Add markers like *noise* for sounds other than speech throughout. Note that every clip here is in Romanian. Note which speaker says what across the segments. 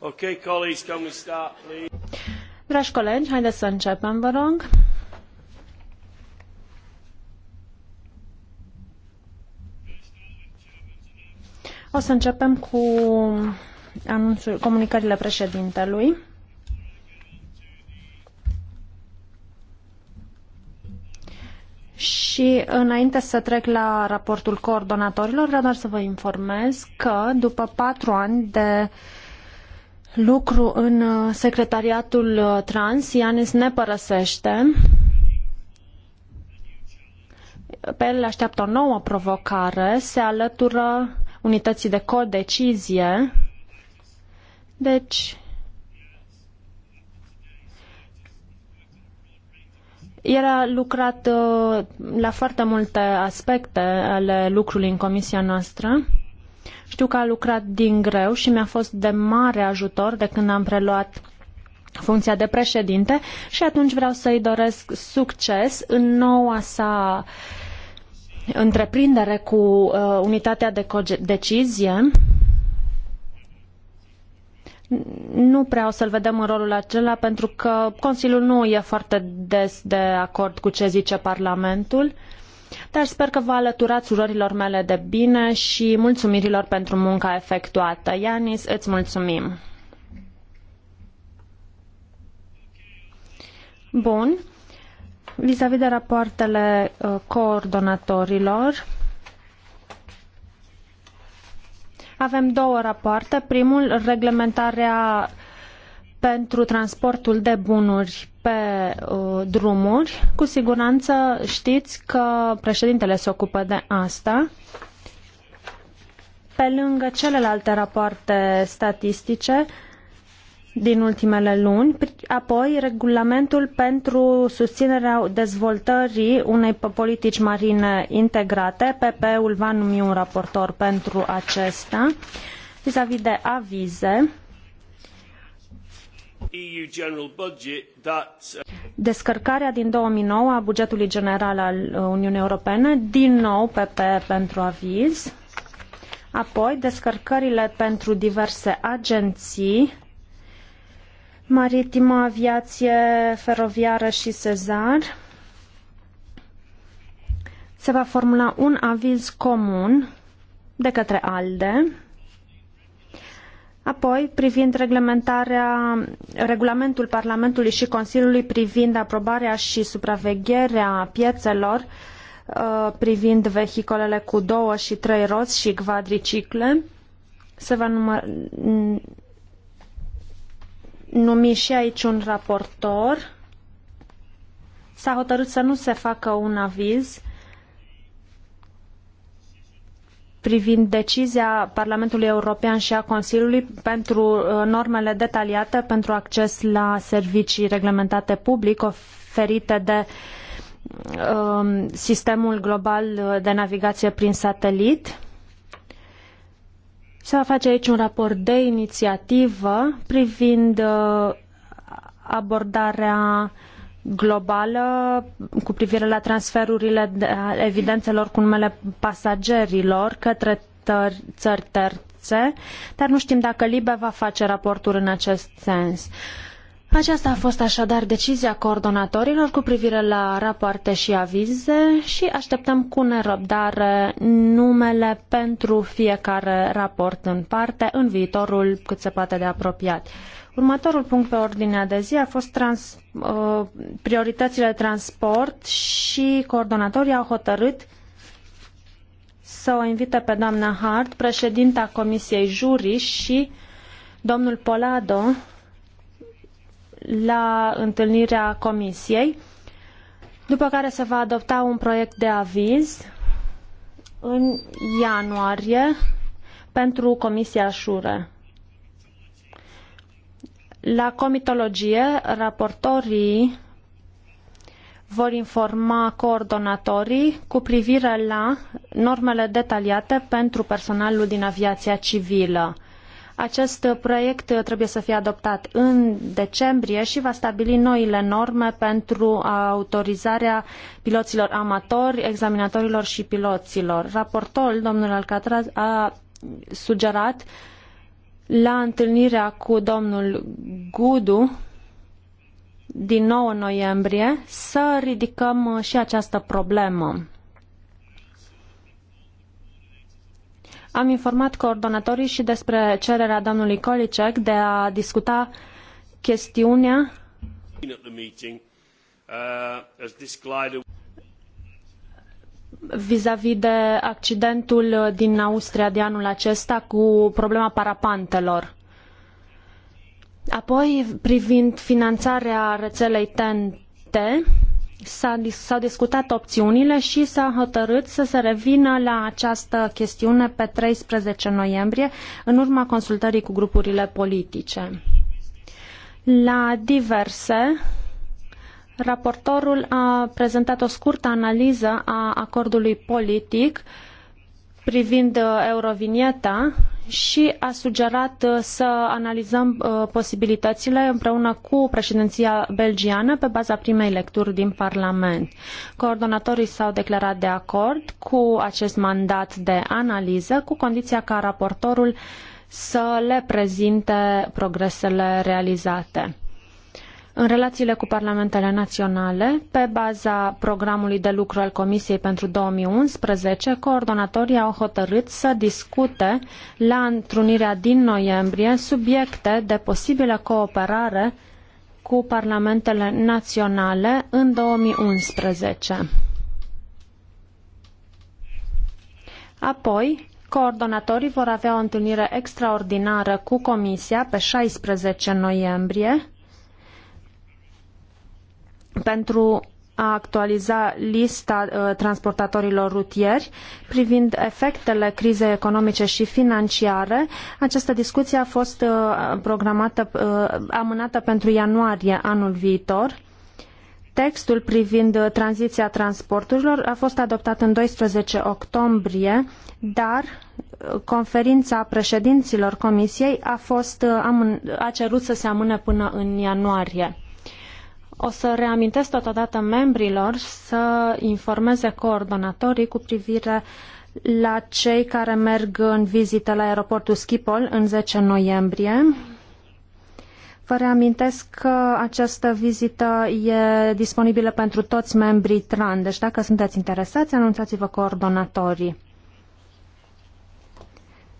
Speaker 1: Okay, colleagues, can we start, please?
Speaker 2: Dragi colegi, haideți să începem, vă rog. O să începem cu anunțul, comunicările președintelui. Și înainte să trec la raportul coordonatorilor, vreau doar să vă informez că după patru ani de uh, lucru în uh, secretariatul uh, trans. Ianis ne părăsește. Pe el așteaptă o nouă provocare. Se alătură unității de codecizie. Deci, El a lucrat uh, la foarte multe aspecte ale lucrului în comisia noastră. Știu că a lucrat din greu și mi-a fost de mare ajutor de când am preluat funcția de președinte și atunci vreau să-i doresc succes în noua sa întreprindere cu uh, unitatea de decizie. Nu prea o să-l vedem în rolul acela pentru că Consiliul nu e foarte des de acord cu ce zice Parlamentul. Uh, dar sper că vă alăturați urorilor mele de bine și mulțumirilor pentru munca efectuată. Ianis, îți mulțumim! Bun. Vis-a-vis de rapoartele uh, coordonatorilor, avem două rapoarte. Primul, reglementarea pentru transportul de bunuri pe uh, drumuri. Cu siguranță știți că președintele se ocupă de asta. Pe lângă celelalte rapoarte statistice din ultimele luni, apoi regulamentul pentru susținerea dezvoltării unei politici marine integrate, PP-ul va numi un raportor pentru acesta, vis-a-vis -vis de avize.
Speaker 1: Uh, Descărcarea
Speaker 2: din 2009 a bugetului general al uh, Uniunii Europene, din nou PP pentru aviz, apoi descărcările pentru diverse agenții, maritimă, aviație, feroviară și sezar. Se va formula un aviz comun de către ALDE Apoi, privind reglementarea, regulamentul Parlamentului și Consiliului privind aprobarea și supravegherea piețelor, uh, privind vehiculele cu două și trei roți și quadricicle, se va numă, numi și aici un raportor. S-a hotărât să nu se facă un aviz privind decizia Parlamentului European și a Consiliului pentru uh, normele detaliate pentru acces la servicii reglementate public oferite de um, sistemul global de navigație prin satelit. Se va face aici un raport de inițiativă privind uh, abordarea uh, globală cu privire la transferurile evidențelor cu numele pasagerilor către tăr- țări terțe, dar nu știm dacă Libe va face raporturi în acest sens. Aceasta a fost așadar decizia coordonatorilor cu privire la rapoarte și avize și așteptăm cu nerăbdare numele pentru fiecare raport în parte în viitorul cât se poate de apropiat. Următorul punct pe ordinea de zi a fost trans, uh, prioritățile de transport și coordonatorii au hotărât să o invite pe doamna Hart, președinta Comisiei Juri și domnul Polado la întâlnirea Comisiei, după care se va adopta un proiect de aviz în ianuarie pentru Comisia Sure. La comitologie, raportorii vor informa coordonatorii cu privire la normele detaliate pentru personalul din aviația civilă. Acest proiect trebuie să fie adoptat în decembrie și va stabili noile norme pentru autorizarea piloților amatori, examinatorilor și piloților. Raportorul, domnul Alcatraz, a sugerat uh, la întâlnirea cu domnul Gudu din 9 noiembrie să ridicăm uh, și această problemă. Am informat coordonatorii și despre cererea domnului Kolicek de a discuta chestiunea vis-a-vis de accidentul din Austria de anul acesta cu problema parapantelor. Apoi, privind finanțarea rețelei TNT, s-au discutat opțiunile și s-a hotărât să se revină la această chestiune pe 13 noiembrie, în urma consultării cu grupurile politice. La diverse, Raportorul a prezentat o scurtă analiză a acordului politic privind uh, Eurovinieta și a sugerat uh, să analizăm uh, posibilitățile împreună cu președinția belgiană pe baza primei lecturi din Parlament. Coordonatorii s-au declarat de acord cu acest mandat de analiză, cu condiția ca raportorul să le prezinte progresele realizate în relațiile cu parlamentele naționale, pe baza programului de lucru al Comisiei pentru 2011, coordonatorii au hotărât să discute la întrunirea din noiembrie subiecte de posibilă cooperare cu parlamentele naționale în 2011. Apoi, coordonatorii vor avea o întâlnire extraordinară cu Comisia pe 16 noiembrie pentru a actualiza lista uh, transportatorilor rutieri privind efectele crizei economice și financiare. Această discuție a fost uh, programată, uh, amânată pentru ianuarie anul viitor. Textul privind tranziția transporturilor a fost adoptat în 12 octombrie, dar conferința președinților comisiei a, fost, a cerut să se amâne până în ianuarie. O să reamintesc totodată membrilor să informeze coordonatorii cu privire la cei care merg în vizită la aeroportul Schiphol în 10 noiembrie. Vă reamintesc că această vizită e disponibilă pentru toți membrii TRAN, deci dacă sunteți interesați, anunțați-vă coordonatorii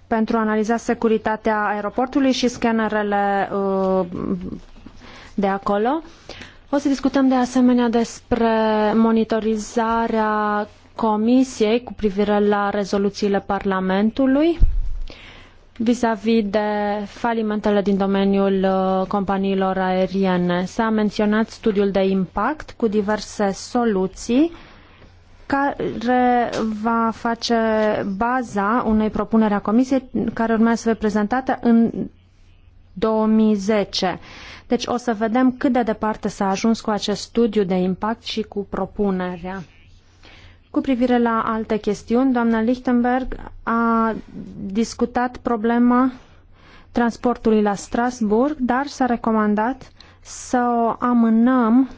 Speaker 2: pentru a analiza securitatea aeroportului și scanerele uh, de acolo. O să discutăm de asemenea despre monitorizarea Comisiei cu privire la rezoluțiile Parlamentului vis-a-vis de falimentele din domeniul uh, companiilor aeriene. S-a menționat studiul de impact cu diverse soluții care va face baza unei propuneri a Comisiei care urmează să fie prezentată în 2010. Deci o să vedem cât de departe s-a ajuns cu acest studiu de impact și cu propunerea. Cu privire la alte chestiuni, doamna Lichtenberg a discutat problema transportului la Strasburg, dar s-a recomandat să o amânăm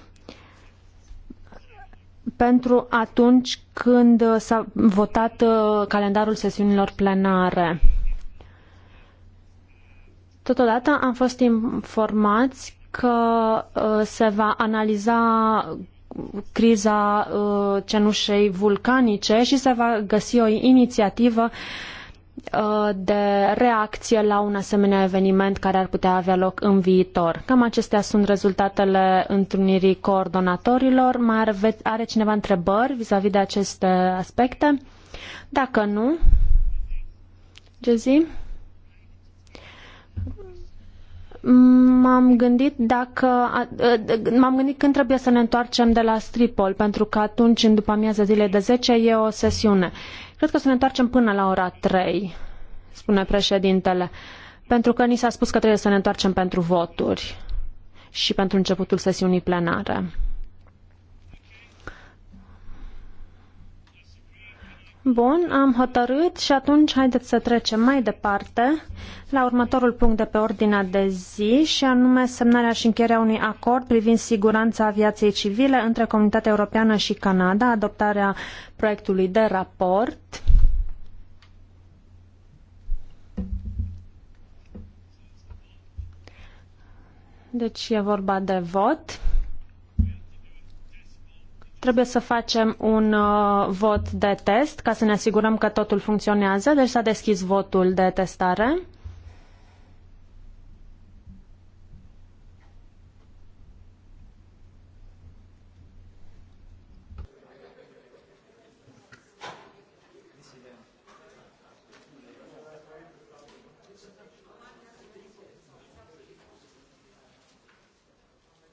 Speaker 2: pentru atunci când s-a votat uh, calendarul sesiunilor plenare. Totodată am fost informați că uh, se va analiza criza uh, cenușei vulcanice și se va găsi o inițiativă uh, de reacție la un asemenea eveniment care ar putea avea loc în viitor. Cam acestea sunt rezultatele întâlnirii coordonatorilor. Mai are, are cineva întrebări vis-a-vis -vis de aceste aspecte? Dacă nu, Jezi? m-am gândit dacă m-am gândit când trebuie să ne întoarcem de la Stripol, pentru că atunci în după amiază zilei de 10 e o sesiune. Cred că să ne întoarcem până la ora 3, spune președintele, pentru că ni s-a spus că trebuie să ne întoarcem pentru voturi și pentru începutul sesiunii plenare. Bun, am hotărât și atunci haideți să trecem mai departe la următorul punct de pe ordinea de zi și anume semnarea și încheierea unui acord privind siguranța aviației civile între Comunitatea Europeană și Canada, adoptarea proiectului de raport. Deci e vorba de vot. Trebuie să facem un uh, vot de test ca să ne asigurăm că totul funcționează. Deci s-a deschis votul de testare.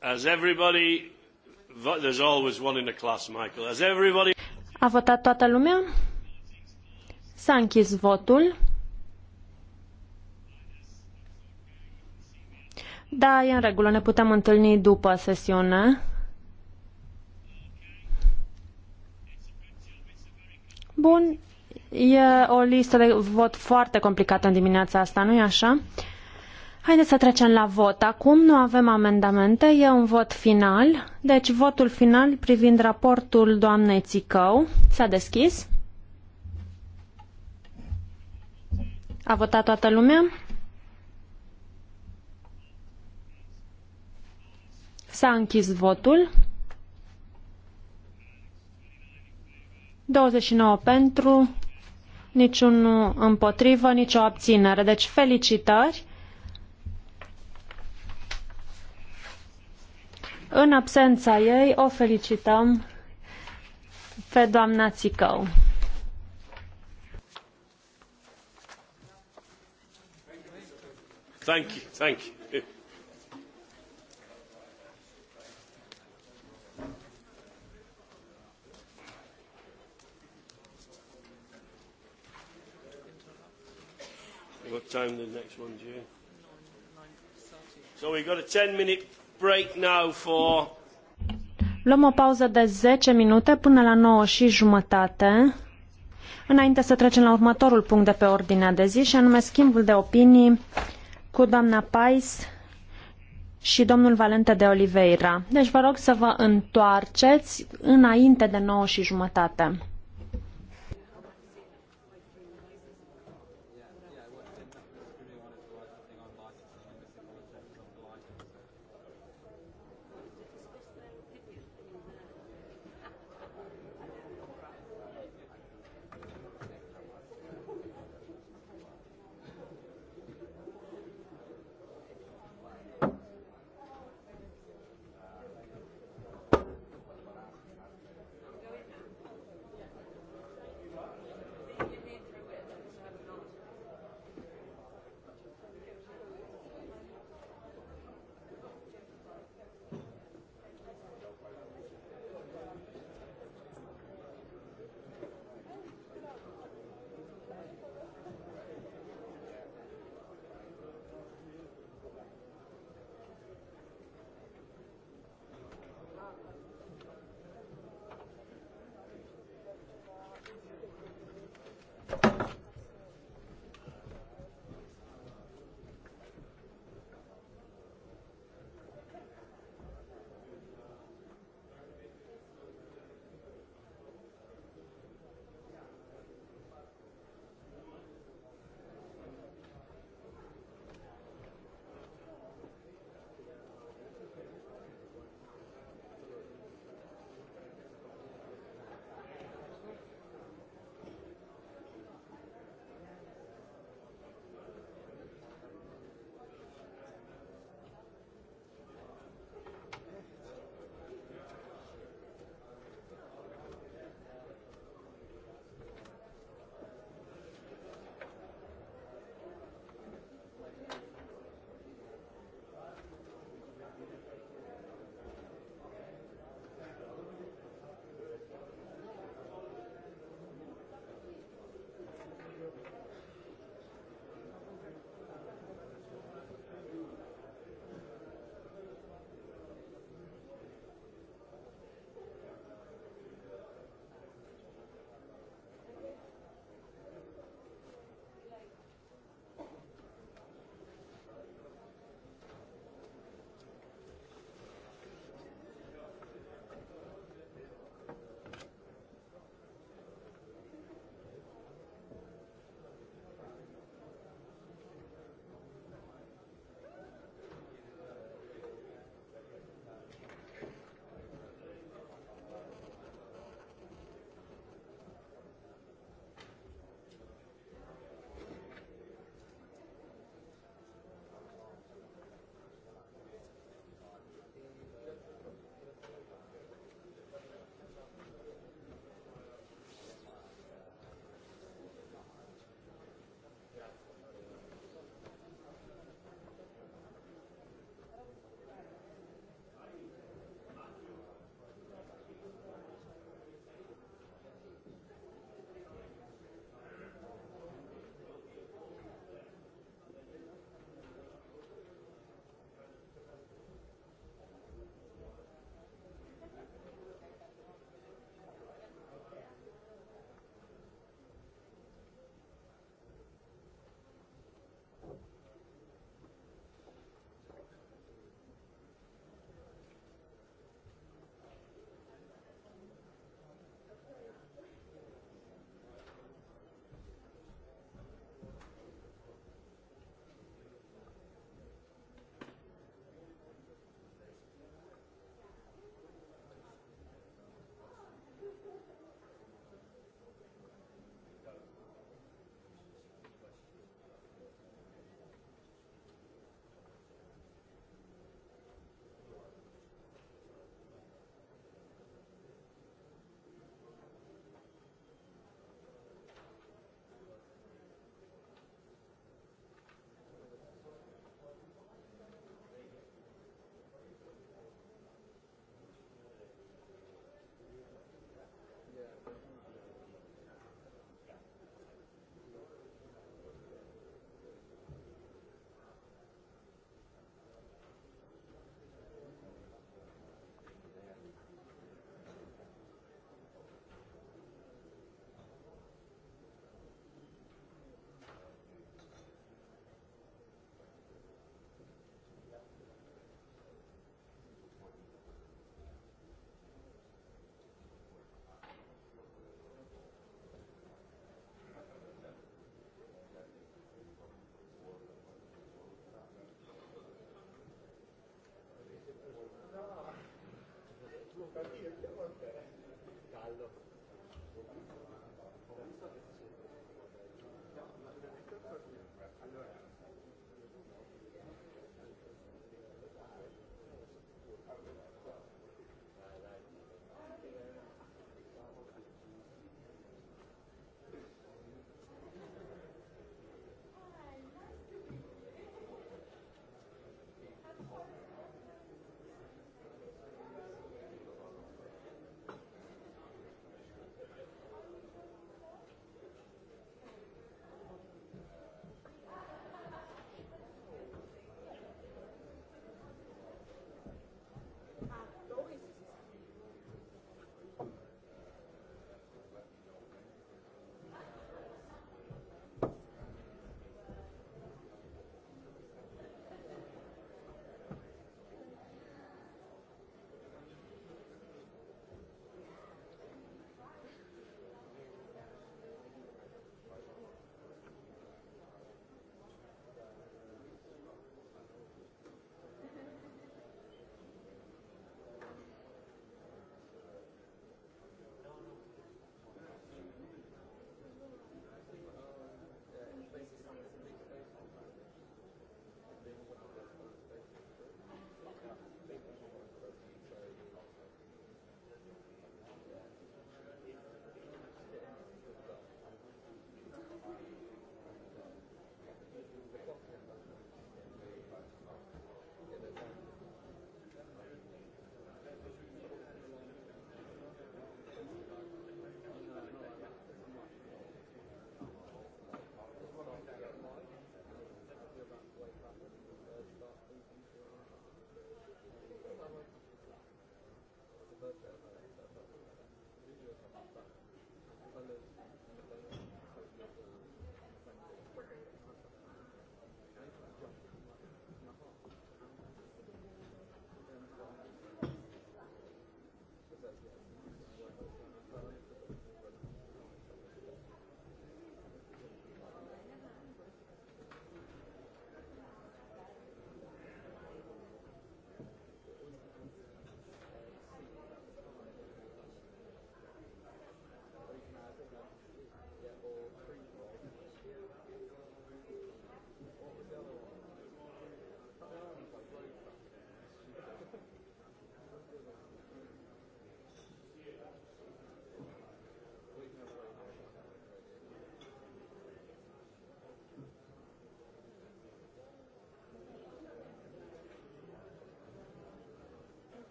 Speaker 1: As everybody There's always one in a class, Michael. Has everybody...
Speaker 2: A votat toată lumea? S-a închis votul. Da, e în regulă, ne putem întâlni după sesiune. Bun, e o listă de vot foarte complicată în dimineața asta, nu-i așa? Haideți să trecem la vot. Acum nu avem amendamente, e un vot final. Deci votul final privind raportul doamnei Țicău s-a deschis. A votat toată lumea? S-a închis votul. 29 pentru, niciun împotrivă, nicio abținere. Deci felicitări În absența ei, o felicităm pe doamna Țicău.
Speaker 1: Thank you, thank you. What time the next one, here? So we've got a 10 minute
Speaker 2: Luăm o pauză de 10 minute până la 9 și jumătate, înainte să trecem la următorul punct de pe ordinea de zi, și anume schimbul de opinii cu doamna Pais și domnul Valente de Oliveira. Deci vă rog să vă întoarceți înainte de 9 și jumătate.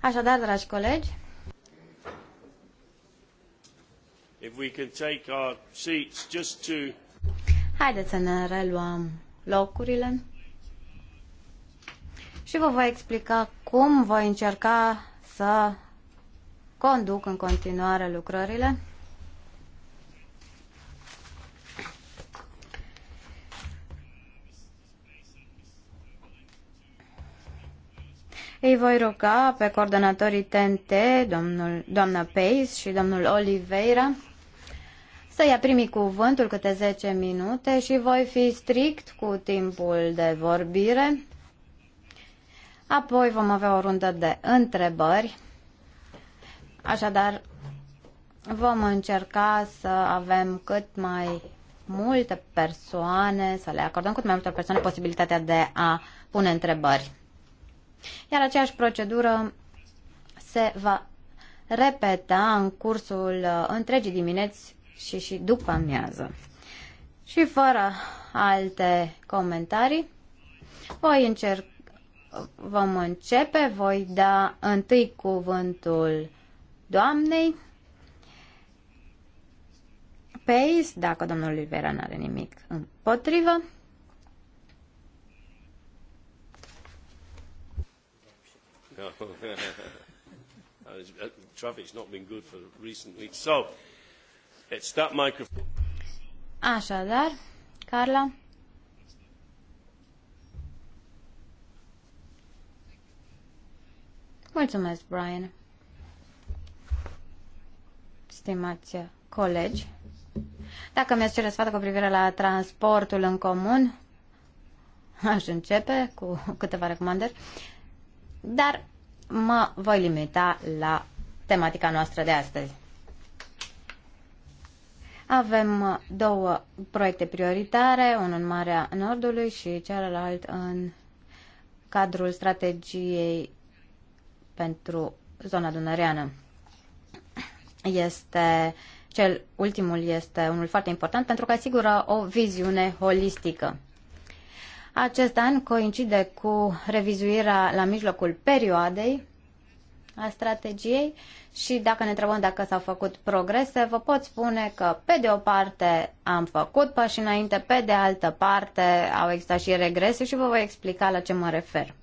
Speaker 3: Așadar, dragi colegi,
Speaker 1: if we can take our seats just to
Speaker 3: Haideți să ne reluăm locurile. Și vă voi explica cum voi încerca să conduc în continuare lucrările. voi ruga pe coordonatorii TNT, domnul, doamna Pace și domnul Oliveira, să ia primi cuvântul câte 10 minute și voi fi strict cu timpul de vorbire. Apoi vom avea o rundă de întrebări. Așadar, vom încerca să avem cât mai multe persoane, să le acordăm cât mai multe persoane posibilitatea de a pune întrebări. Iar aceeași procedură se va repeta în cursul uh, întregii dimineți și și după amiază. Și fără alte comentarii, voi încerc, vom începe, voi da întâi cuvântul Doamnei, Pace, dacă domnul Rivera nu are nimic împotrivă.
Speaker 1: *laughs* Uh, uh, traffic's not been good for recent weeks. So, it's that microphone.
Speaker 3: Așadar, Carla. Mulțumesc, Brian. Stimați colegi, dacă mi-ați cere sfată cu privire la transportul în comun, aș începe cu câteva recomandări. Dar mă voi limita la tematica noastră de astăzi. Avem două proiecte prioritare, unul în Marea Nordului și celălalt în cadrul strategiei pentru zona dunăreană. Este cel ultimul este unul foarte important pentru că asigură o viziune holistică. Acest an coincide cu revizuirea la mijlocul perioadei a strategiei și dacă ne întrebăm dacă s-au făcut progrese, vă pot spune că pe de o parte am făcut pași înainte, pe de altă parte au existat și regrese și vă voi explica la ce mă refer.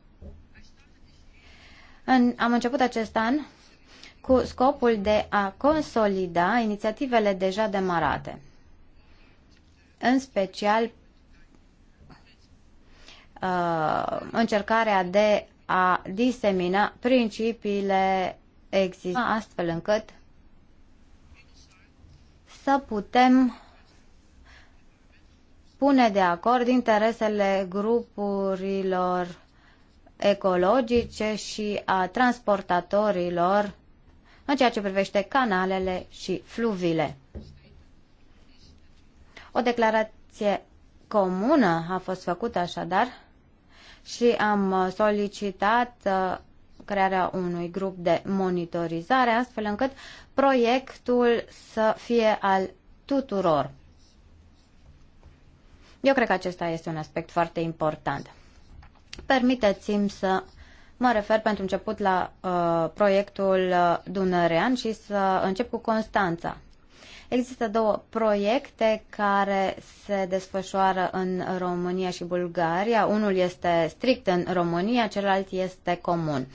Speaker 3: În, am început acest an cu scopul de a consolida inițiativele deja demarate, în special uh, încercarea de a disemina principiile există astfel încât să putem pune de acord interesele grupurilor ecologice și a transportatorilor în ceea ce privește canalele și fluvile. O declarație comună a fost făcută așadar și am uh, solicitat uh, crearea unui grup de monitorizare, astfel încât proiectul să fie al tuturor. Eu cred că acesta este un aspect foarte important. Permiteți-mi să mă refer pentru început la uh, proiectul uh, Dunărean și să încep cu Constanța. Există două proiecte care se desfășoară în România și Bulgaria. Unul este strict în România, celălalt este comun.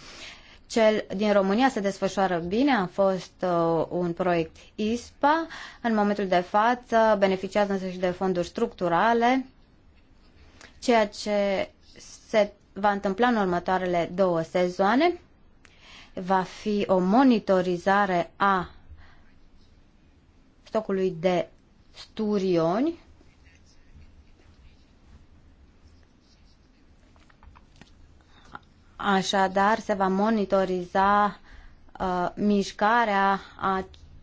Speaker 3: Cel din România se desfășoară bine, a fost uh, un proiect ISPA. În momentul de față beneficiază însă și de fonduri structurale, ceea ce se va întâmpla în următoarele două sezoane. Va fi o monitorizare a stocului de sturioni Așadar, se va monitoriza uh, mișcarea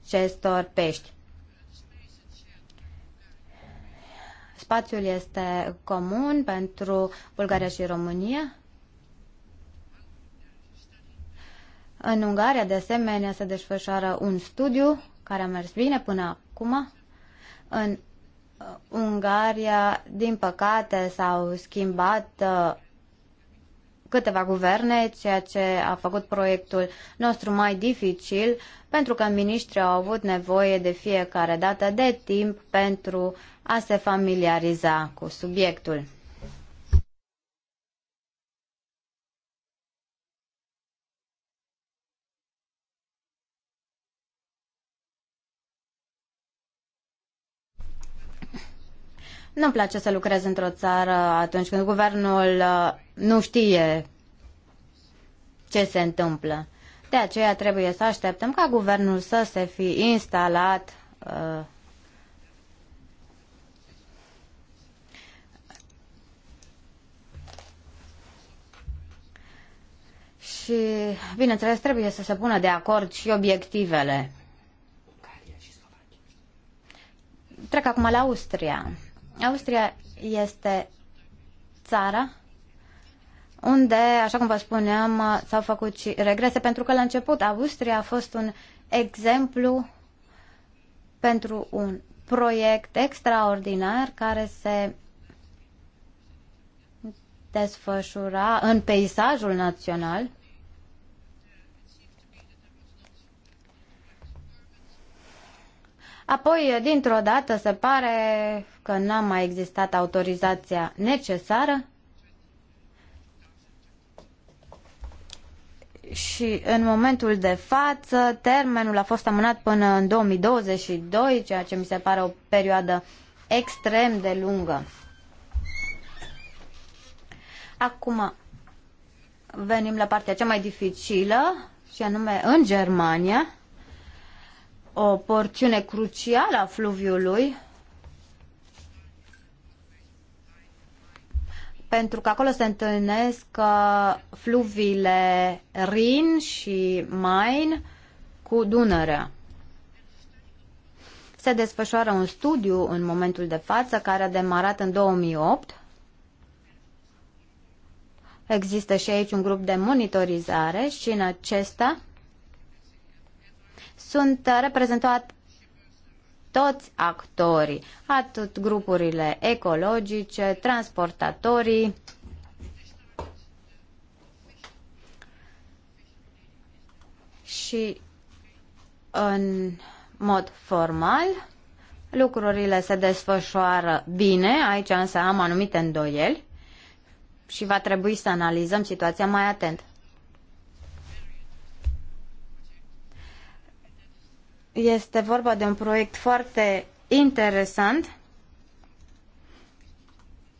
Speaker 3: acestor pești. Spațiul este comun pentru Bulgaria și România. În Ungaria, de asemenea, se desfășoară un studiu care a mers bine până acum. În uh, Ungaria, din păcate, s-au schimbat uh, câteva guverne, ceea ce a făcut proiectul nostru mai dificil, pentru că miniștrii au avut nevoie de fiecare dată de timp pentru a se familiariza cu subiectul. Nu-mi place să lucrez într-o țară atunci când guvernul uh, nu știe ce se întâmplă. De aceea trebuie să așteptăm ca guvernul să se fi instalat uh, și, bineînțeles, trebuie să se pună de acord și obiectivele. Trec acum la Austria. Austria este țara unde, așa cum vă spuneam, s-au făcut și regrese, pentru că la început Austria a fost un exemplu pentru un proiect extraordinar care se desfășura în peisajul național. Apoi, dintr-o dată, se pare că n-a mai existat autorizația necesară și în momentul de față termenul a fost amânat până în 2022, ceea ce mi se pare o perioadă extrem de lungă. Acum venim la partea cea mai dificilă, și anume în Germania, o porțiune crucială a fluviului pentru că acolo se întâlnesc uh, fluviile Rin și Main cu Dunărea. Se desfășoară un studiu în momentul de față care a demarat în 2008. Există și aici un grup de monitorizare și în acesta sunt reprezentate toți actorii, atât grupurile ecologice, transportatorii, și în mod formal lucrurile se desfășoară bine, aici însă am anumite îndoieli și va trebui să analizăm situația mai atent. Este vorba de un proiect foarte interesant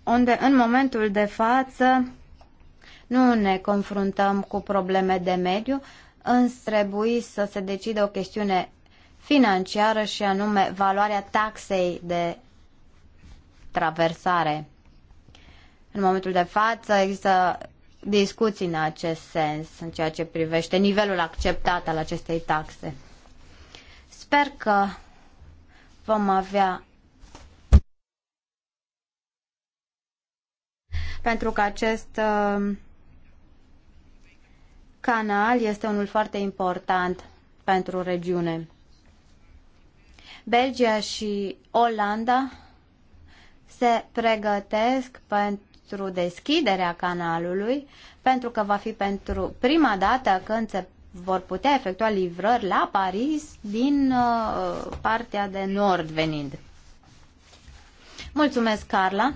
Speaker 3: unde în momentul de față nu ne confruntăm cu probleme de mediu, însă trebuie să se decide o chestiune financiară și anume valoarea taxei de traversare. În momentul de față există discuții în acest sens, în ceea ce privește nivelul acceptat al acestei taxe. Sper că vom avea pentru că acest uh, canal este unul foarte important pentru regiune. Belgia și Olanda se pregătesc pentru deschiderea canalului, pentru că va fi pentru prima dată când se vor putea efectua livrări la Paris din uh, partea de nord venind. Mulțumesc, Carla.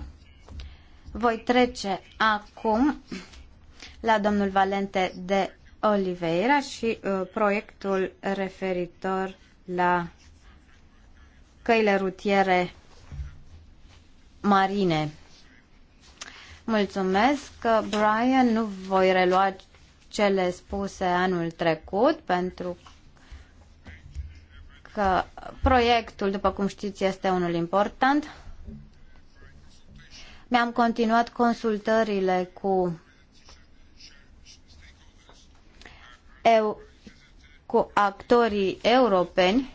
Speaker 3: Voi trece acum la domnul Valente de Oliveira și uh, proiectul referitor la căile rutiere marine. Mulțumesc, uh, Brian. Nu voi relua cele spuse anul trecut, pentru că proiectul, după cum știți, este unul important. Mi-am continuat consultările cu eu, cu actorii europeni.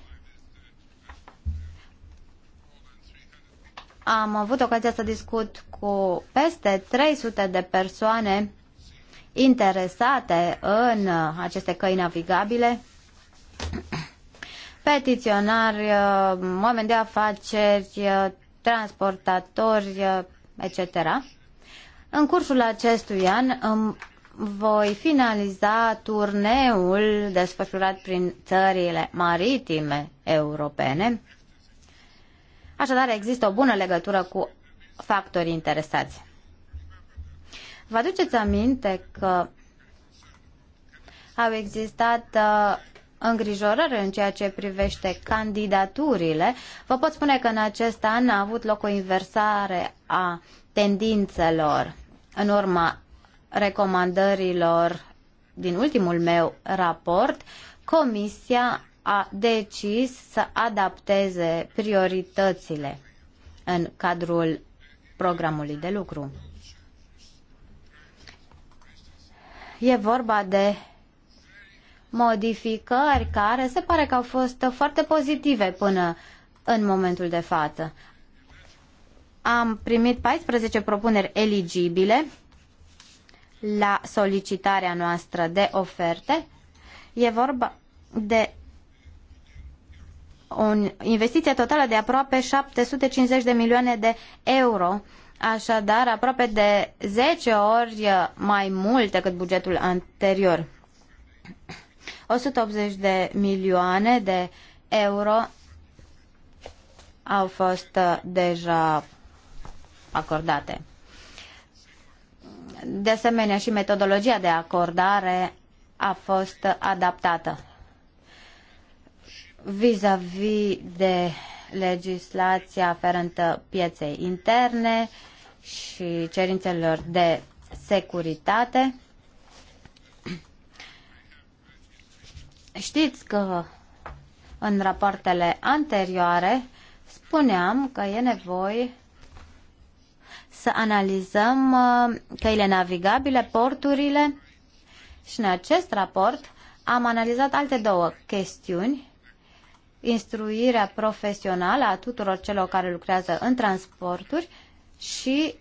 Speaker 3: Am avut ocazia să discut cu peste 300 de persoane interesate în aceste căi navigabile, petiționari, oameni de afaceri, transportatori, etc. În cursul acestui an voi finaliza turneul desfășurat prin țările maritime europene. Așadar, există o bună legătură cu factorii interesați. Vă aduceți aminte că au existat uh, îngrijorări în ceea ce privește candidaturile. Vă pot spune că în acest an a avut loc o inversare a tendințelor în urma recomandărilor din ultimul meu raport. Comisia a decis să adapteze prioritățile în cadrul programului de lucru. E vorba de modificări care se pare că au fost foarte pozitive până în momentul de față. Am primit 14 propuneri eligibile la solicitarea noastră de oferte. E vorba de o investiție totală de aproape 750 de milioane de euro așadar aproape de 10 ori mai mult decât bugetul anterior. 180 de milioane de euro au fost uh, deja acordate. De asemenea, și metodologia de acordare a fost adaptată vis-a-vis -vis de legislația aferentă pieței interne, și cerințelor de securitate. Știți că în rapoartele anterioare spuneam că e nevoie să analizăm uh, căile navigabile, porturile și în acest raport am analizat alte două chestiuni, instruirea profesională a tuturor celor care lucrează în transporturi și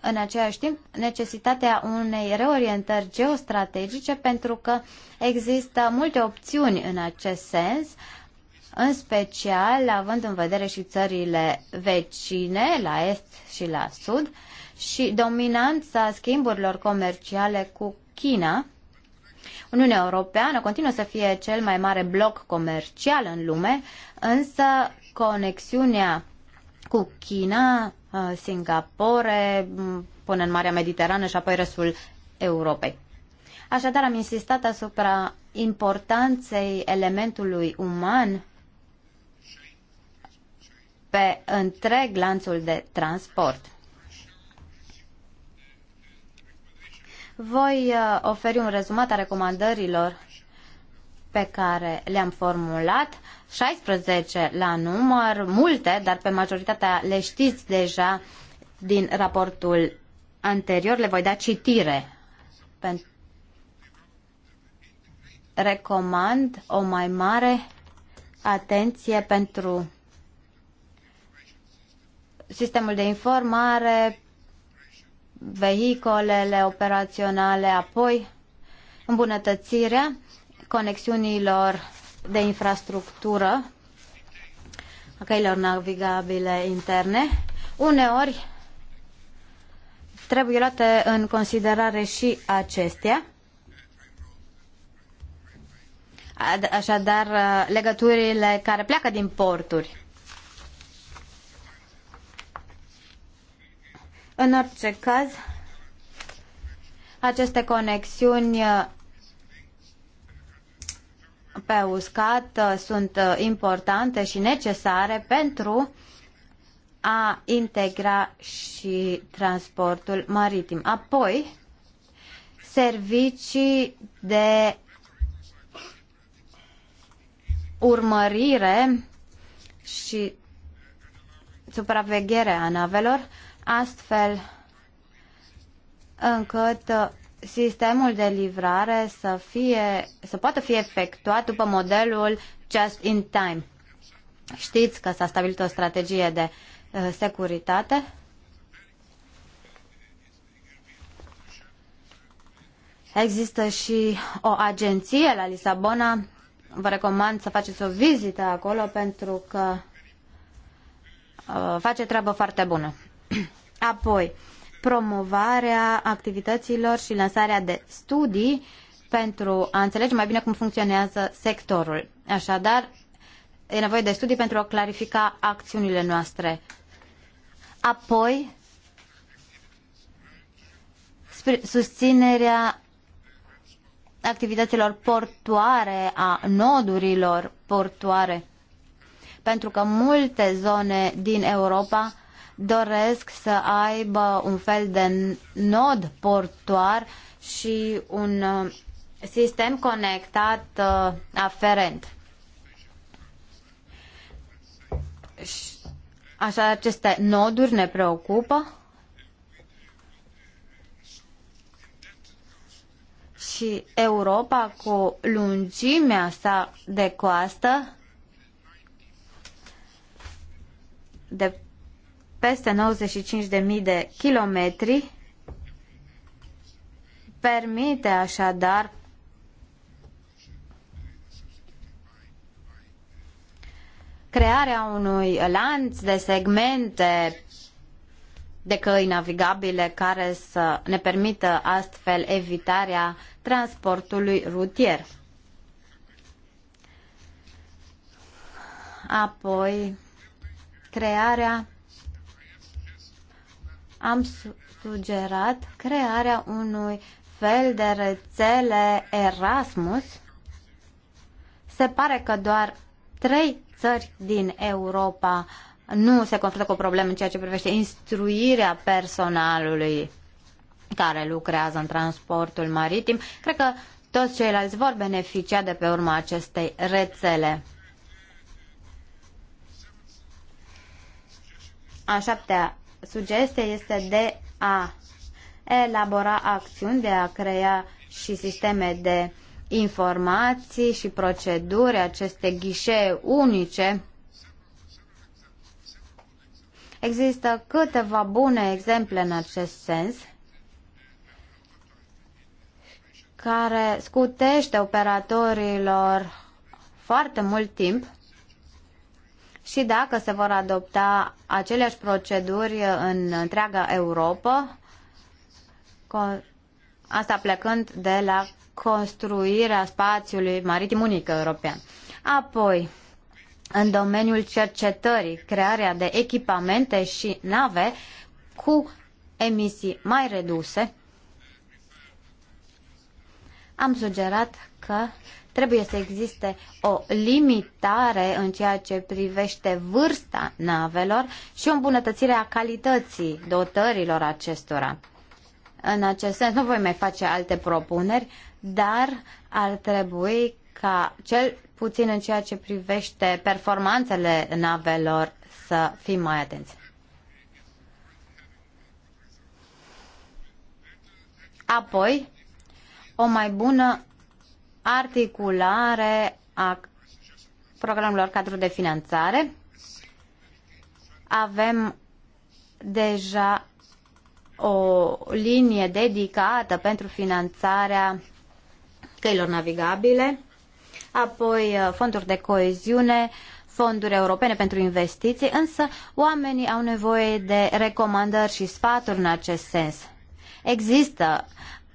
Speaker 3: în același timp necesitatea unei reorientări geostrategice pentru că există multe opțiuni în acest sens, în special având în vedere și țările vecine, la est și la sud, și dominanța schimburilor comerciale cu China. Uniunea Europeană continuă să fie cel mai mare bloc comercial în lume, însă conexiunea cu China, uh, Singapore, mm, până în Marea Mediterană și apoi restul Europei. Așadar, am insistat asupra importanței elementului uman pe întreg lanțul de transport. Voi uh, oferi un rezumat a recomandărilor pe care le-am formulat 16 la număr, multe, dar pe majoritatea le știți deja din raportul anterior, le voi da citire. Recomand o mai mare atenție pentru sistemul de informare, vehicolele operaționale, apoi îmbunătățirea conexiunilor de infrastructură a căilor navigabile interne, uneori trebuie luate în considerare și acestea. Așadar, legăturile care pleacă din porturi. În orice caz, aceste conexiuni pe uscat uh, sunt uh, importante și necesare pentru a integra și transportul maritim. Apoi, servicii de urmărire și supraveghere a navelor, astfel încât uh, sistemul de livrare să, fie, să poată fi efectuat după modelul just in time. Știți că s-a stabilit o strategie de uh, securitate. Există și o agenție la Lisabona. Vă recomand să faceți o vizită acolo pentru că uh, face treabă foarte bună. *clears throat* Apoi, uh, promovarea activităților și lansarea de studii pentru a înțelege mai bine cum funcționează sectorul. Așadar, e nevoie de studii pentru a clarifica acțiunile noastre. Apoi, susținerea activităților portoare, a nodurilor portoare, pentru că multe zone din Europa doresc să aibă un fel de nod portuar și un uh, sistem conectat uh, aferent. Așa, aceste noduri ne preocupă și Europa cu lungimea sa de coastă de peste 95.000 de kilometri, permite așadar crearea unui lanț de segmente de căi navigabile care să ne permită astfel evitarea transportului rutier. Apoi, crearea am sugerat crearea unui fel de rețele Erasmus. Se pare că doar trei țări din Europa nu se confruntă cu probleme în ceea ce privește instruirea personalului care lucrează în transportul maritim. Cred că toți ceilalți vor beneficia de pe urma acestei rețele. A șaptea sugestie este de a elabora acțiuni, de a crea și sisteme de informații și proceduri, aceste ghișee unice. Există câteva bune exemple în acest sens care scutește operatorilor foarte mult timp și dacă se vor adopta aceleași proceduri în întreaga Europa, asta plecând de la construirea spațiului maritim unic european. Apoi, în domeniul cercetării, crearea de echipamente și nave cu emisii mai reduse, am sugerat că trebuie să existe o limitare în ceea ce privește vârsta navelor și o îmbunătățire a calității dotărilor acestora. În acest sens, nu voi mai face alte propuneri, dar ar trebui ca cel puțin în ceea ce privește performanțele navelor să fim mai atenți. Apoi, o mai bună articulare a programelor cadru de finanțare. Avem deja o linie dedicată pentru finanțarea căilor navigabile, apoi uh, fonduri de coeziune, fonduri europene pentru investiții, însă oamenii au nevoie de recomandări și sfaturi în acest sens. Există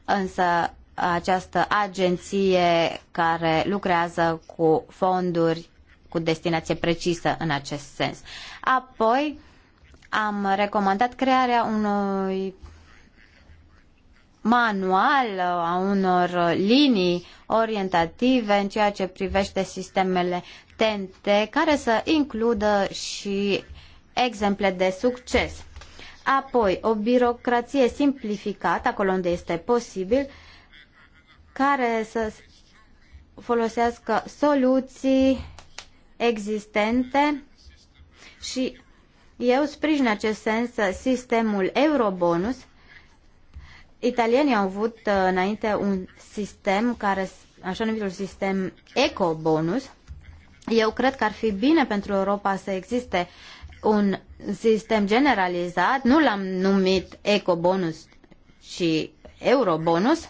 Speaker 3: însă această agenție care lucrează cu fonduri cu destinație precisă în acest sens. Apoi am recomandat crearea unui manual a unor linii orientative în ceea ce privește sistemele TNT care să includă și exemple de succes. Apoi, o birocrație simplificată acolo unde este posibil care să folosească soluții existente și eu sprijin acest sens sistemul Eurobonus. Italienii au avut uh, înainte un sistem care, așa numitul sistem Ecobonus. Eu cred că ar fi bine pentru Europa să existe un sistem generalizat, nu l-am numit Ecobonus, ci Eurobonus,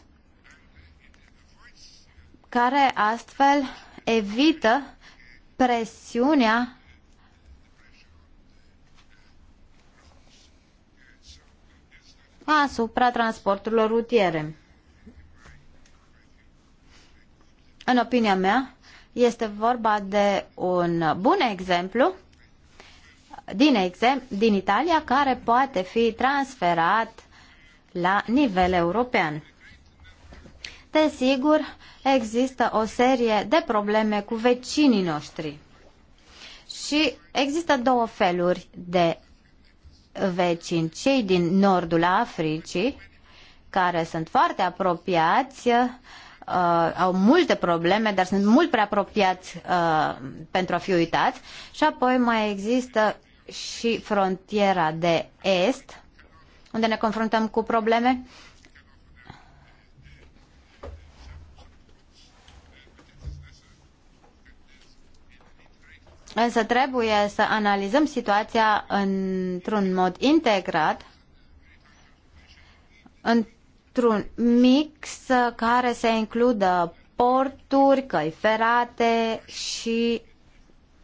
Speaker 3: care astfel evită presiunea asupra transporturilor rutiere. În opinia mea, este vorba de un bun exemplu din, exem- din Italia care poate fi transferat la nivel european. Desigur, există o serie de probleme cu vecinii noștri. Și există două feluri de vecini. Cei din nordul Africii, care sunt foarte apropiați, uh, au multe probleme, dar sunt mult prea apropiați uh, pentru a fi uitați. Și apoi mai există și frontiera de est, unde ne confruntăm cu probleme. Uh, Însă trebuie să analizăm situația într-un mod integrat, într-un mix care să includă porturi, căi ferate și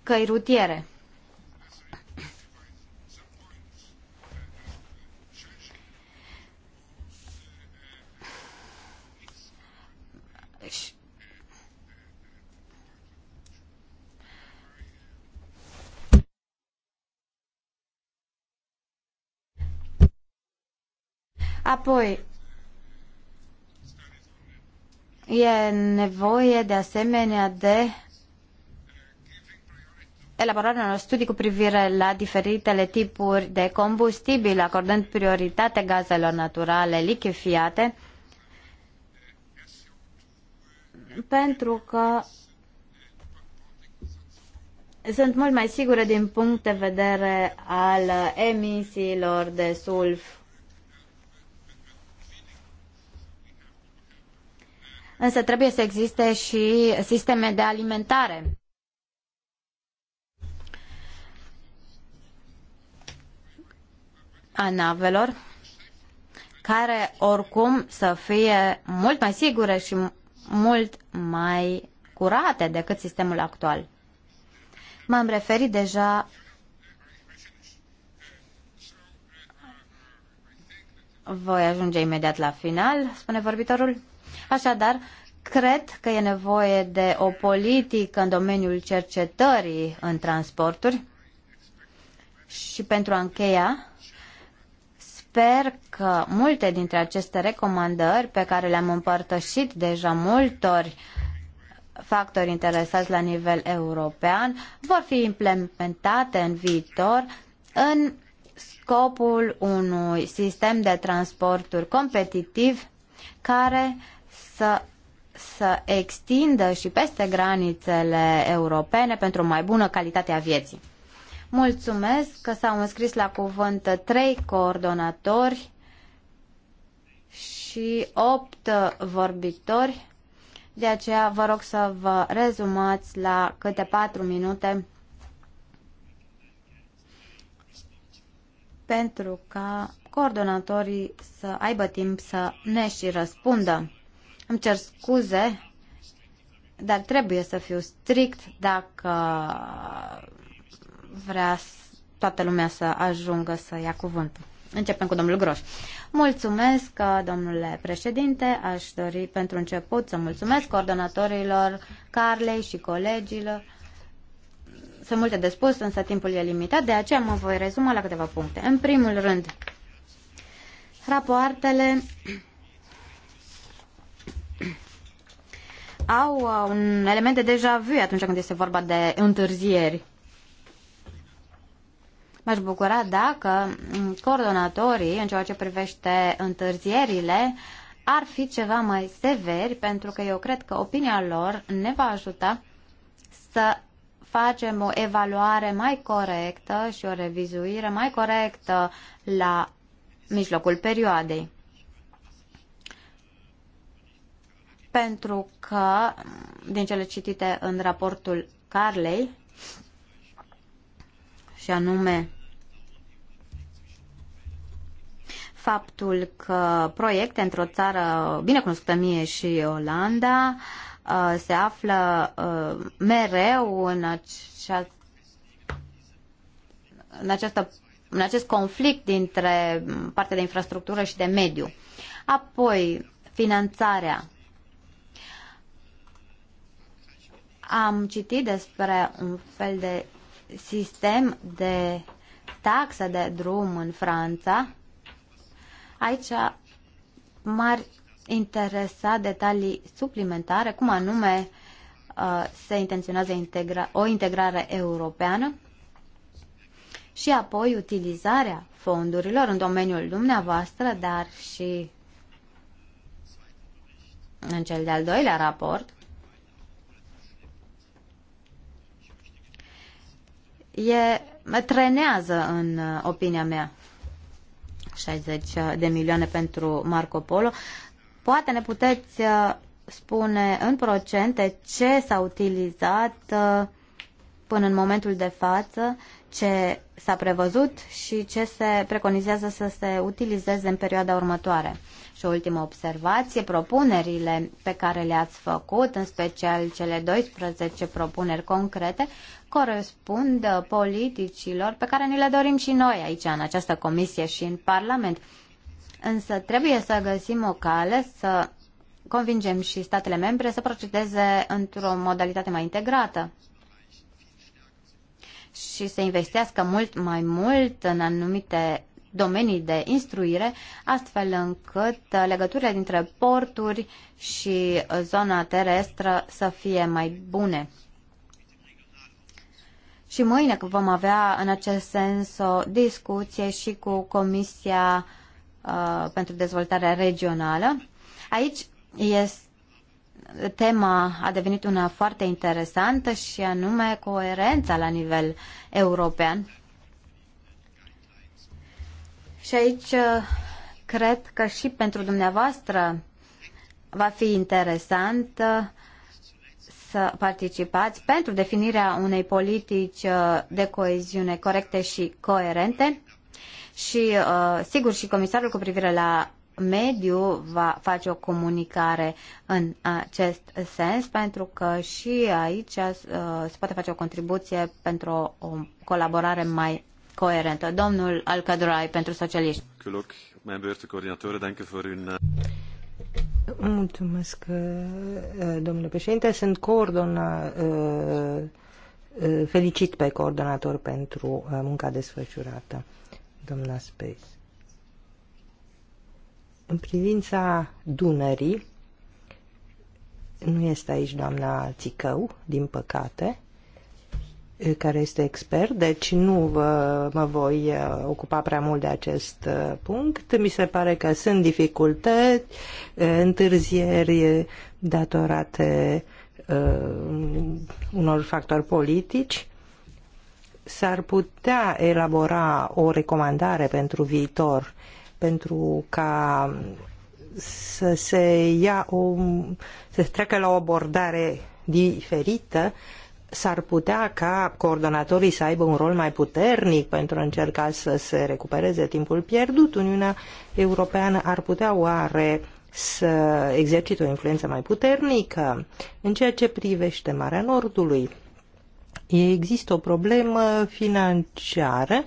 Speaker 3: căi rutiere. Apoi, e nevoie de asemenea de elaborarea unor studii cu privire la diferitele tipuri de combustibil, acordând prioritate gazelor naturale lichefiate, pentru că sunt mult mai sigure din punct de vedere al emisiilor de sulf însă trebuie să existe și sisteme de alimentare. a navelor, care oricum să fie mult mai sigure și mult mai curate decât sistemul actual. M-am referit deja Voi ajunge imediat la final, spune vorbitorul. Așadar, cred că e nevoie de o politică în domeniul cercetării în transporturi și pentru a încheia, sper că multe dintre aceste recomandări pe care le-am împărtășit deja multori factori interesați la nivel european vor fi implementate în viitor în scopul unui sistem de transporturi competitiv care să să extindă și peste granițele europene pentru o mai bună calitate a vieții. Mulțumesc că s-au înscris la cuvânt trei coordonatori și opt vorbitori. De aceea vă rog să vă rezumați la câte patru minute pentru ca coordonatorii să aibă timp să ne și răspundă. Îmi cer scuze, dar trebuie să fiu strict dacă vrea toată lumea să ajungă să ia cuvântul. Începem cu domnul Groș. Mulțumesc, domnule președinte. Aș dori pentru început să mulțumesc coordonatorilor Carlei și colegilor. Sunt multe de spus, însă timpul e limitat, de aceea mă voi rezuma la câteva puncte. În primul rând, rapoartele au uh, un element de deja vu atunci când este vorba de întârzieri. M-aș bucura dacă mm, coordonatorii, în ceea ce privește întârzierile, ar fi ceva mai severi, pentru că eu cred că opinia lor ne va ajuta să facem o evaluare mai corectă și o revizuire mai corectă la mijlocul perioadei. pentru că, din cele citite în raportul Carley, și anume faptul că proiecte într-o țară bine cunoscută mie și Olanda uh, se află uh, mereu în, acea, în, această, în acest conflict dintre partea de infrastructură și de mediu. Apoi, finanțarea am citit despre un fel de sistem de taxă de drum în Franța. Aici m-ar interesa detalii suplimentare, cum anume uh, se intenționează integra- o integrare europeană și apoi utilizarea fondurilor în domeniul dumneavoastră, dar și în cel de-al doilea raport. e, trenează în uh, opinia mea. 60 uh, de milioane pentru Marco Polo. Poate ne puteți uh, spune în procente ce s-a utilizat până în momentul de față ce s-a prevăzut și ce se preconizează să se utilizeze în perioada următoare. Și o ultimă observație, propunerile pe care le-ați făcut, în special cele 12 propuneri concrete, corespund politicilor pe care ni le dorim și noi aici, în această comisie și în Parlament. Însă trebuie să găsim o cale să convingem și statele membre să procedeze într-o modalitate mai integrată și să investească mult mai mult în anumite domenii de instruire, astfel încât uh, legăturile dintre porturi și uh, zona terestră să fie mai bune. Și mâine vom avea în acest sens o discuție și cu Comisia uh, pentru Dezvoltare Regională. Aici este tema a devenit una foarte interesantă și anume coerența la nivel european. Și aici uh, cred că și pentru dumneavoastră va fi interesant uh, să participați pentru definirea unei politici uh, de coeziune corecte și coerente și sigur și comisarul cu privire la mediu va face o comunicare în acest sens, pentru că și aici uh, se poate face o contribuție pentru o colaborare mai coerentă. Domnul Alcadrai, pentru socialiști. Uh, Mulțumesc, uh, domnule președinte. Sunt
Speaker 4: coordonat felicit pe coordonator pentru munca desfășurată, domnul Space. În privința Dunării, nu este aici doamna Țicău, din păcate, care este expert, deci nu vă, mă voi ocupa prea mult de acest punct. Mi se pare că sunt dificultăți, întârzieri datorate uh, unor factori politici. S-ar putea elabora o recomandare pentru viitor pentru ca să se ia o, să se treacă la o abordare diferită, s-ar putea ca coordonatorii să aibă un rol mai puternic pentru a încerca să se recupereze timpul pierdut. Uniunea Europeană ar putea oare să exercite o influență mai puternică în ceea ce privește Marea Nordului. Există o problemă financiară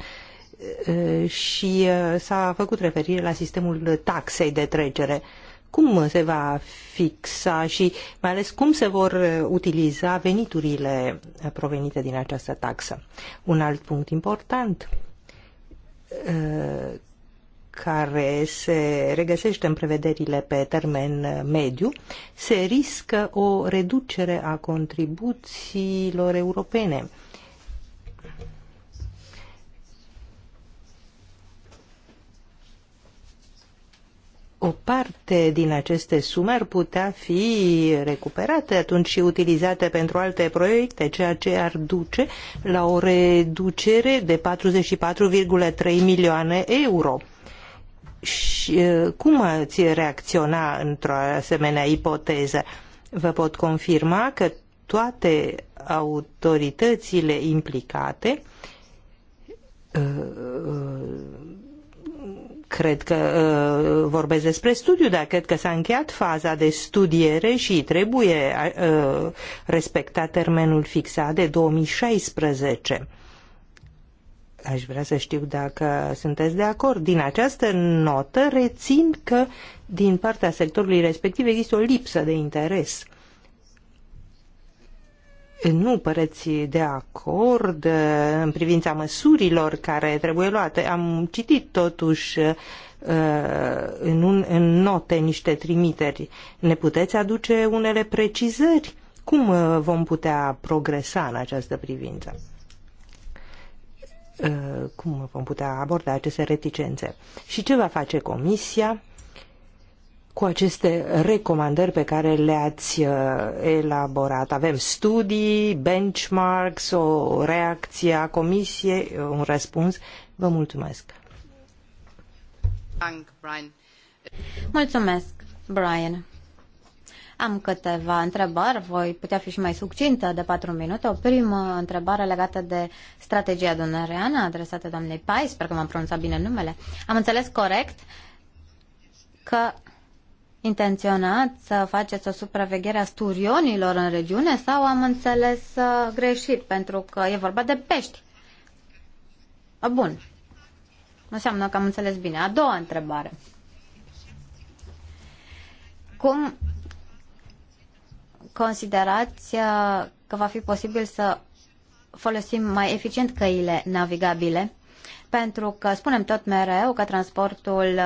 Speaker 4: Eh, și eh, s-a făcut referire la sistemul taxei de trecere. Cum se va fixa și mai ales cum se vor eh, utiliza veniturile provenite din această taxă? Un alt punct important care se regăsește în prevederile pe termen mediu, se riscă o reducere a contribuțiilor europene o parte din aceste sume ar putea fi recuperate atunci și utilizate pentru alte proiecte, ceea ce ar duce la o reducere de 44,3 milioane euro. Și cum ați reacționa într-o asemenea ipoteză? Vă pot confirma că toate autoritățile implicate cred că uh, vorbesc despre studiu, dar cred că s-a încheiat faza de studiere și trebuie uh, respectat termenul fixat de 2016. Aș vrea să știu dacă sunteți de acord. Din această notă rețin că din partea sectorului respectiv există o lipsă de interes nu păreți de acord eh, în privința măsurilor care trebuie luate. Am citit totuși eh, în, un, în note niște trimiteri. Ne puteți aduce unele precizări? Cum eh, vom putea progresa în această privință? Cum vom putea aborda aceste reticențe? Și ce va face Comisia? cu aceste recomandări pe care le-ați uh, elaborat? Avem studii, benchmarks, o reacție a comisiei, un
Speaker 3: răspuns? Vă mulțumesc! Mulțumesc, Brian! Am câteva întrebări, voi putea fi și mai succintă de patru minute. O primă întrebare legată de strategia dunăreană adresată doamnei Pai, sper că m-am pronunțat bine numele. Am înțeles corect că intenționat să faceți o supraveghere a sturionilor în regiune sau am înțeles uh, greșit pentru că e vorba de pești? Uh, bun. Înseamnă că am înțeles bine. A doua întrebare. Cum considerați uh, că va fi posibil să folosim mai eficient căile navigabile? Pentru că spunem tot mereu că transportul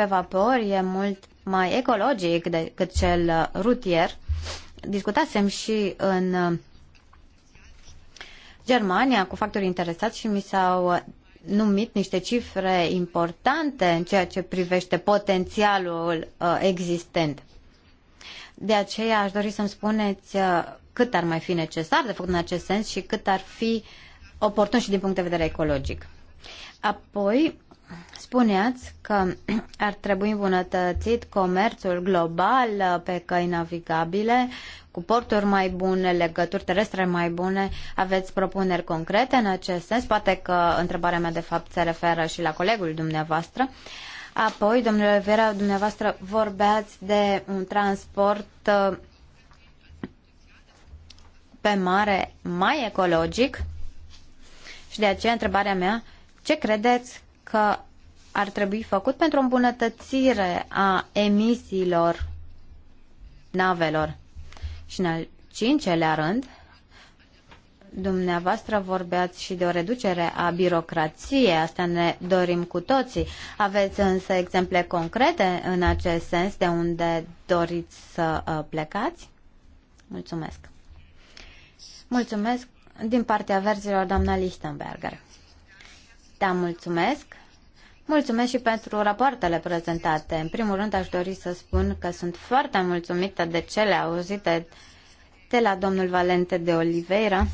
Speaker 3: pe vapor e mult mai ecologic decât cel rutier. Discutasem și în Germania cu factori interesați și mi s-au numit niște cifre importante în ceea ce privește potențialul uh, existent. De aceea aș dori să-mi spuneți uh, cât ar mai fi necesar de făcut în acest sens și cât ar fi oportun și din punct de vedere ecologic. Apoi, Spuneați că ar trebui îmbunătățit comerțul global uh, pe căi navigabile, cu porturi mai bune, legături terestre mai bune. Aveți propuneri concrete în acest sens? Poate că întrebarea mea de fapt se referă și la colegul dumneavoastră. Apoi, domnule Vera, dumneavoastră vorbeați de un transport uh, pe mare mai ecologic și de aceea întrebarea mea, ce credeți că ar trebui făcut pentru o îmbunătățire a emisiilor navelor. Și în al cincelea rând, dumneavoastră vorbeați și de o reducere a birocrației, asta ne dorim cu toții. Aveți însă exemple concrete în acest sens de unde doriți să uh, plecați? Mulțumesc. Mulțumesc din partea verzilor, doamna Lichtenberger. Da, mulțumesc. Mulțumesc și pentru rapoartele prezentate. În primul rând aș dori să spun că sunt foarte mulțumită de cele auzite de la domnul Valente de Oliveira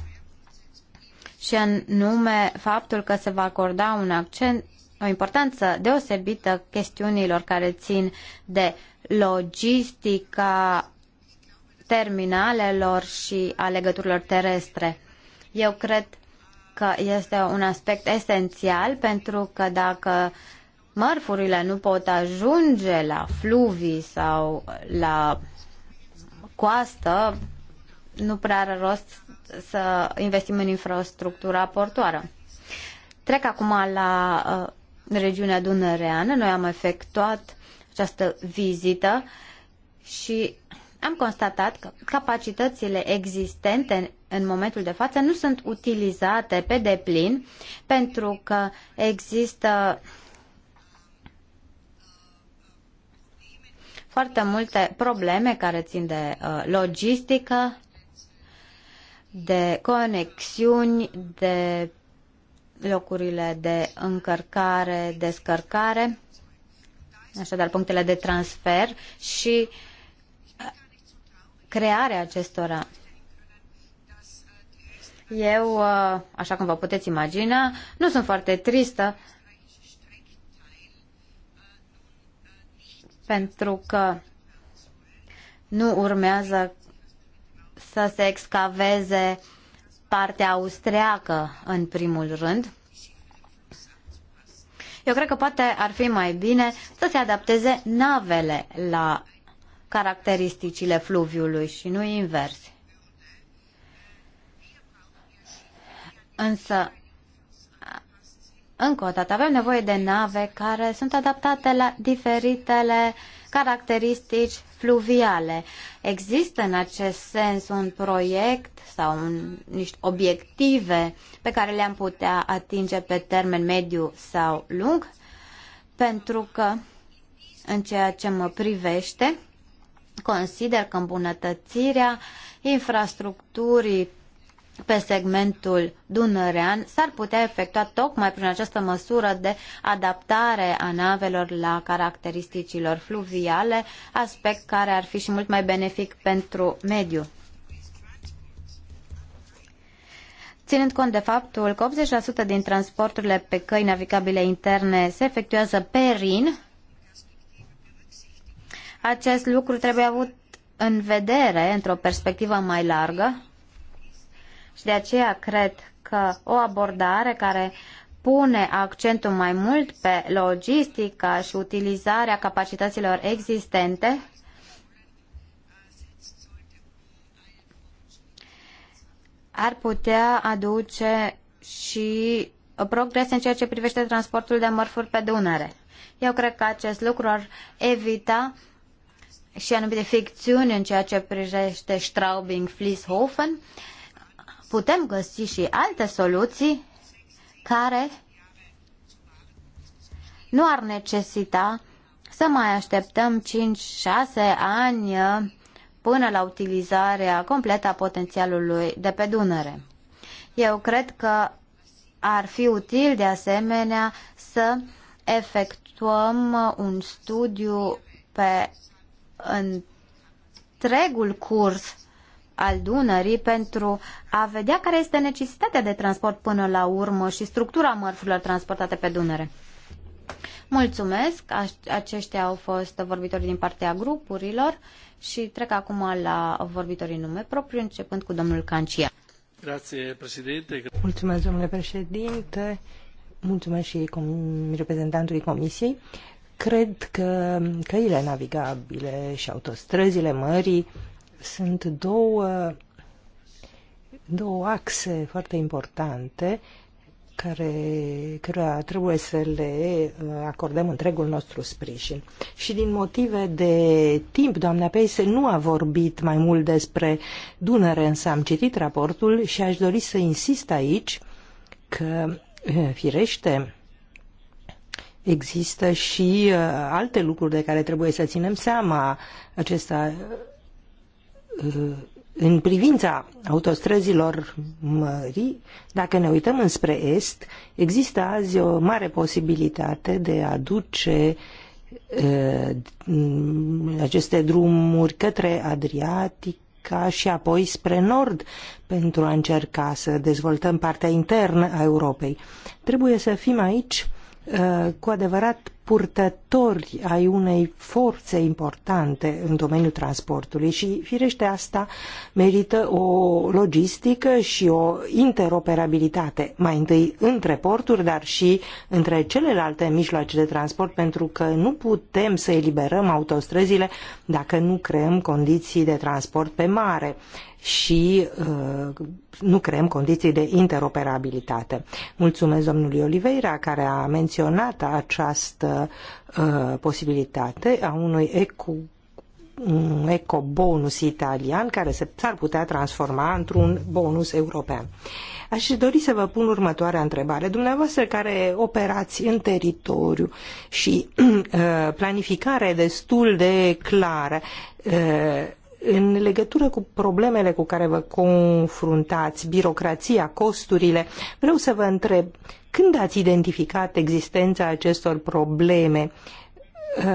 Speaker 3: și anume faptul că se va acorda un accent, o importanță deosebită chestiunilor care țin de logistica terminalelor și a legăturilor terestre. Eu cred că este un aspect esențial pentru că dacă mărfurile nu pot ajunge la fluvii sau la coastă, nu prea are rost să investim în infrastructura portoară. Trec acum la uh, regiunea Dunăreană. Noi am efectuat această vizită și am constatat că capacitățile existente în momentul de față nu sunt utilizate pe deplin pentru că există foarte multe probleme care țin de uh, logistică, de conexiuni, de locurile de încărcare, descărcare, așadar punctele de transfer și uh, crearea acestora. Eu, uh, așa cum vă puteți imagina, nu sunt foarte tristă pentru că nu urmează să se excaveze partea austriacă în primul rând. Eu cred că poate ar fi mai bine să se adapteze navele la caracteristicile fluviului și nu invers. Însă, încă o dată, avem nevoie de nave care sunt adaptate la diferitele caracteristici fluviale. Există în acest sens un proiect sau un, niște obiective pe care le-am putea atinge pe termen mediu sau lung? Pentru că, în ceea ce mă privește, consider că îmbunătățirea infrastructurii pe segmentul dunărean s-ar putea efectua tocmai prin această măsură de adaptare a navelor la caracteristicilor fluviale, aspect care ar fi și mult mai benefic pentru mediu. Ținând cont de faptul că 80% din transporturile pe căi navigabile interne se efectuează pe RIN, acest lucru trebuie avut în vedere într-o perspectivă mai largă și de aceea cred că o abordare care pune accentul mai mult pe logistica și utilizarea capacităților existente ar putea aduce și progrese în ceea ce privește transportul de mărfuri pe Dunăre. Eu cred că acest lucru ar evita și anumite ficțiuni în ceea ce privește Straubing-Flieshofen putem găsi și alte soluții care nu ar necesita să mai așteptăm 5-6 ani până la utilizarea completă a potențialului de pe Dunăre. Eu cred că ar fi util de asemenea să efectuăm un studiu pe întregul curs al Dunării pentru a vedea care este necesitatea de transport până la urmă și structura mărfurilor transportate pe Dunăre. Mulțumesc, aceștia au fost vorbitorii din partea grupurilor și trec acum la vorbitorii nume propriu, începând cu domnul Cancia.
Speaker 1: Grazie, președinte.
Speaker 3: Mulțumesc,
Speaker 4: domnule președinte. Mulțumesc și com- reprezentantului Comisiei. Cred că căile navigabile și autostrăzile mării sunt două, două axe foarte importante care, care trebuie să le uh, acordăm întregul nostru sprijin. Și din motive de timp, doamna Peise nu a vorbit mai mult despre Dunăre, însă am citit raportul și aș dori să insist aici că, uh, firește, există și uh, alte lucruri de care trebuie să ținem seama. Acesta în privința autostrăzilor mării, dacă ne uităm înspre est, există azi o mare posibilitate de a duce aceste drumuri către Adriatica și apoi spre nord pentru a încerca să dezvoltăm partea internă a Europei. Trebuie să fim aici cu adevărat purtători ai unei forțe importante în domeniul transportului și, firește, asta merită o logistică și o interoperabilitate, mai întâi între porturi, dar și între celelalte mijloace de transport, pentru că nu putem să eliberăm autostrăzile dacă nu creăm condiții de transport pe mare și uh, nu creăm condiții de interoperabilitate. Mulțumesc domnului Oliveira care a menționat această uh, posibilitate a unui eco, un ecobonus italian care s-ar putea transforma într-un bonus european. Aș dori să vă pun următoarea întrebare. Dumneavoastră care operați în teritoriu și *clears throat* uh, planificare destul de clară, uh, în legătură cu problemele cu care vă confruntați, birocrația, costurile, vreau să vă întreb, când ați identificat existența acestor probleme? Ă,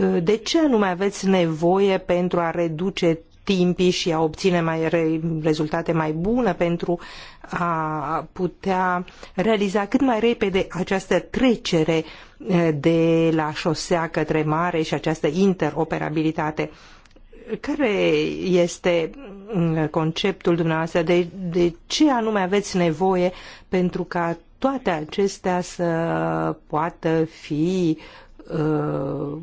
Speaker 4: ă, de ce mai aveți nevoie pentru a reduce timpii și a obține mai re, rezultate mai bune pentru a putea realiza cât mai repede această trecere ă, de la șosea către mare și această interoperabilitate care este mm, conceptul dumneavoastră? De, de ce anume aveți nevoie pentru ca toate acestea să poată fi uh,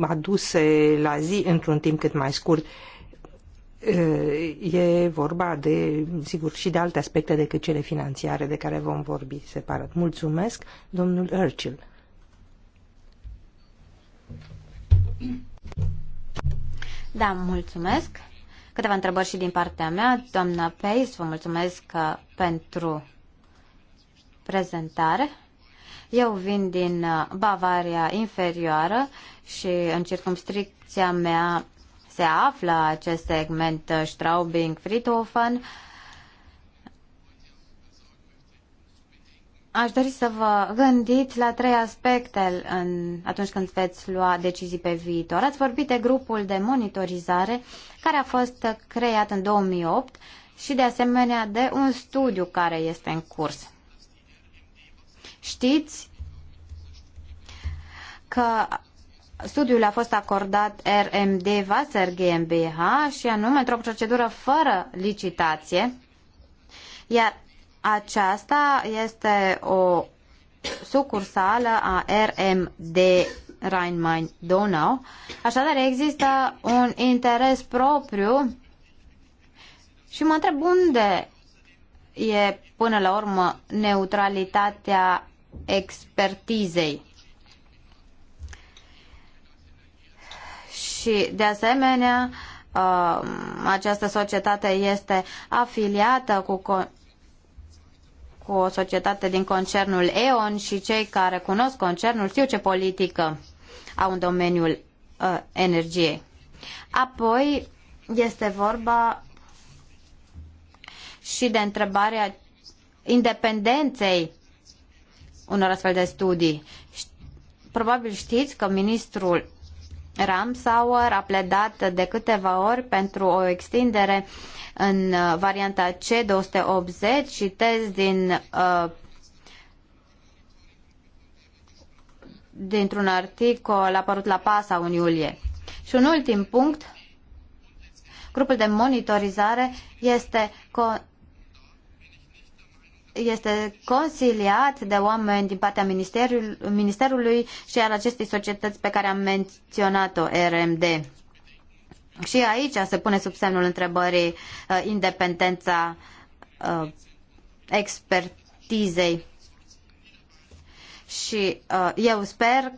Speaker 4: aduse la zi într-un timp cât mai scurt? Uh, e vorba de, sigur, și de alte aspecte decât cele financiare de care vom vorbi separat. Mulțumesc, domnul Urchil.
Speaker 3: Da, mulțumesc. Câteva întrebări și din partea mea. Doamna Peis, vă mulțumesc uh, pentru prezentare. Eu vin din uh, Bavaria Inferioară și în circumstricția mea se află acest segment uh, Straubing-Friedhofen. Uh, Aș dori să vă gândiți la trei aspecte în, atunci când veți lua decizii pe viitor. Ați vorbit de grupul de monitorizare care a fost creat în 2008 și de asemenea de un studiu care este în curs. Știți că studiul a fost acordat RMD Wasser GmbH și anume într-o procedură fără licitație, iar aceasta este o sucursală a RMD Rhein-Main-Donau. Așadar, există un interes propriu și mă întreb unde e până la urmă neutralitatea expertizei. Și de asemenea, uh, această societate este afiliată cu cu o societate din concernul E.ON și cei care cunosc concernul știu ce politică au în domeniul uh, energiei. Apoi este vorba și de întrebarea independenței unor astfel de studii. Probabil știți că ministrul Ramsauer a pledat de câteva ori pentru o extindere în uh, varianta C280 și tezi din uh, dintr-un articol apărut la PASA în iulie. Și un ultim punct, grupul de monitorizare este co- este consiliat de oameni din partea ministerului, ministerului și al acestei societăți pe care am menționat-o, RMD. Și aici se pune sub semnul întrebării uh, independența uh, expertizei. Și uh, eu sper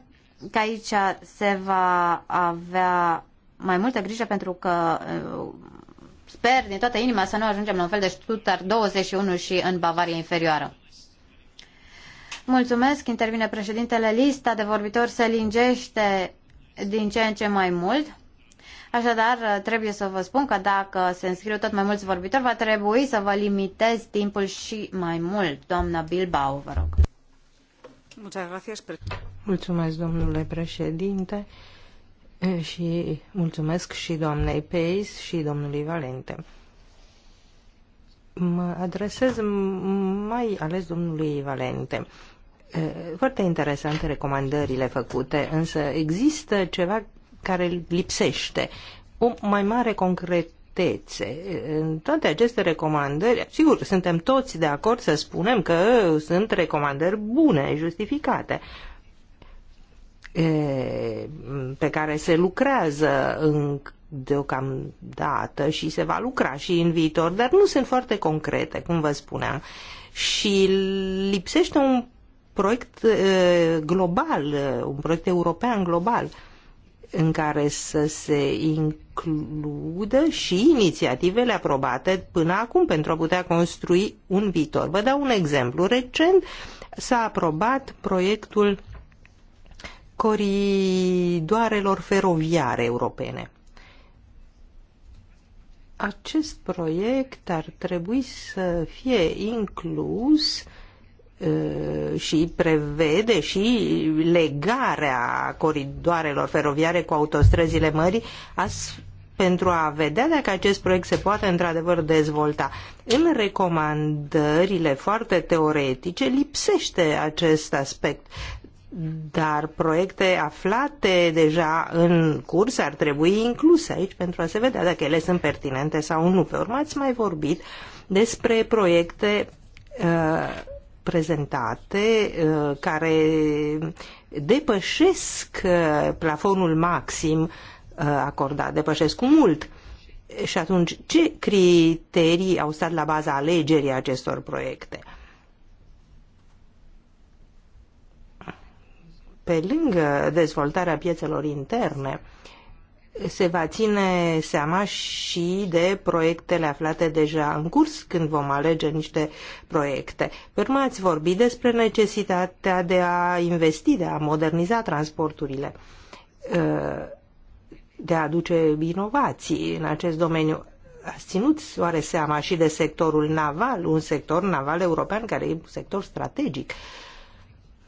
Speaker 3: că aici se va avea mai multă grijă pentru că uh, Sper din toată inima să nu ajungem la un fel de Stuttgart 21 și în Bavaria inferioară. Mulțumesc, intervine președintele. Lista de vorbitori se lingește din ce în ce mai mult. Așadar, trebuie să vă spun că dacă se înscriu tot mai mulți vorbitori, va trebui să vă limitez timpul și mai mult. Doamna Bilbao, vă rog. Mulțumesc,
Speaker 4: domnule președinte. Și mulțumesc și doamnei Peis și domnului Valente. Mă adresez mai ales domnului Valente. Foarte interesante recomandările făcute, însă există ceva care lipsește. O mai mare concretețe. În toate aceste recomandări, sigur, suntem toți de acord să spunem că sunt recomandări bune, justificate, pe care se lucrează în deocamdată și se va lucra și în viitor, dar nu sunt foarte concrete, cum vă spuneam. Și lipsește un proiect global, un proiect european global în care să se includă și inițiativele aprobate până acum pentru a putea construi un viitor. Vă dau un exemplu. Recent s-a aprobat proiectul coridoarelor feroviare europene. Acest proiect ar trebui să fie inclus uh, și prevede și legarea coridoarelor feroviare cu autostrăzile mării pentru a vedea dacă acest proiect se poate într-adevăr dezvolta. În recomandările foarte teoretice lipsește acest aspect dar proiecte aflate deja în curs ar trebui incluse aici pentru a se vedea dacă ele sunt pertinente sau nu. Pe urmă ați mai vorbit despre proiecte uh, prezentate uh, care depășesc uh, plafonul maxim uh, acordat, depășesc cu mult. Și atunci, ce criterii au stat la baza alegerii acestor proiecte? pe lângă dezvoltarea piețelor interne, se va ține seama și de proiectele aflate deja în curs când vom alege niște proiecte. Pe urmă ați vorbit despre necesitatea de a investi, de a moderniza transporturile, ă, de a aduce inovații în acest domeniu. Ați ținut oare seama și de sectorul naval, un sector naval european care e un sector strategic. Uh,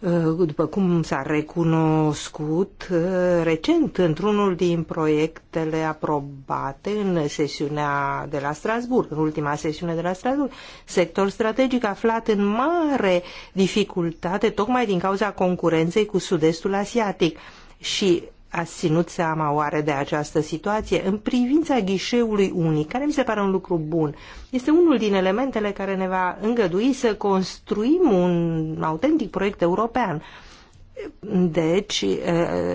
Speaker 4: Uh, după cum s-a recunoscut uh, recent într-unul din proiectele aprobate în sesiunea de la Strasburg, în ultima sesiune de la Strasburg, sector strategic aflat în mare dificultate tocmai din cauza concurenței cu sud-estul asiatic. Și ați ținut seama oare de această situație în privința ghișeului unic, care mi se pare un lucru bun. Este unul din elementele care ne va îngădui să construim un autentic proiect european. Deci,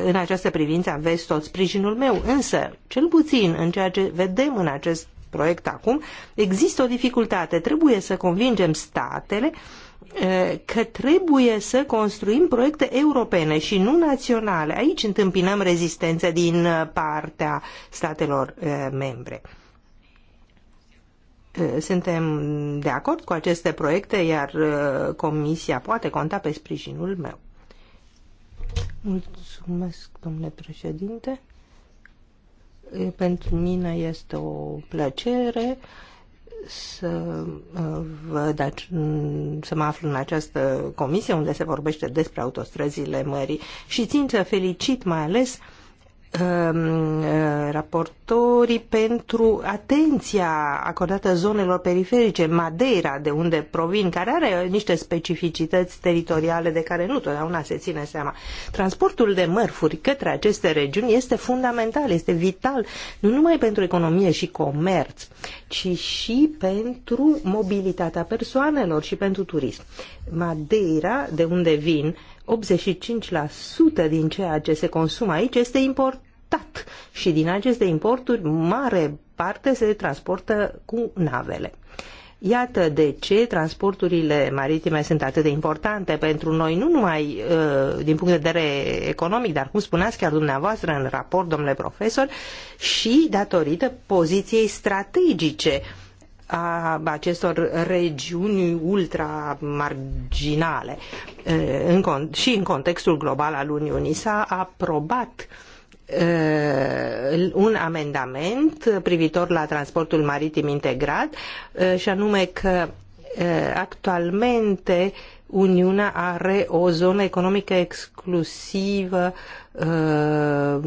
Speaker 4: în această privință aveți tot sprijinul meu, însă, cel puțin în ceea ce vedem în acest proiect acum, există o dificultate. Trebuie să convingem statele că trebuie să construim proiecte europene și nu naționale. Aici întâmpinăm rezistență din partea statelor membre. Suntem de acord cu aceste proiecte, iar Comisia poate conta pe sprijinul meu. Mulțumesc, domnule președinte. Pentru mine este o plăcere să uh, văd, să mă aflu în această comisie unde se vorbește despre autostrăzile mării și țin să felicit mai ales uh, Um, uh, raportorii pentru atenția acordată zonelor periferice, Madeira, de unde provin, care are niște specificități teritoriale de care nu totdeauna se ține seama. Transportul de mărfuri către aceste regiuni este fundamental, este vital, nu numai pentru economie și comerț, ci și pentru mobilitatea persoanelor și pentru turism. Madeira, de unde vin, 85% din ceea ce se consumă aici este importat importat și din aceste importuri mare parte se transportă cu navele. Iată de ce transporturile maritime sunt atât de importante pentru noi, nu numai uh, din punct de vedere economic, dar cum spuneați chiar dumneavoastră în raport, domnule profesor, și datorită poziției strategice a acestor regiuni ultramarginale. Uh, în, și în contextul global al Uniunii s-a aprobat Uh, un amendament privitor la transportul maritim integrat uh, și anume că uh, actualmente Uniunea are o zonă economică exclusivă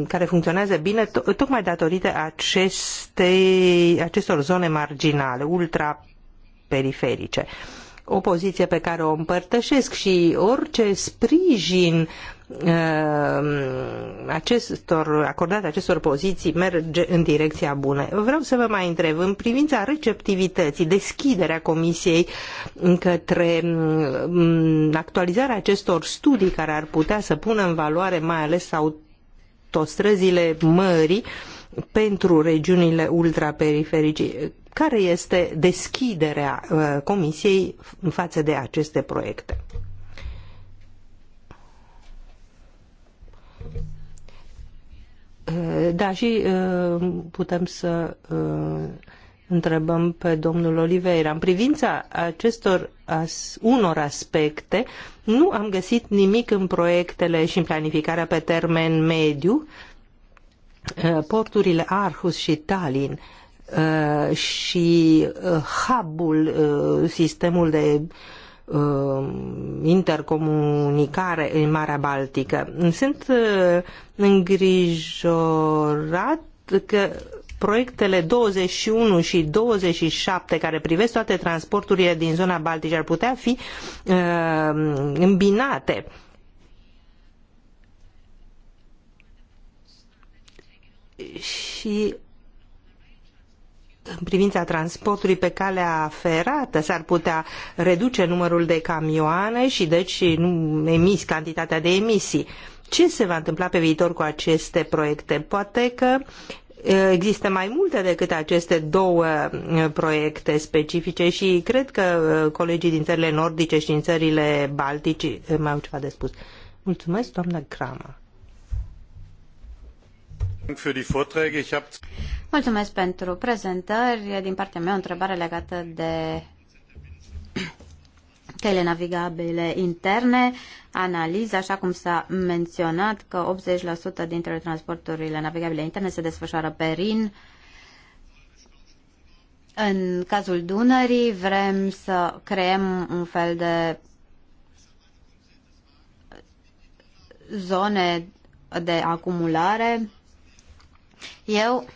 Speaker 4: care funcționează bine tocmai datorită acestei, acestor zone marginale, ultraperiferice. periferice o poziție pe care o împărtășesc și orice sprijin uh, acestor, acordat acestor poziții merge în direcția bună. Vreau să vă mai întreb, în privința receptivității, deschiderea Comisiei către mm, actualizarea acestor studii care ar putea să pună în valoare mai ales autostrăzile mării pentru regiunile ultraperiferice, care este deschiderea uh, Comisiei în față de aceste proiecte? Uh, da, și uh, putem să întrebăm pe domnul Oliveira. În privința acestor as, unor aspecte, nu am găsit nimic în proiectele și în planificarea pe termen mediu. Porturile Arhus și Tallinn Uh, și uh, hubul, uh, sistemul de intercomunicare în Marea Baltică. Sunt îngrijorat că proiectele 21 și 27 care privesc toate transporturile din zona Baltică ar putea fi îmbinate. Și în privința transportului pe calea ferată s-ar putea reduce numărul de camioane și deci emis, cantitatea de emisii. Ce se va întâmpla pe viitor cu aceste proiecte? Poate că există mai multe decât aceste două proiecte specifice și cred că colegii din țările nordice și din țările baltice mai au ceva de spus. Mulțumesc, doamna Grama.
Speaker 3: Mulțumesc pentru prezentări. Din partea mea, o întrebare legată de căile navigabile interne, analiza, așa cum s-a menționat că 80% dintre transporturile navigabile interne se desfășoară pe RIN. În cazul Dunării vrem să creăm un fel de zone de acumulare eu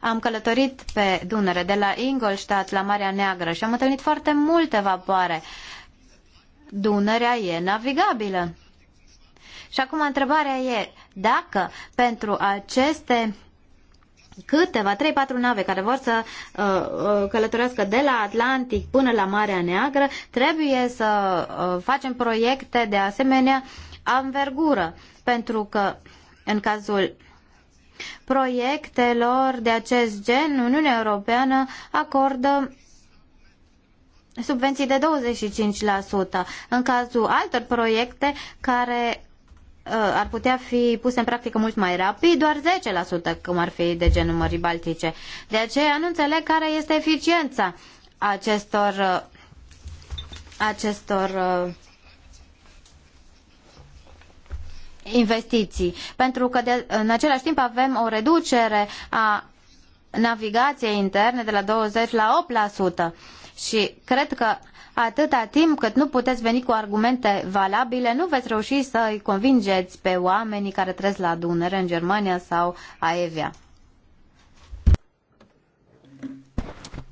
Speaker 3: am călătorit pe Dunăre, de la Ingolstadt la Marea Neagră și am întâlnit foarte multe vapoare. Dunărea e navigabilă. Și acum întrebarea e dacă pentru aceste câteva, 3-4 nave care vor să uh, uh, călătorească de la Atlantic până la Marea Neagră, trebuie să uh, facem proiecte de asemenea anvergură, pentru că în cazul proiectelor de acest gen, Uniunea Europeană acordă subvenții de 25%. În cazul altor proiecte care uh, ar putea fi puse în practică mult mai rapid, doar 10%, cum ar fi de genul Mării Baltice. De aceea nu înțeleg care este eficiența acestor uh, acestor uh, investiții. Pentru că de, în același timp avem o reducere a navigației interne de la 20 la 8% și cred că atâta timp cât nu puteți veni cu argumente valabile, nu veți reuși să îi convingeți pe oamenii care trăiesc la Dunăre în Germania sau Aevia.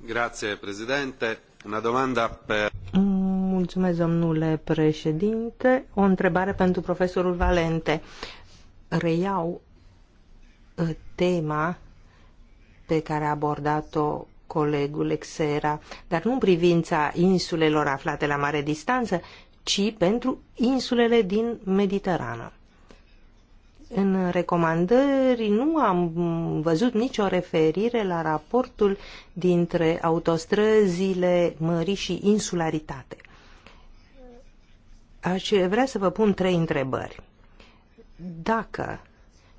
Speaker 5: Grazie, Presidente. Una domanda per...
Speaker 3: Mm, Mulțumesc,
Speaker 4: domnule președinte. O întrebare pentru profesorul Valente. Reiau uh, tema pe care a abordat-o colegul Exera, dar nu în privința insulelor aflate la mare distanță, ci pentru insulele din Mediterană. În recomandări nu am văzut nicio referire la raportul dintre autostrăzile mării și insularitate. Aș vrea să vă pun trei întrebări. Dacă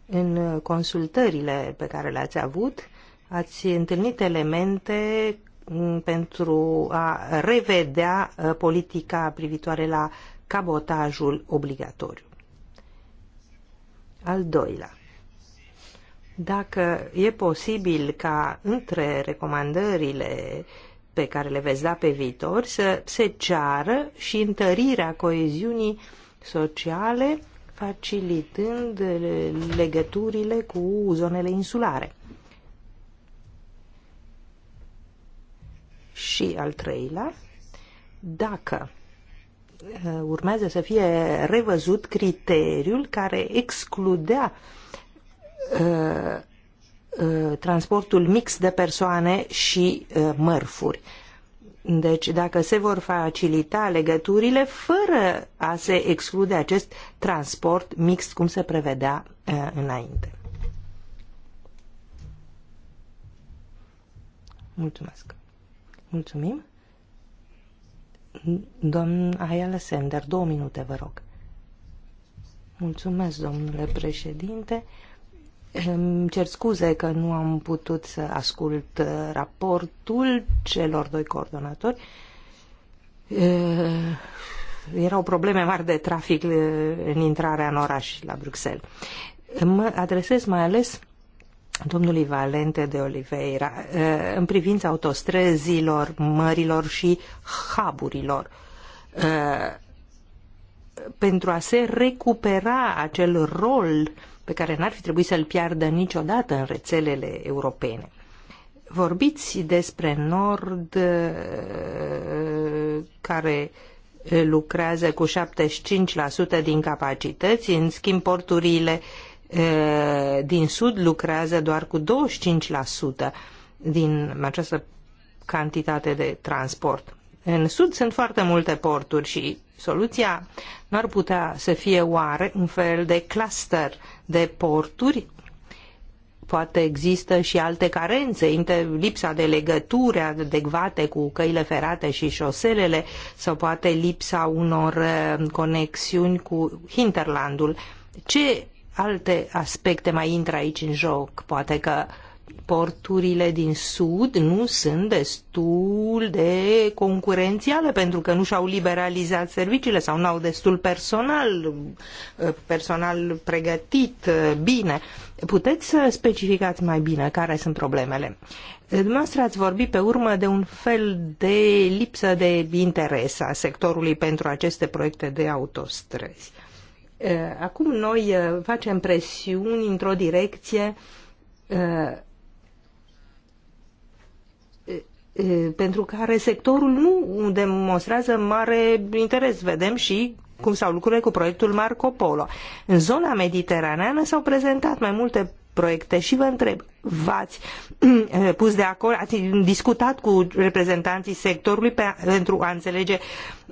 Speaker 4: în consultările pe care le-ați avut ați întâlnit elemente mm, pentru a revedea uh, politica privitoare la cabotajul obligatoriu. Al doilea, dacă e posibil ca între recomandările uh, pe care le veți da pe viitor să se ceară și întărirea coeziunii sociale facilitând legăturile cu zonele insulare. Și al treilea, dacă uh, urmează să fie revăzut criteriul care excludea uh, Uh, transportul mix de persoane și uh, mărfuri. Deci dacă se vor facilita legăturile fără a se exclude acest transport mixt cum se prevedea uh, înainte. Mulțumesc. Mulțumim. Domn Ayala Sender, două minute, vă rog. Mulțumesc, domnule președinte. Îmi cer scuze că nu am putut să ascult uh, raportul celor doi coordonatori. Uh, erau probleme mari de trafic uh, în intrarea în oraș la Bruxelles. Mă adresez mai ales domnului Valente de Oliveira în privința autostrăzilor, mărilor și haburilor pentru a se recupera acel rol pe care n-ar fi trebuit să-l piardă niciodată în rețelele europene. Vorbiți despre Nord uh, care uh, lucrează cu 75% din capacități, în schimb porturile uh, din Sud lucrează doar cu 25% din această cantitate de transport. În Sud sunt foarte multe porturi și soluția n-ar putea să fie oare un fel de cluster de porturi, poate există și alte carențe, lipsa de legături adecvate cu căile ferate și șoselele sau poate lipsa unor eh, conexiuni cu hinterlandul. Ce alte aspecte mai intră aici în joc? Poate că porturile din sud nu sunt destul de concurențiale pentru că nu și-au liberalizat serviciile sau nu au destul personal, eh, personal pregătit eh, bine. Puteți să specificați mai bine care sunt problemele. Eh, dumneavoastră ați vorbit pe urmă de un fel de lipsă de interes a sectorului pentru aceste proiecte de autostrăzi. Acum noi facem presiuni într-o direcție pentru care sectorul nu demonstrează mare interes. Vedem și cum s-au lucrurile cu proiectul Marco Polo. În zona mediteraneană s-au prezentat mai multe proiecte și vă întreb, v-ați *clears throat* pus de acord, ați discutat cu reprezentanții sectorului pentru a înțelege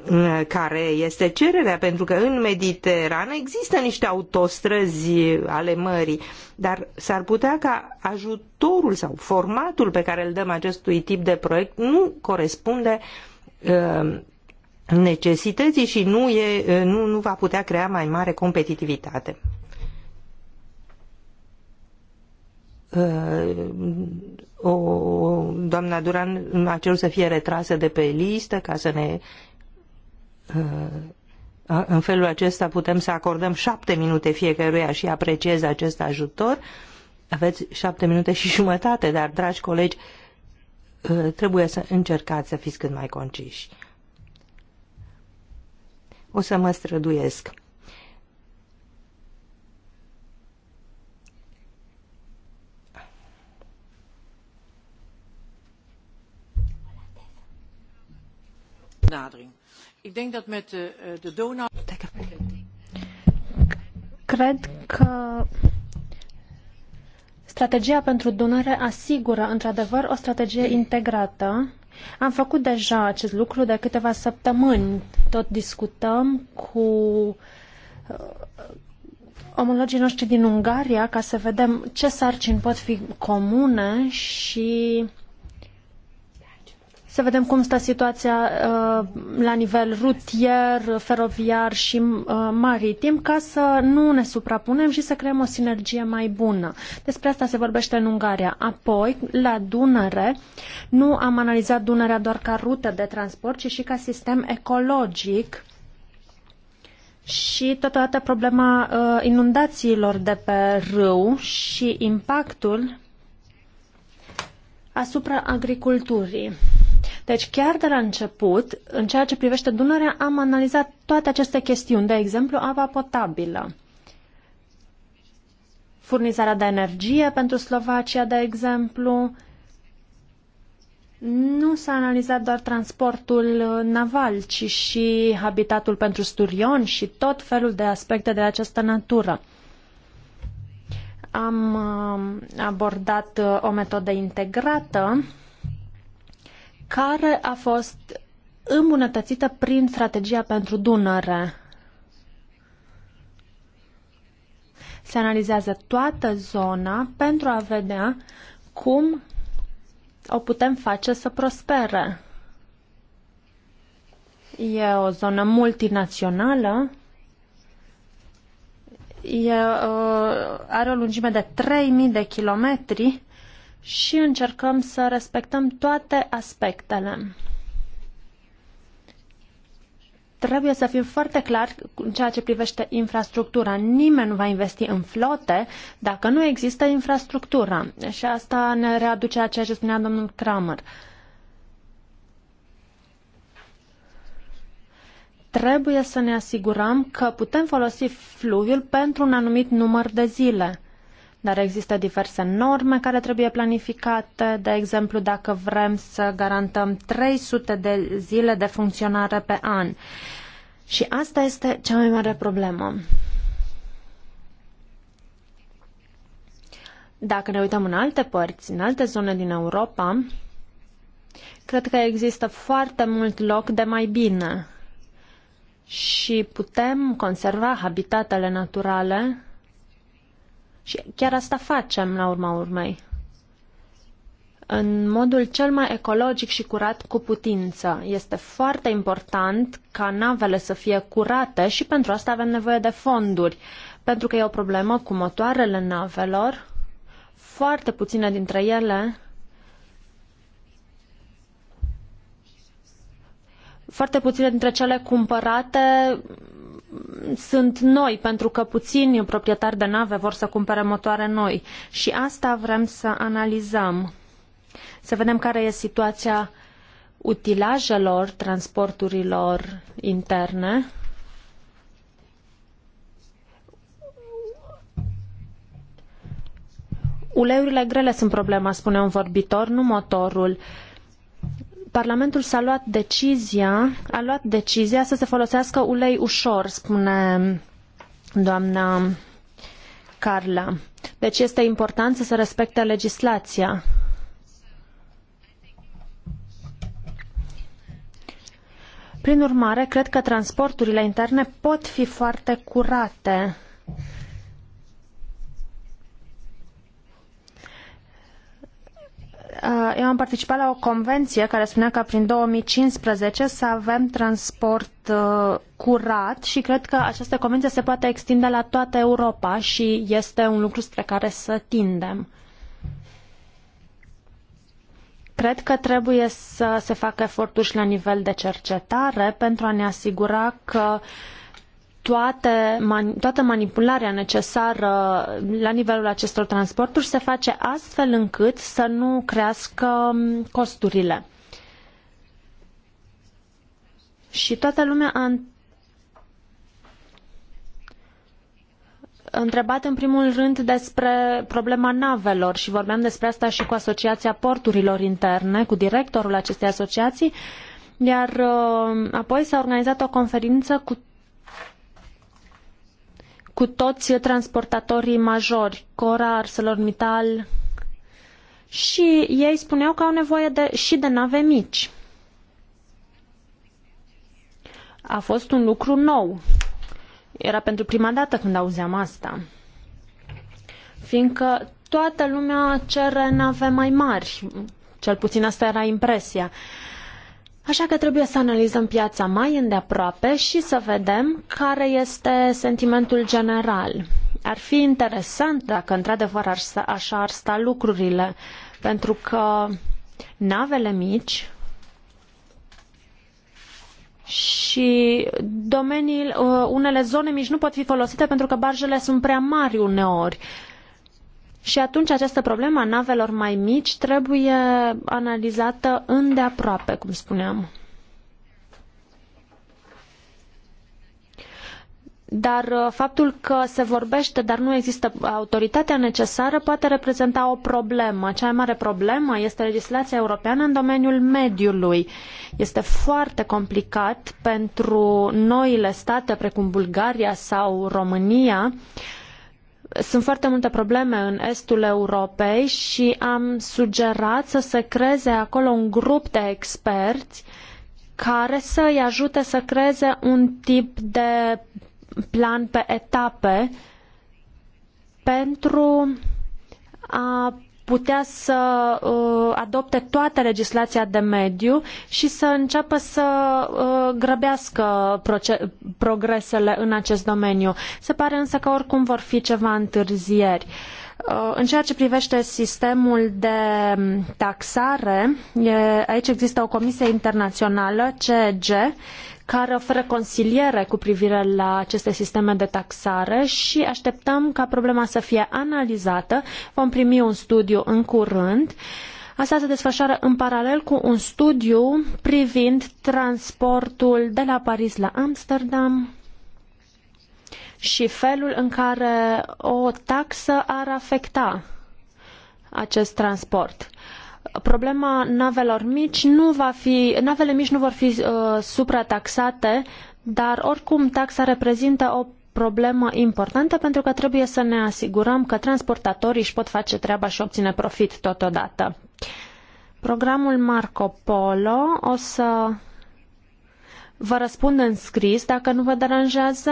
Speaker 4: mm, care este cererea, pentru că în Mediterană există niște autostrăzi ale mării, dar s-ar putea ca ajutorul sau formatul pe care îl dăm acestui tip de proiect nu corespunde mm, necesității și nu, e, nu, nu va putea crea mai mare competitivitate. o, doamna Duran a cerut să fie retrasă de pe listă ca să ne uh, în felul acesta putem să acordăm șapte minute fiecăruia și apreciez acest ajutor. Aveți șapte minute și jumătate, dar, dragi colegi, uh, trebuie să încercați să fiți cât mai conciși. O să mă străduiesc. benadering. Ik denk dat met eh, eh, de, Donau...
Speaker 2: Cred că strategia pentru Dunăre asigură într-adevăr o strategie integrată. Am făcut deja acest lucru de câteva săptămâni. Tot discutăm cu uh, omologii noștri din Ungaria ca să vedem ce sarcini pot fi comune și să vedem cum stă situația uh, la nivel rutier, feroviar și uh, maritim, ca să nu ne suprapunem și să creăm o sinergie mai bună. Despre asta se vorbește în Ungaria. Apoi, la Dunăre, nu am analizat Dunărea doar ca rută de transport, ci și ca sistem ecologic și totodată problema uh, inundațiilor de pe râu și impactul asupra agriculturii. Deci chiar de la început, în ceea ce privește Dunărea, am analizat toate aceste chestiuni, de exemplu apa potabilă. Furnizarea de energie pentru Slovacia, de exemplu, nu s-a analizat doar transportul uh, naval, ci și habitatul pentru sturion și tot felul de aspecte de această natură. Am uh, abordat uh, o metodă integrată care a fost îmbunătățită prin strategia pentru Dunăre. Se analizează toată zona pentru a vedea cum o putem face să prospere. E o zonă multinațională. E, uh, are o lungime de 3000 de kilometri și încercăm să respectăm toate aspectele. Trebuie să fim foarte clari în ceea ce privește infrastructura. Nimeni nu va investi în flote dacă nu există infrastructura. Și asta ne readuce a ceea ce spunea domnul Kramer. Trebuie să ne asigurăm că putem folosi fluviul pentru un anumit număr de zile dar există diverse norme care trebuie planificate, de exemplu dacă vrem să garantăm 300 de zile de funcționare pe an. Și asta este cea mai mare problemă. Dacă ne uităm în alte părți, în alte zone din Europa, cred că există foarte mult loc de mai bine și putem conserva habitatele naturale și chiar asta facem la urma urmei. În modul cel mai ecologic și curat cu putință. Este foarte important ca navele să fie curate și pentru asta avem nevoie de fonduri. Pentru că e o problemă cu motoarele navelor. Foarte puține dintre ele foarte puține dintre cele cumpărate sunt noi, pentru că puțini proprietari de nave vor să cumpere motoare noi. Și asta vrem să analizăm. Să vedem care e situația utilajelor, transporturilor interne. Uleiurile grele sunt problema, spune un vorbitor, nu motorul. Uh, Parlamentul s-a luat decizia, a luat decizia să se folosească ulei ușor, spune doamna Carla. Deci este important să se respecte legislația. Prin urmare, cred că transporturile interne pot fi foarte curate Uh, eu am participat la o convenție care spunea că prin 2015 să avem transport uh, curat și cred că această convenție se poate extinde la toată Europa și este un lucru spre care să tindem. Cred că trebuie să se facă eforturi și la nivel de cercetare pentru a ne asigura că uh, toate, man, toată manipularea necesară la nivelul acestor transporturi se face astfel încât să nu crească um, costurile. Și toată lumea a întrebat în primul rând despre problema navelor și vorbeam despre asta și cu Asociația Porturilor Interne, cu directorul acestei asociații, iar um, apoi s-a organizat o conferință cu cu toți transportatorii majori, Cora, ArcelorMittal, și ei spuneau că au nevoie de, și de nave mici. A fost un lucru nou. Era pentru prima dată când auzeam asta. Fiindcă toată lumea cere nave mai mari. Cel puțin asta era impresia. Uh, Așa că trebuie să analizăm piața mai îndeaproape și să vedem care este sentimentul general. Ar fi interesant dacă într-adevăr așa ar sta lucrurile, pentru că navele mici și domeniile, uh, unele zone mici nu pot fi folosite pentru că barjele sunt prea mari uneori. Uh, și atunci această problemă a navelor mai mici trebuie analizată îndeaproape, cum spuneam. Dar uh, faptul că se vorbește, dar nu există autoritatea necesară, poate reprezenta o problemă. Cea mai mare problemă este legislația europeană în domeniul mediului. Este foarte complicat pentru noile state, precum Bulgaria sau România, uh, sunt foarte multe probleme în estul Europei și am sugerat să se creeze acolo un grup de experți care să îi ajute să creeze un tip de plan pe etape pentru a putea să uh, adopte toată legislația de mediu și să înceapă să uh, grăbească progresele în acest domeniu. Se pare însă că oricum vor fi ceva întârzieri. Uh, în ceea ce privește sistemul de taxare, aici există o comisie internațională, CEG, care oferă consiliere cu privire la aceste sisteme de taxare și așteptăm ca problema să fie analizată. Vom primi un studiu în curând. Asta se desfășoară în paralel cu un studiu privind transportul de la Paris la Amsterdam și felul în care o taxă ar afecta acest transport problema navelor mici nu va fi, navele mici nu vor fi uh, suprataxate, dar oricum taxa reprezintă o problemă importantă pentru că trebuie să ne asigurăm că transportatorii își pot face treaba și obține profit totodată. Programul Marco Polo o să vă răspund în scris dacă nu vă deranjează.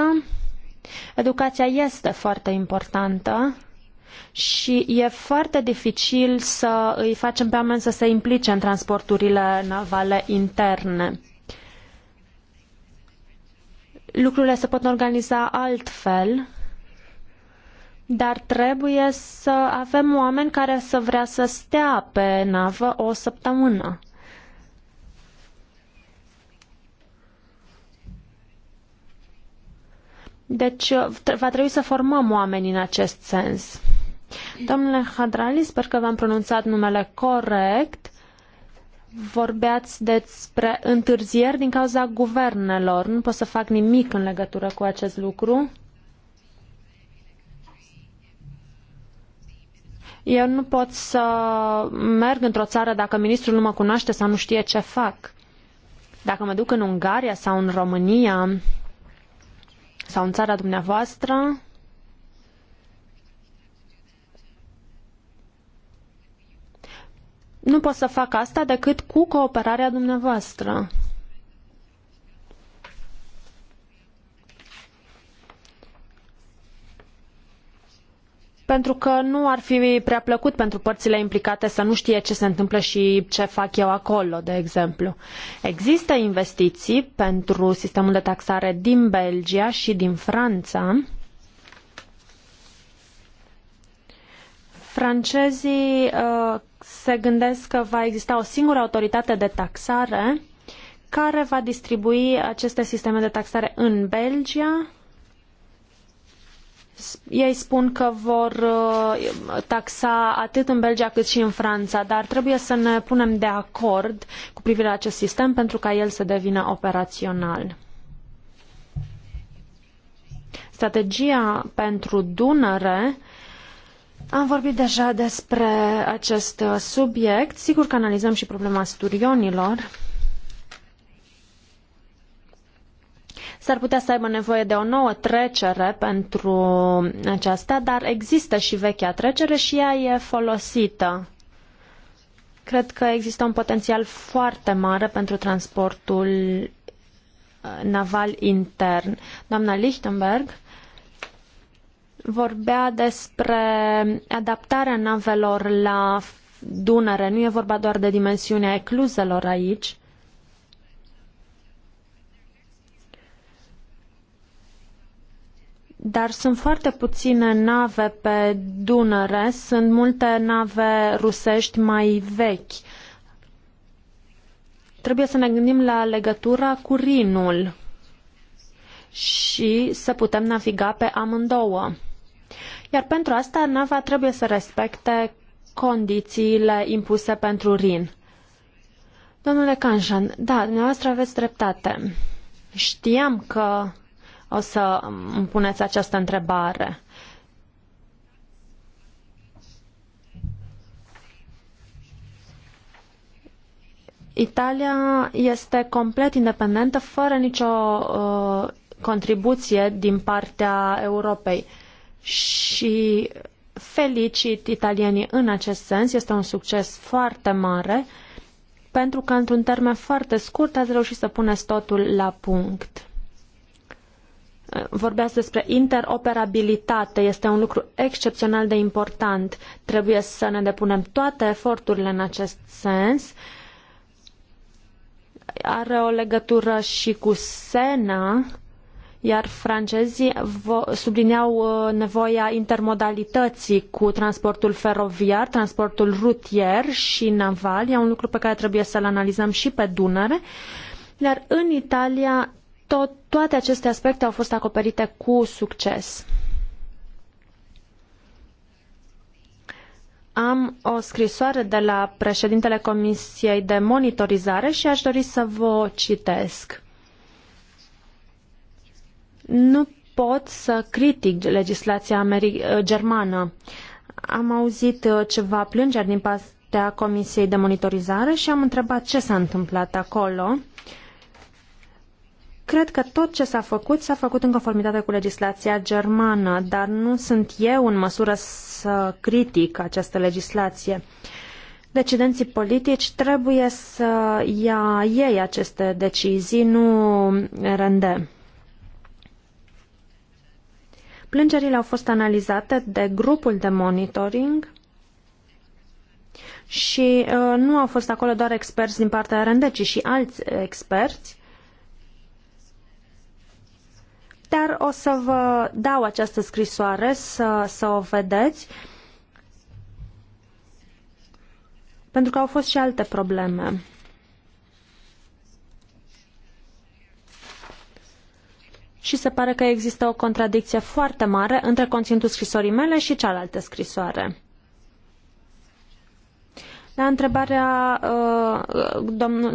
Speaker 2: Educația este foarte importantă și e foarte dificil să îi facem pe oameni să se implice în transporturile navale interne. Lucrurile se pot organiza altfel, dar trebuie să avem oameni care să vrea să stea pe navă o săptămână. Deci va trebui să formăm oameni în acest sens. Domnule Hadrali, sper că v-am pronunțat numele corect. Vorbeați despre întârzieri din cauza guvernelor. Nu pot să fac nimic în legătură cu acest lucru. Eu nu pot să merg într-o țară dacă ministrul nu mă cunoaște sau nu știe ce fac. Dacă mă duc în Ungaria sau în România sau în țara dumneavoastră, nu pot să fac asta decât cu cooperarea dumneavoastră. Pentru că nu ar fi prea plăcut pentru părțile implicate să nu știe ce se întâmplă și ce fac eu acolo, de exemplu. Există investiții pentru sistemul de taxare din Belgia și din Franța. Francezii uh, se gândesc că va exista o singură autoritate de taxare care va distribui aceste sisteme de taxare în Belgia. Ei spun că vor uh, taxa atât în Belgia cât și în Franța, dar trebuie să ne punem de acord cu privire la acest sistem pentru ca el să devină operațional. Strategia pentru Dunăre am vorbit deja despre acest uh, subiect. Sigur că analizăm și problema sturionilor. S-ar putea să aibă nevoie de o nouă trecere pentru aceasta, dar există și vechea trecere și ea e folosită. Cred că există un potențial foarte mare pentru transportul uh, naval intern. Doamna Lichtenberg? vorbea despre adaptarea navelor la Dunăre. Nu e vorba doar de dimensiunea ecluzelor aici. Dar sunt foarte puține nave pe Dunăre, sunt multe nave rusești mai vechi. Trebuie să ne gândim la legătura cu Rinul și să putem naviga pe amândouă iar pentru asta nava trebuie să respecte condițiile impuse pentru RIN. Domnule Canjan, da, dumneavoastră aveți dreptate. Știam că o să îmi puneți această întrebare. Italia este complet independentă, fără nicio uh, contribuție din partea Europei. Uh, și felicit italienii în acest sens. Este un succes foarte mare pentru că într-un termen foarte scurt ați reușit să puneți totul la punct. Vorbeați despre interoperabilitate. Este un lucru excepțional de important. Trebuie să ne depunem toate eforturile în acest sens. Are o legătură și cu SENA, iar francezii subliniau uh, nevoia intermodalității cu transportul feroviar, transportul rutier și naval. E un lucru pe care trebuie să-l analizăm și pe Dunăre. Iar în Italia tot, toate aceste aspecte au fost acoperite cu succes. Am o scrisoare de la președintele Comisiei de Monitorizare și aș dori să vă o citesc. Nu pot să critic legislația uh, germană. Am auzit uh, ceva plângeri din partea Comisiei de Monitorizare și am întrebat ce s-a întâmplat acolo. Cred că tot ce s-a făcut s-a făcut în conformitate cu legislația germană, dar nu sunt eu în măsură să critic această legislație. Decidenții politici trebuie să ia ei aceste decizii, nu rândem. Plângerile au fost analizate de grupul de monitoring și uh, nu au fost acolo doar experți din partea RND, ci și alți experți. Dar o să vă dau această scrisoare să, să o vedeți, pentru că au fost și alte probleme. și se pare că există o contradicție foarte mare între conținutul scrisorii mele și cealaltă scrisoare. La întrebarea uh,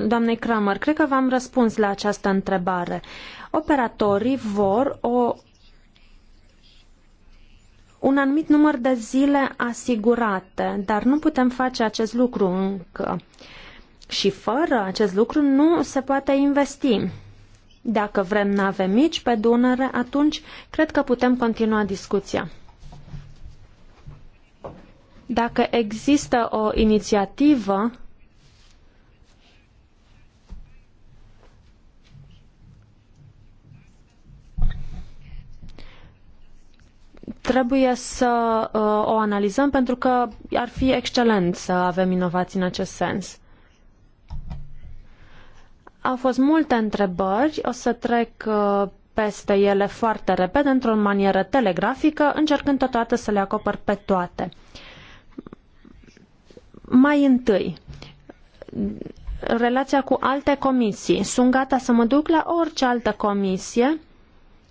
Speaker 2: doamnei Kramer, cred că v-am răspuns la această întrebare. Operatorii vor o un anumit număr de zile asigurate, dar nu putem face acest lucru încă. Și fără acest lucru nu se poate investi. Dacă vrem nave mici pe Dunăre, atunci cred că putem continua discuția. Dacă există o inițiativă trebuie să uh, o analizăm pentru că ar fi excelent să avem inovații în acest sens. Au fost multe întrebări, o să trec uh, peste ele foarte repede, într-o manieră telegrafică, încercând totodată să le acopăr pe toate. Mai întâi, relația cu alte comisii. Sunt gata să mă duc la orice altă comisie,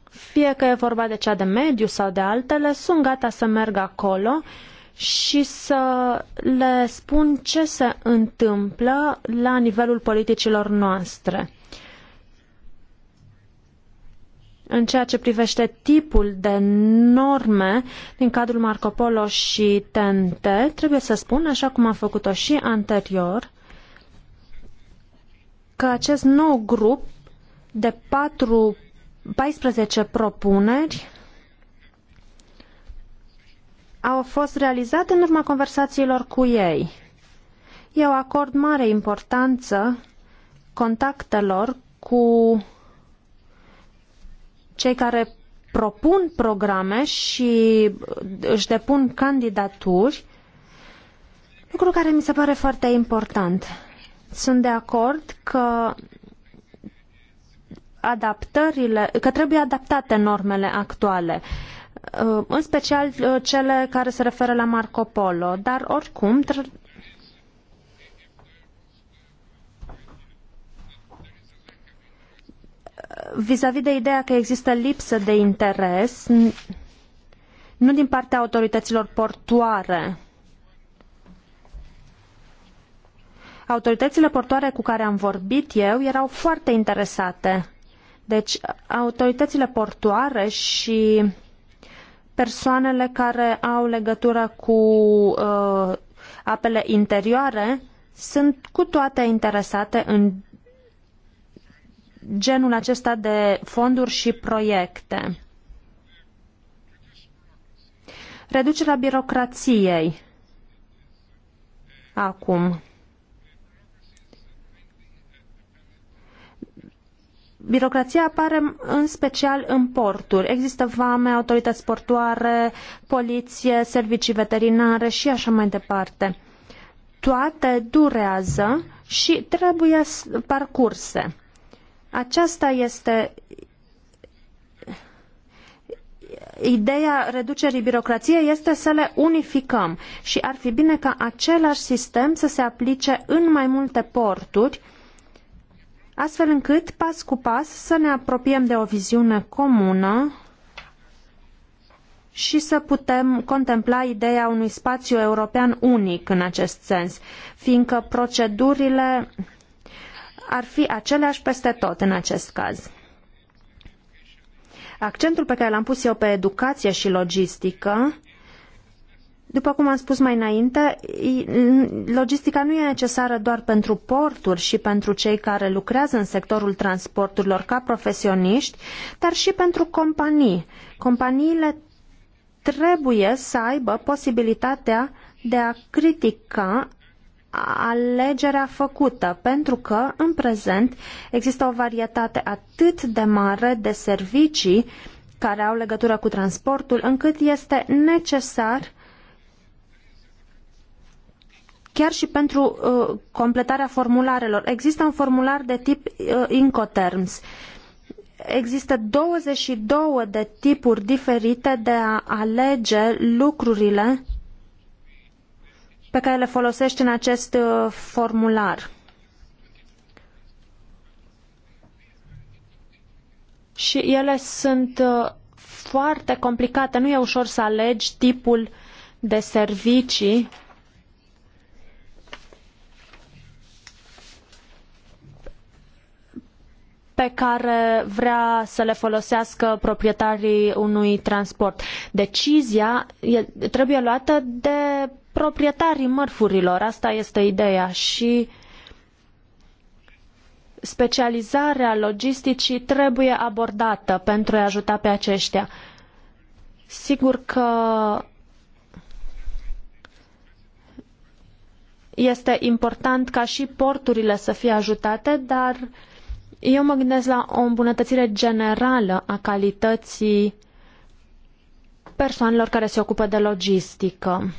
Speaker 2: fie că e vorba de cea de mediu sau de altele, sunt gata să merg acolo uh, și să le spun ce se întâmplă la nivelul politicilor noastre. În ceea ce privește tipul de norme din cadrul Marco Polo și TNT, trebuie să spun, așa cum am făcut-o și anterior, că acest nou grup de 4, 14 propuneri au fost realizate în urma conversațiilor cu ei. Eu acord mare importanță contactelor cu cei care propun programe și își depun candidaturi, lucru care mi se pare foarte important. Sunt de acord că adaptările, că trebuie adaptate normele actuale. Uh, Uh, în special uh, cele care se referă la Marco Polo, dar oricum vis-a-vis de ideea că există lipsă de interes, nu din partea autorităților portoare. Autoritățile portoare cu care am vorbit eu erau foarte interesate. Deci, autoritățile portoare și persoanele care au legătură cu uh, apele interioare sunt cu toate interesate în genul acesta de fonduri și proiecte. Reducerea birocrației. Acum. Birocrația apare în special în porturi. Există vame, autorități portoare, poliție, servicii veterinare și așa mai departe. Toate durează și trebuie parcurse. Aceasta este ideea reducerii birocrației este să le unificăm și ar fi bine ca același sistem să se aplice în mai multe porturi, uh, astfel încât, pas cu pas, să ne apropiem de o viziune comună și să putem contempla ideea unui spațiu european unic în acest sens, fiindcă procedurile ar fi aceleași peste tot în acest caz. Accentul pe care l-am pus eu pe educație și logistică după cum am spus mai înainte, logistica nu e necesară doar pentru porturi și pentru cei care lucrează în sectorul transporturilor ca profesioniști, dar și pentru companii. Companiile trebuie să aibă posibilitatea de a critica alegerea făcută, pentru că, în prezent, există o varietate atât de mare de servicii care au legătură cu transportul, încât este necesar chiar și pentru uh, completarea formularelor. Există un formular de tip uh, Incoterms. Există 22 de tipuri diferite de a alege lucrurile pe care le folosești în acest uh, formular. Și ele sunt uh, foarte complicate, nu e ușor să alegi tipul de servicii pe care vrea să le folosească proprietarii unui transport. Decizia trebuie luată de proprietarii mărfurilor, asta este ideea și specializarea logisticii trebuie abordată pentru a ajuta pe aceștia. Sigur că este important ca și porturile să fie ajutate, dar eu mă gândesc la o îmbunătățire generală a calității persoanelor care se ocupă de logistică.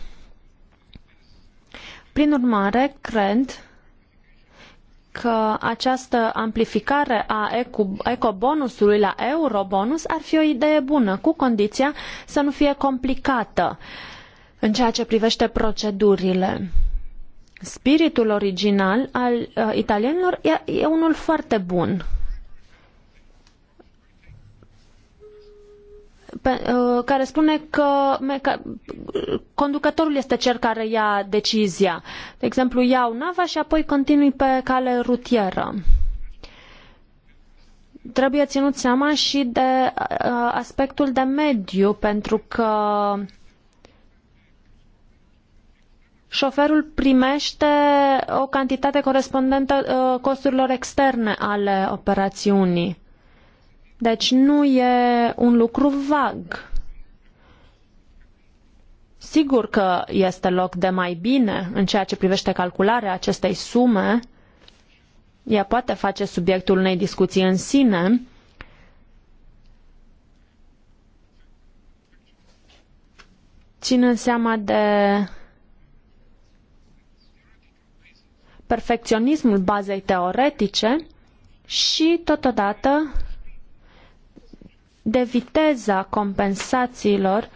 Speaker 2: Prin urmare, cred că această amplificare a ecobonusului la eurobonus ar fi o idee bună, cu condiția să nu fie complicată în ceea ce privește procedurile spiritul original al uh, italienilor e, e unul foarte bun. Pe, uh, care spune că meca- conducătorul este cel care ia decizia. De exemplu, iau nava și apoi continui pe cale rutieră. Trebuie ținut seama și de uh, aspectul de mediu, pentru că uh, șoferul primește o cantitate corespondentă uh, costurilor externe ale operațiunii. Deci nu e un lucru vag. Sigur că este loc de mai bine în ceea ce privește calcularea acestei sume. Ea poate face subiectul unei discuții în sine, ținând seama de perfecționismul bazei teoretice și, totodată, de viteza compensațiilor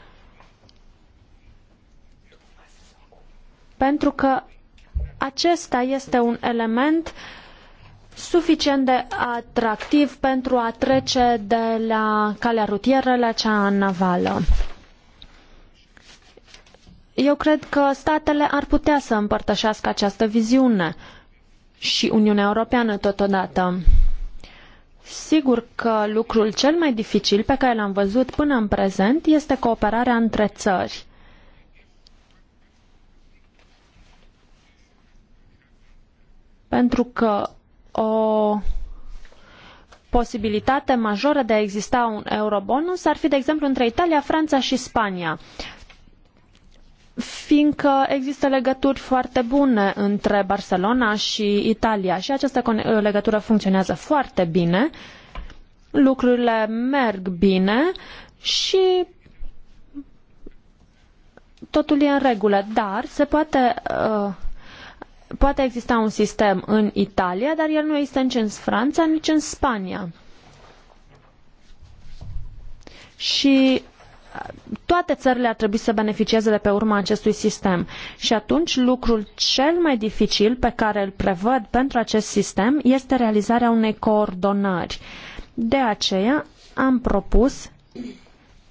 Speaker 2: pentru că acesta este un element suficient de atractiv pentru a trece de la calea rutieră la cea navală. Eu cred că statele ar putea să împărtășească această viziune și Uniunea Europeană totodată. Sigur că lucrul cel mai dificil pe care l-am văzut până în prezent este cooperarea între țări. Pentru că o posibilitate majoră de a exista un eurobonus ar fi, de exemplu, între Italia, Franța și Spania fiindcă există legături foarte bune între Barcelona și Italia și această legătură funcționează foarte bine, lucrurile merg bine și totul e în regulă, dar se poate, uh, poate exista un sistem în Italia, dar el nu există nici în Franța, nici în Spania. Și toate țările ar trebui să beneficieze de pe urma acestui sistem. Și atunci lucrul cel mai dificil pe care îl prevăd pentru acest sistem este realizarea unei coordonări. De aceea am propus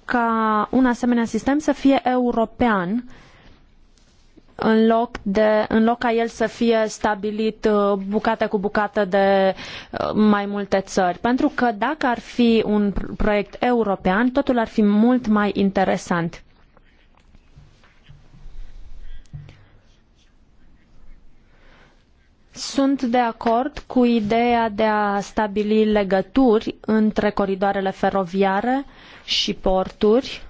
Speaker 2: ca un asemenea sistem să fie european uh, în loc, de, în loc ca el să fie stabilit uh, bucată cu bucată de uh, mai multe țări. Pentru că dacă ar fi un proiect european, totul ar fi mult mai interesant. Sunt de acord cu ideea de a stabili legături între coridoarele feroviare și porturi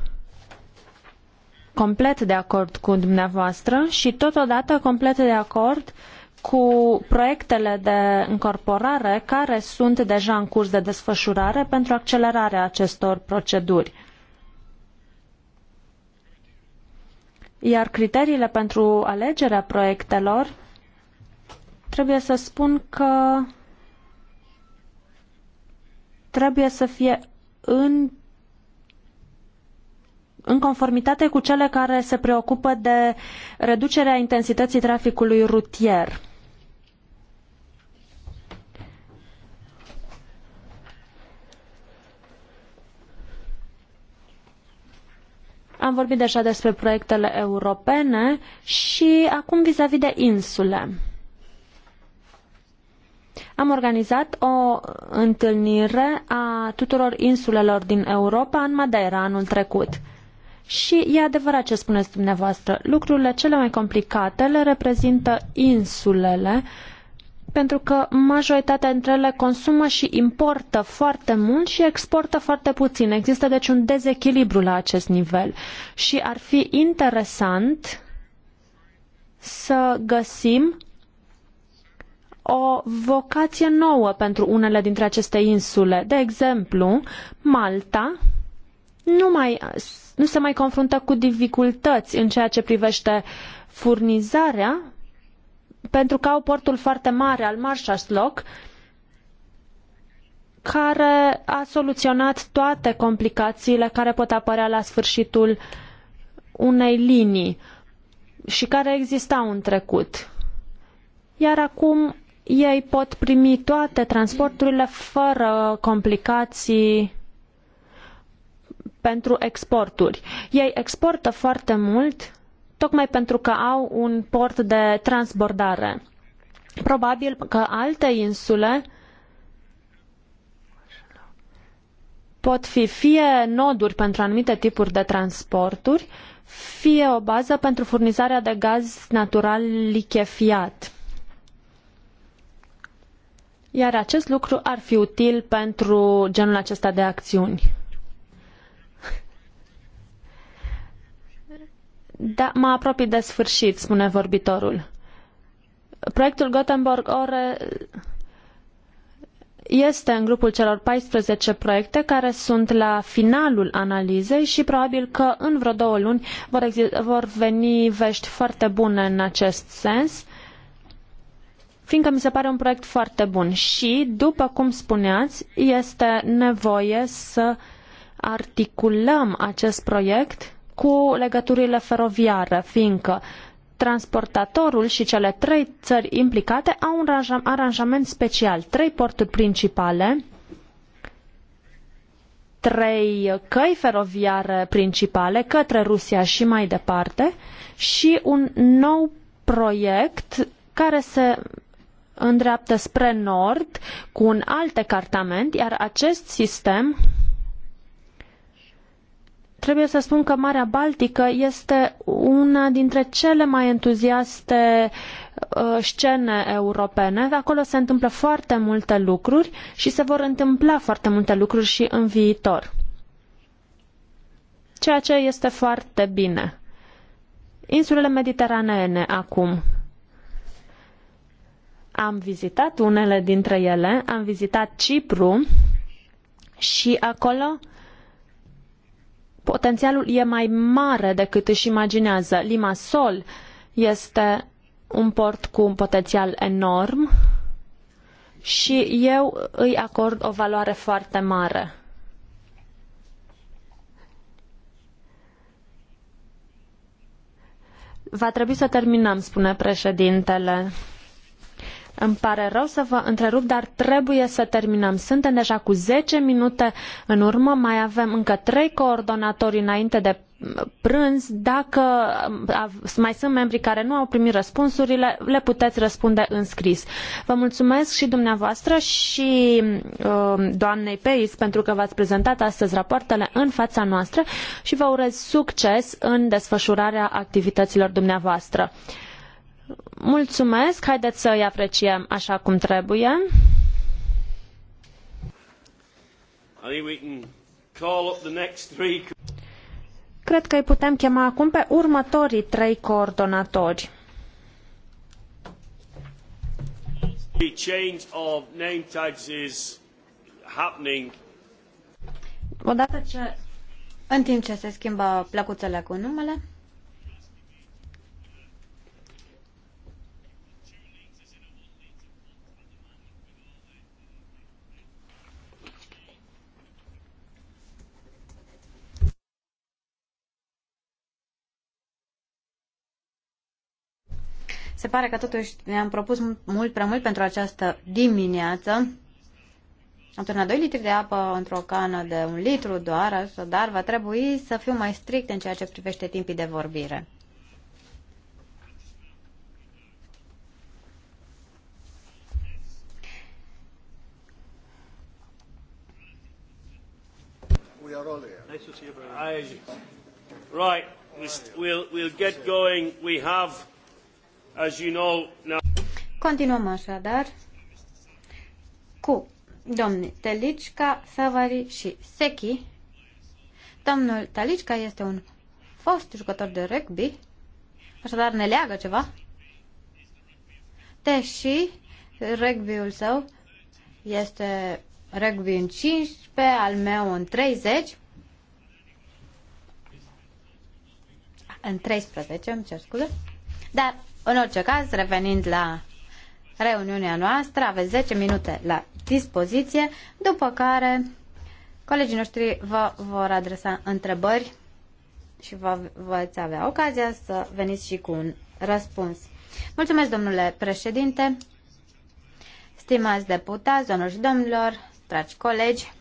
Speaker 2: complet de acord cu dumneavoastră și totodată complet de acord cu proiectele de încorporare care sunt deja în curs de desfășurare pentru accelerarea acestor proceduri. Iar criteriile pentru alegerea proiectelor, trebuie să spun că trebuie să fie în în conformitate cu cele care se preocupă de reducerea intensității traficului rutier. Am vorbit deja despre proiectele europene și acum vis-a-vis de insule. Am organizat o întâlnire a tuturor insulelor din Europa în Madeira anul trecut. Și e adevărat ce spuneți dumneavoastră. Lucrurile cele mai complicate le reprezintă insulele, pentru că majoritatea dintre ele consumă și importă foarte mult și exportă foarte puțin. Există deci un dezechilibru la acest nivel și ar fi interesant să găsim o vocație nouă pentru unele dintre aceste insule. De exemplu, Malta nu mai nu se mai confruntă cu dificultăți în ceea ce privește furnizarea, pentru că au portul foarte mare al Lock, care a soluționat toate complicațiile care pot apărea la sfârșitul unei linii și care existau în trecut. Iar acum ei pot primi toate transporturile fără complicații pentru exporturi. Ei exportă foarte mult tocmai pentru că au un port de transbordare. Probabil că alte insule pot fi fie noduri pentru anumite tipuri de transporturi, fie o bază pentru furnizarea de gaz natural lichefiat. Iar acest lucru ar fi util pentru genul acesta de acțiuni. Da, mă apropii de sfârșit, spune vorbitorul. Proiectul Gothenburg Ore este în grupul celor 14 proiecte care sunt la finalul analizei și probabil că în vreo două luni vor, vor veni vești foarte bune în acest sens, fiindcă mi se pare un proiect foarte bun și, după cum spuneați, este nevoie să articulăm acest proiect cu legăturile feroviare, fiindcă transportatorul și cele trei țări implicate au un aranjament special. Trei porturi principale, trei căi feroviare principale către Rusia și mai departe și un nou proiect care se îndreaptă spre nord cu un alt ecartament, iar acest sistem Trebuie să spun că Marea Baltică este una dintre cele mai entuziaste uh, scene europene. Acolo se întâmplă foarte multe lucruri și se vor întâmpla foarte multe lucruri și în viitor. Ceea ce este foarte bine. Insulele mediteraneene acum. Am vizitat unele dintre ele, am vizitat Cipru și acolo potențialul e mai mare decât își imaginează. Limassol este un port cu un potențial enorm și eu îi acord o valoare foarte mare. Va trebui să terminăm, spune președintele. Îmi pare rău să vă întrerup, dar trebuie să terminăm. Suntem deja cu 10 minute în urmă, mai avem încă 3 coordonatori înainte de prânz. Dacă mai sunt membri care nu au primit răspunsurile, le puteți răspunde în scris. Vă mulțumesc și dumneavoastră și um, doamnei Peis pentru că v-ați prezentat astăzi rapoartele în fața noastră și vă urez succes în desfășurarea activităților dumneavoastră. Mulțumesc, haideți să îi apreciem așa cum trebuie. Cred că îi putem chema acum pe următorii trei coordonatori.
Speaker 3: Odată ce... În timp ce se schimbă plăcuțele cu numele, Se pare că totuși ne-am propus mult prea mult pentru această dimineață. Am turnat 2 litri de apă într-o cană de un litru doar, dar va trebui să fiu mai strict în ceea ce privește timpii de vorbire.
Speaker 1: Right, we'll, we'll get going. We have
Speaker 3: Continuăm așadar cu domnii Telicca, Savari și Seki. Domnul Telicca este un fost jucător de rugby, așadar ne leagă ceva, deși rugby-ul său este rugby în 15, al meu în 30, în 13, îmi cer scuze, dar în orice caz, revenind la reuniunea noastră, aveți 10 minute la dispoziție, după care colegii noștri vă vor adresa întrebări și vă veți avea ocazia să veniți și cu un răspuns. Mulțumesc, domnule președinte, stimați deputați, domnilor și domnilor, dragi colegi,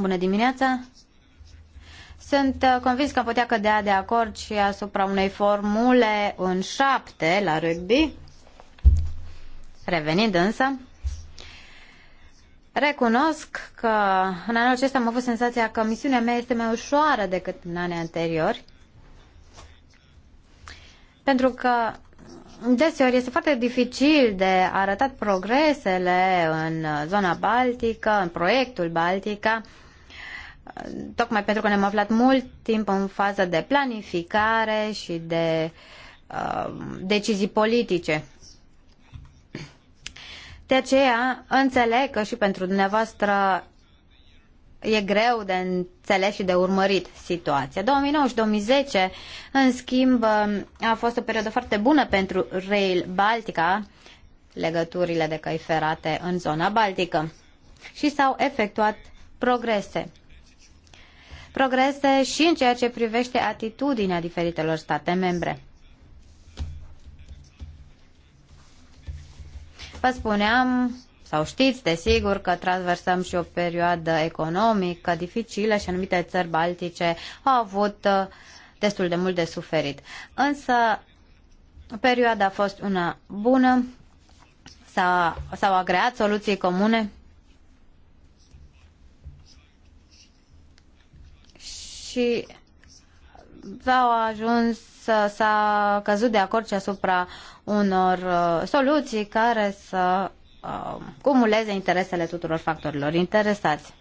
Speaker 3: bună dimineața! Sunt uh, convins că am putea cădea de acord și asupra unei formule în șapte la rugby. Revenind însă, recunosc că în anul acesta am avut senzația că misiunea mea este mai ușoară decât în anii anteriori, pentru că deseori este foarte dificil de arătat progresele în zona baltică, în proiectul Baltica, tocmai pentru că ne-am aflat mult timp în fază de planificare și de uh, decizii politice. De aceea înțeleg că și pentru dumneavoastră e greu de înțeles și de urmărit situația. 2009 și 2010, în schimb, a fost o perioadă foarte bună pentru Rail Baltica, legăturile de căi ferate în zona Baltică. Și s-au efectuat progrese progrese și în ceea ce privește atitudinea diferitelor state membre. Vă spuneam, sau știți desigur că traversăm și o perioadă economică dificilă și anumite țări baltice au avut uh, destul de mult de suferit. Însă perioada a fost una bună, s-au agreat soluții comune și au ajuns s-a căzut de acord și asupra unor uh, soluții care să uh, cumuleze interesele tuturor factorilor interesați.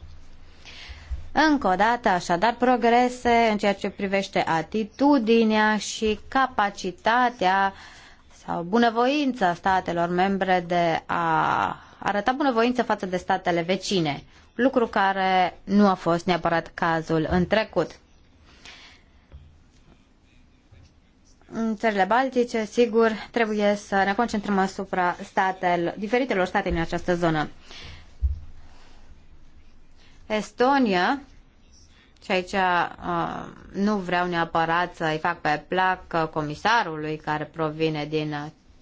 Speaker 3: Încă o dată, așadar, progrese în ceea ce privește atitudinea și capacitatea sau bunăvoința statelor membre de a arăta bunăvoință față de statele vecine, lucru care nu a fost neapărat cazul în trecut. În țările baltice, sigur, trebuie să ne concentrăm asupra statel, diferitelor state din această zonă. Estonia, și aici uh, nu vreau neapărat să-i fac pe plac comisarului care provine din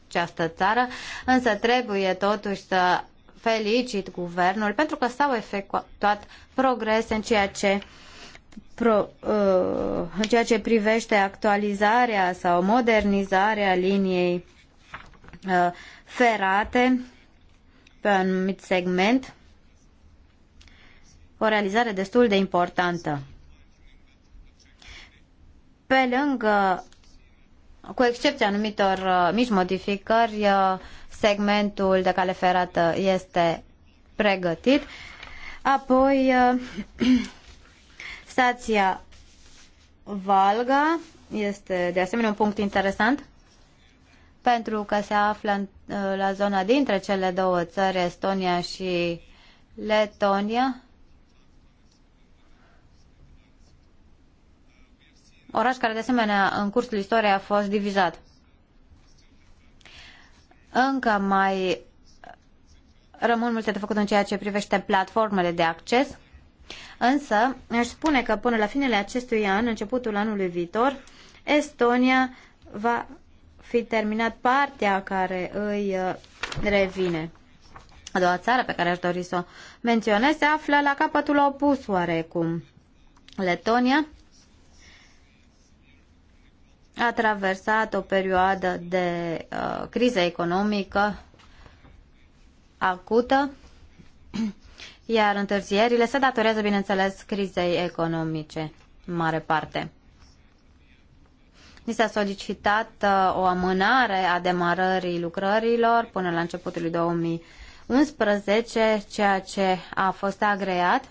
Speaker 3: această țară, însă trebuie totuși să felicit guvernul pentru că s-au efectuat progrese în ceea ce uh, pro, uh, în ceea ce privește actualizarea sau modernizarea liniei uh, ferate pe un anumit segment, o realizare destul de importantă. Pe lângă, cu excepția anumitor uh, mici modificări, segmentul de cale ferată este pregătit. Apoi, *clears throat* Stația Valga este de asemenea un punct interesant pentru că se află în, uh, la zona dintre cele două țări, Estonia și Letonia. Oraș care de asemenea în cursul istoriei a fost divizat. Încă mai rămân multe de făcut în ceea ce privește platformele de acces. Însă, aș spune că până la finele acestui an, începutul anului viitor, Estonia va fi terminat partea care îi uh, revine. A doua țară pe care aș dori să o menționez se află la capătul opus oarecum. Letonia a traversat o perioadă de uh, criză economică acută iar întârzierile se datorează, bineînțeles, crizei economice, în mare parte. Ni s-a solicitat uh, o amânare a demarării lucrărilor până la începutul lui 2011, ceea ce a fost agreat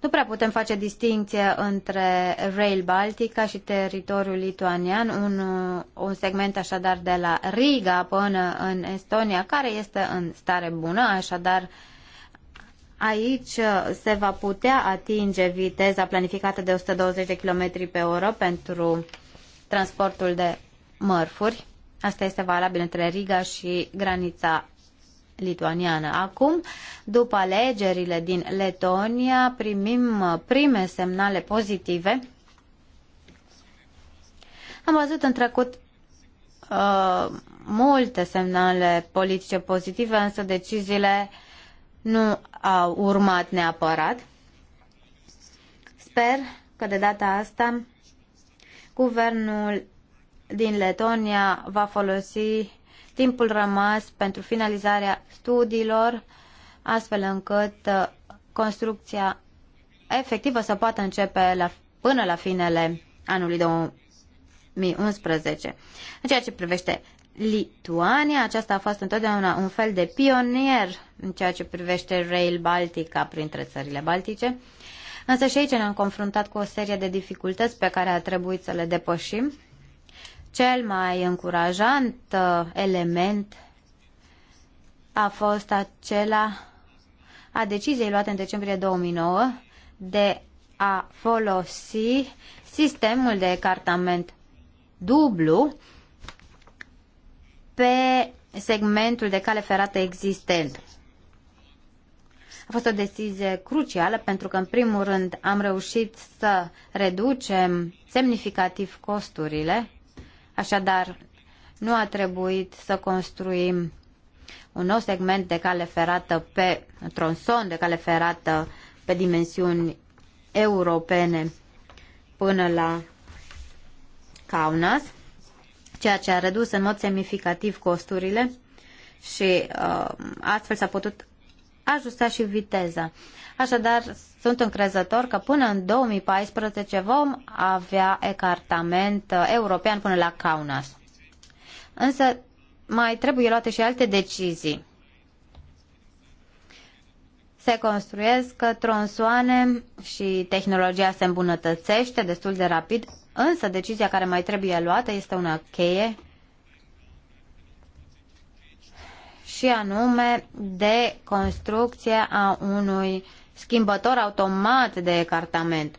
Speaker 3: nu prea putem face distinție între Rail Baltica și teritoriul lituanian, un, uh, un segment așadar de la Riga până în Estonia, care este în stare bună, așadar aici uh, se va putea atinge viteza planificată de 120 de km pe oră pentru transportul de mărfuri. Asta este valabil între Riga și granița lituaniană. Acum, după alegerile din Letonia, primim uh, prime semnale pozitive. Am văzut în trecut uh, multe semnale politice pozitive, însă deciziile nu au urmat neapărat. Sper că de data asta guvernul din Letonia va folosi timpul rămas pentru finalizarea studiilor, astfel încât uh, construcția efectivă să poată începe la, până la finele anului 2011. În ceea ce privește Lituania, aceasta a fost întotdeauna un fel de pionier în ceea ce privește Rail Baltica printre țările baltice, însă și aici ne-am confruntat cu o serie de dificultăți pe care a trebuit să le depășim cel mai încurajant uh, element a fost acela a deciziei luate în decembrie 2009 de a folosi sistemul de cartament dublu pe segmentul de cale ferată existent. A fost o decizie crucială pentru că, în primul rând, am reușit să reducem semnificativ costurile Așadar, nu a trebuit să construim un nou segment de cale ferată pe tronson de cale ferată pe dimensiuni europene până la Kaunas, ceea ce a redus în mod semnificativ costurile și uh, astfel s-a putut ajusta și viteza. Așadar, sunt încrezător că până în 2014 vom avea ecartament uh, european până la Kaunas. Însă mai trebuie luate și alte decizii. Se construiesc tronsoane și tehnologia se îmbunătățește destul de rapid, însă decizia care mai trebuie luată este una cheie și anume de construcție a unui schimbător automat de cartament,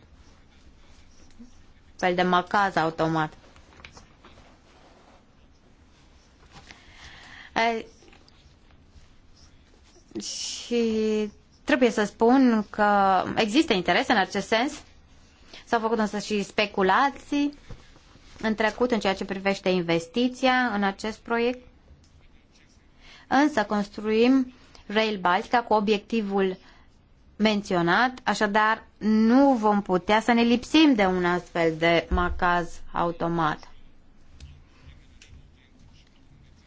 Speaker 3: fel de macaz automat. E, și trebuie să spun că există interes în acest sens. S-au făcut însă și speculații în trecut în ceea ce privește investiția în acest proiect însă construim Rail Baltica cu obiectivul menționat, așadar nu vom putea să ne lipsim de un astfel de macaz automat.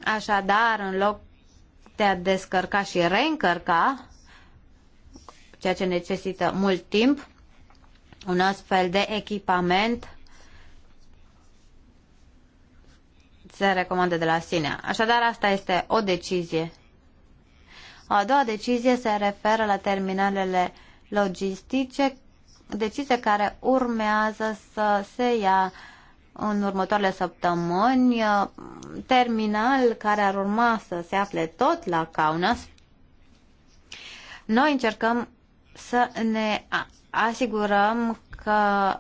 Speaker 3: Așadar, în loc de a descărca și reîncărca, ceea ce necesită mult timp, un astfel de echipament se recomandă de la sine. Așadar, asta este o decizie. O a doua decizie se referă la terminalele logistice, decizie care urmează să se ia în următoarele săptămâni. Uh, terminal care ar urma să se afle tot la Kaunas. Noi încercăm să ne asigurăm că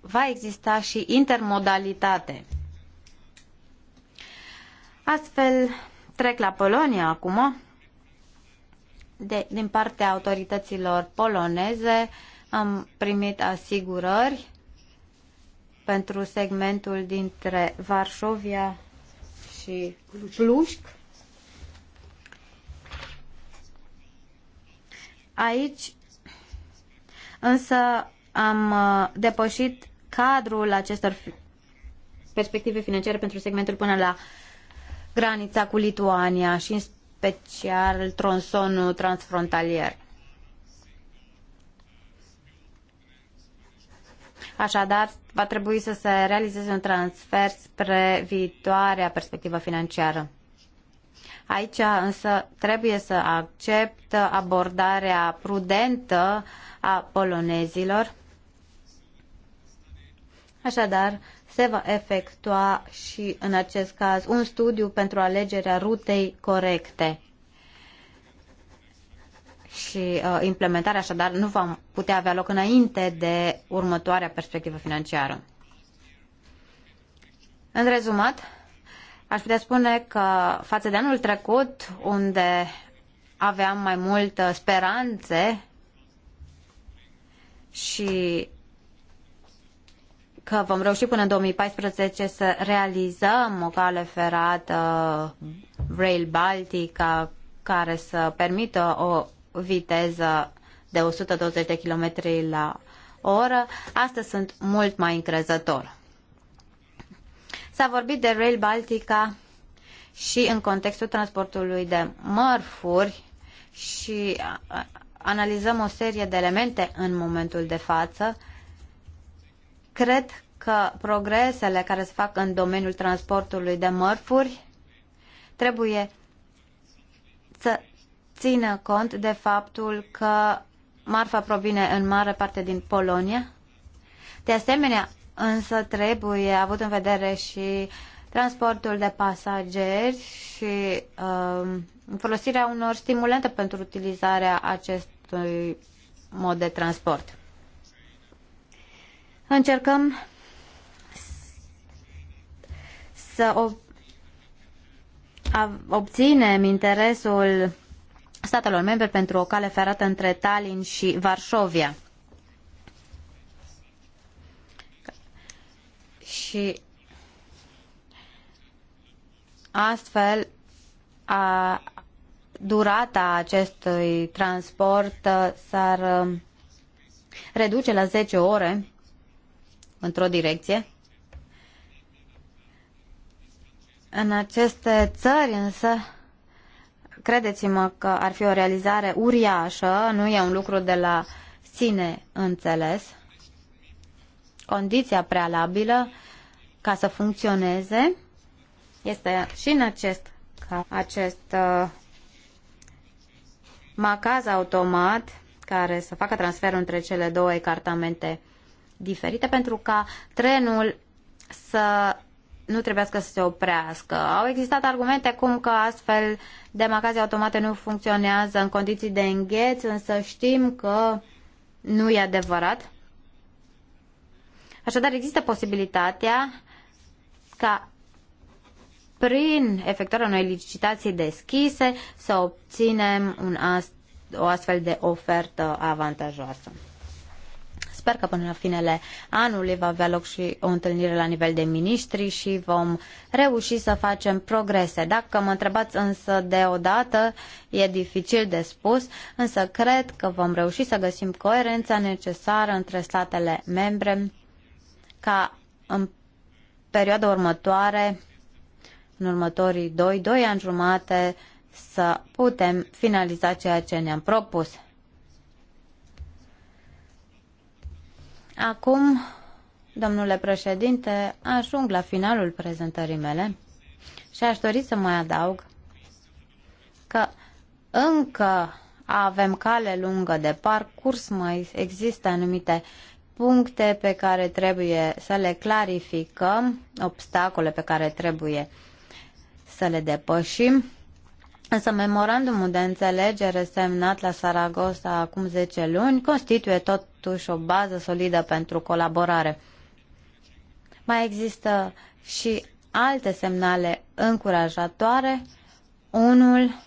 Speaker 3: va exista și intermodalitate. Astfel, trec la Polonia acum. De, din partea autorităților poloneze am primit asigurări pentru segmentul dintre Varșovia și Plușc. Aici însă am uh, depășit cadrul acestor perspective financiare pentru segmentul până la granița cu Lituania și în special tronsonul transfrontalier. Așadar, va trebui să se realizeze un transfer spre viitoarea perspectivă financiară. Aici însă trebuie să accept abordarea prudentă a polonezilor. Așadar, se va efectua și în acest caz un studiu pentru alegerea rutei corecte și uh, implementarea așadar nu va putea avea loc înainte de următoarea perspectivă financiară. În rezumat, aș putea spune că față de anul trecut, unde aveam mai mult uh, speranțe și că vom reuși până în 2014 să realizăm o cale ferată Rail Baltica care să permită o viteză de 120 de km la oră, astăzi sunt mult mai încrezător. S-a vorbit de Rail Baltica și în contextul transportului de mărfuri și analizăm o serie de elemente în momentul de față Cred că progresele care se fac în domeniul transportului de mărfuri trebuie să țină cont de faptul că marfa provine în mare parte din Polonia. De asemenea, însă trebuie avut în vedere și transportul de pasageri și uh, folosirea unor stimulente pentru utilizarea acestui mod de transport. Încercăm să obținem interesul statelor membre pentru o cale ferată între Tallinn și Varșovia. Și astfel a, durata acestui transport uh, s-ar um, reduce la 10 ore într-o direcție. În aceste țări însă, credeți-mă că ar fi o realizare uriașă, nu e un lucru de la sine înțeles. Condiția prealabilă ca să funcționeze este și în acest acest uh, macaz automat care să facă transferul între cele două ecartamente diferite pentru ca trenul să nu trebuiască să se oprească. Au existat argumente cum că astfel de demarcații automate nu funcționează în condiții de îngheț, însă știm că nu e adevărat. Așadar, există posibilitatea ca prin efectuarea unei licitații deschise să obținem un ast- o astfel de ofertă avantajoasă. Sper că până la finele anului va avea loc și o întâlnire la nivel de miniștri și vom reuși să facem progrese. Dacă mă întrebați însă deodată, e dificil de spus, însă cred că vom reuși să găsim coerența necesară între statele membre ca în perioada următoare, în următorii 2-2 ani jumate, să putem finaliza ceea ce ne-am propus. Acum, domnule președinte, ajung la finalul prezentării mele și aș dori să mai adaug că încă avem cale lungă de parcurs, mai există anumite puncte pe care trebuie să le clarificăm, obstacole pe care trebuie să le depășim Însă memorandumul de înțelegere semnat la Saragossa acum 10 luni constituie totuși o bază solidă pentru colaborare. Mai există și alte semnale încurajatoare. Unul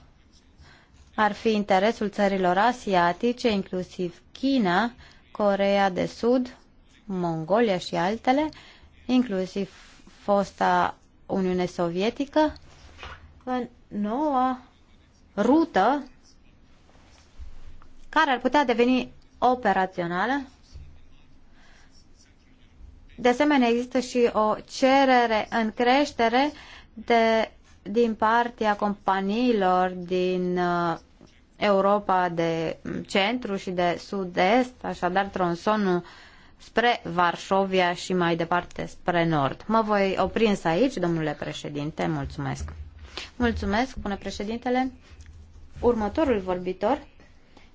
Speaker 3: ar fi interesul țărilor asiatice, inclusiv China, Corea de Sud, Mongolia și altele, inclusiv fosta Uniune Sovietică, în noua rută care ar putea deveni operațională. De asemenea, există și o cerere în creștere de, din partea companiilor din uh, Europa de centru și de sud-est, așadar tronsonul spre Varșovia și mai departe spre nord. Mă voi oprins aici, domnule președinte, mulțumesc. Mulțumesc, pune președintele. Următorul vorbitor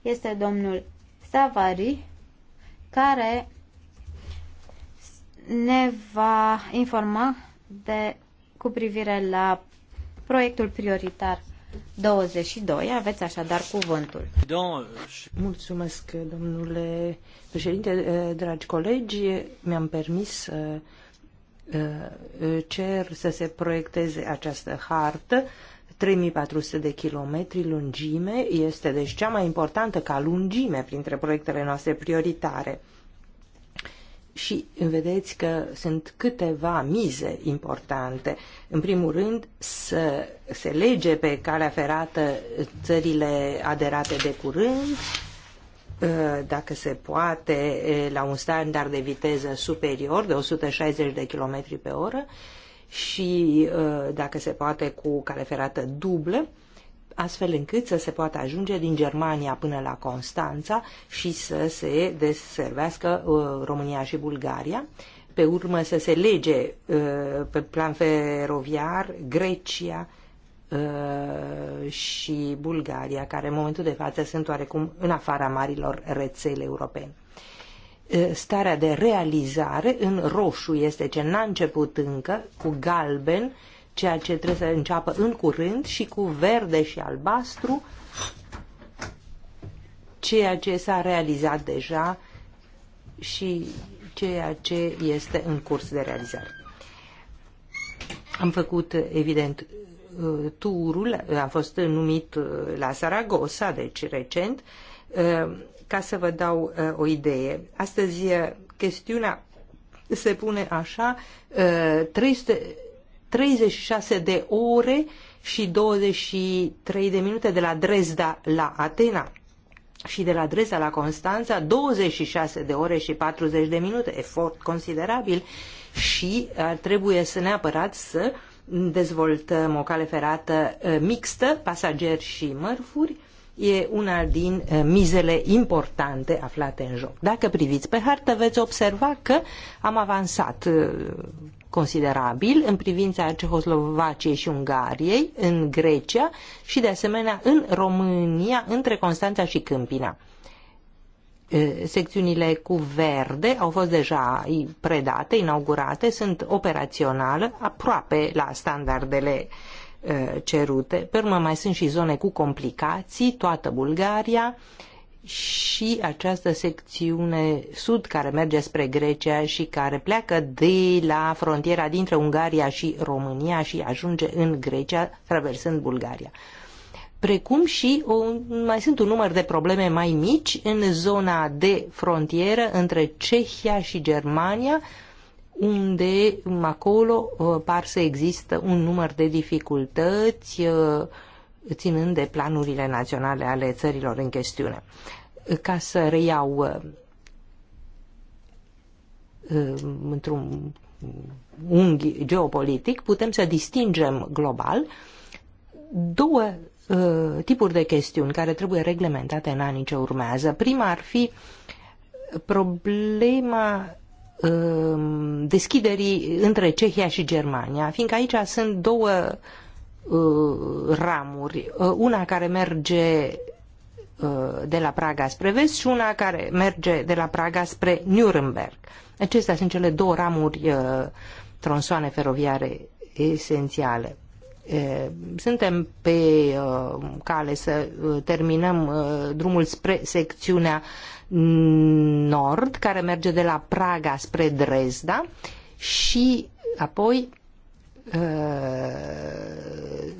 Speaker 3: este domnul Savari, care ne va informa de, cu privire la proiectul prioritar 22. Aveți așadar cuvântul.
Speaker 4: Mulțumesc, domnule președinte, dragi colegi. Mi-am permis uh, cer să se proiecteze această hartă 3400 de kilometri lungime este deci cea mai importantă ca lungime printre proiectele noastre prioritare. Și vedeți că sunt câteva mize importante. În primul rând, să se lege pe calea ferată țările aderate de curând, ă, dacă se poate, la un standard de viteză superior de 160 de km pe oră, și, uh, dacă se poate, cu cale ferată dublă, astfel încât să se poată ajunge din Germania până la Constanța și să se deservească uh, România și Bulgaria, pe urmă să se lege uh, pe plan feroviar Grecia și Bulgaria, care în momentul de față sunt oarecum în afara marilor rețele europene starea de realizare, în roșu este ce n-a început încă, cu galben, ceea ce trebuie să înceapă în curând și cu verde și albastru, ceea ce s-a realizat deja și ceea ce este în curs de realizare. Am făcut, evident, turul, am fost numit la Saragossa, deci recent, ca să vă dau uh, o idee, astăzi uh, chestiunea se pune așa, 36 uh, de ore și 23 de minute de la Dresda la Atena și de la Dresda la Constanța 26 de ore și 40 de minute, efort considerabil și ar trebuie să neapărat să dezvoltăm o cale ferată mixtă, pasageri și mărfuri e una din eh, mizele importante aflate în joc. Dacă priviți pe hartă, veți observa că am avansat eh, considerabil în privința Cehoslovaciei și Ungariei, în Grecia și de asemenea în România, între Constanța și Câmpina. Eh, secțiunile cu verde au fost deja predate, inaugurate, sunt operaționale, aproape la standardele uh, cerute. Pe urmă mai sunt și zone cu complicații, toată Bulgaria și această secțiune sud care merge spre Grecia și care pleacă de la frontiera dintre Ungaria și România și ajunge în Grecia, traversând Bulgaria precum și o, mai sunt un număr de probleme mai mici în zona de frontieră între Cehia și Germania, unde um, acolo uh, par să există un număr de dificultăți uh, ținând de planurile naționale ale țărilor în chestiune. Ca să reiau uh, um, într-un unghi geopolitic, putem să distingem global două tipuri de chestiuni care trebuie reglementate în anii ce urmează. Prima ar fi problema Um, deschiderii între Cehia și Germania, fiindcă aici sunt două uh, ramuri, uh, una care merge uh, de la Praga spre vest și una care merge de la Praga spre Nuremberg. Acestea sunt cele două ramuri tronsoane feroviare esențiale. Suntem pe cale să terminăm drumul spre secțiunea nord, care merge de la Praga spre Dresda și apoi uh,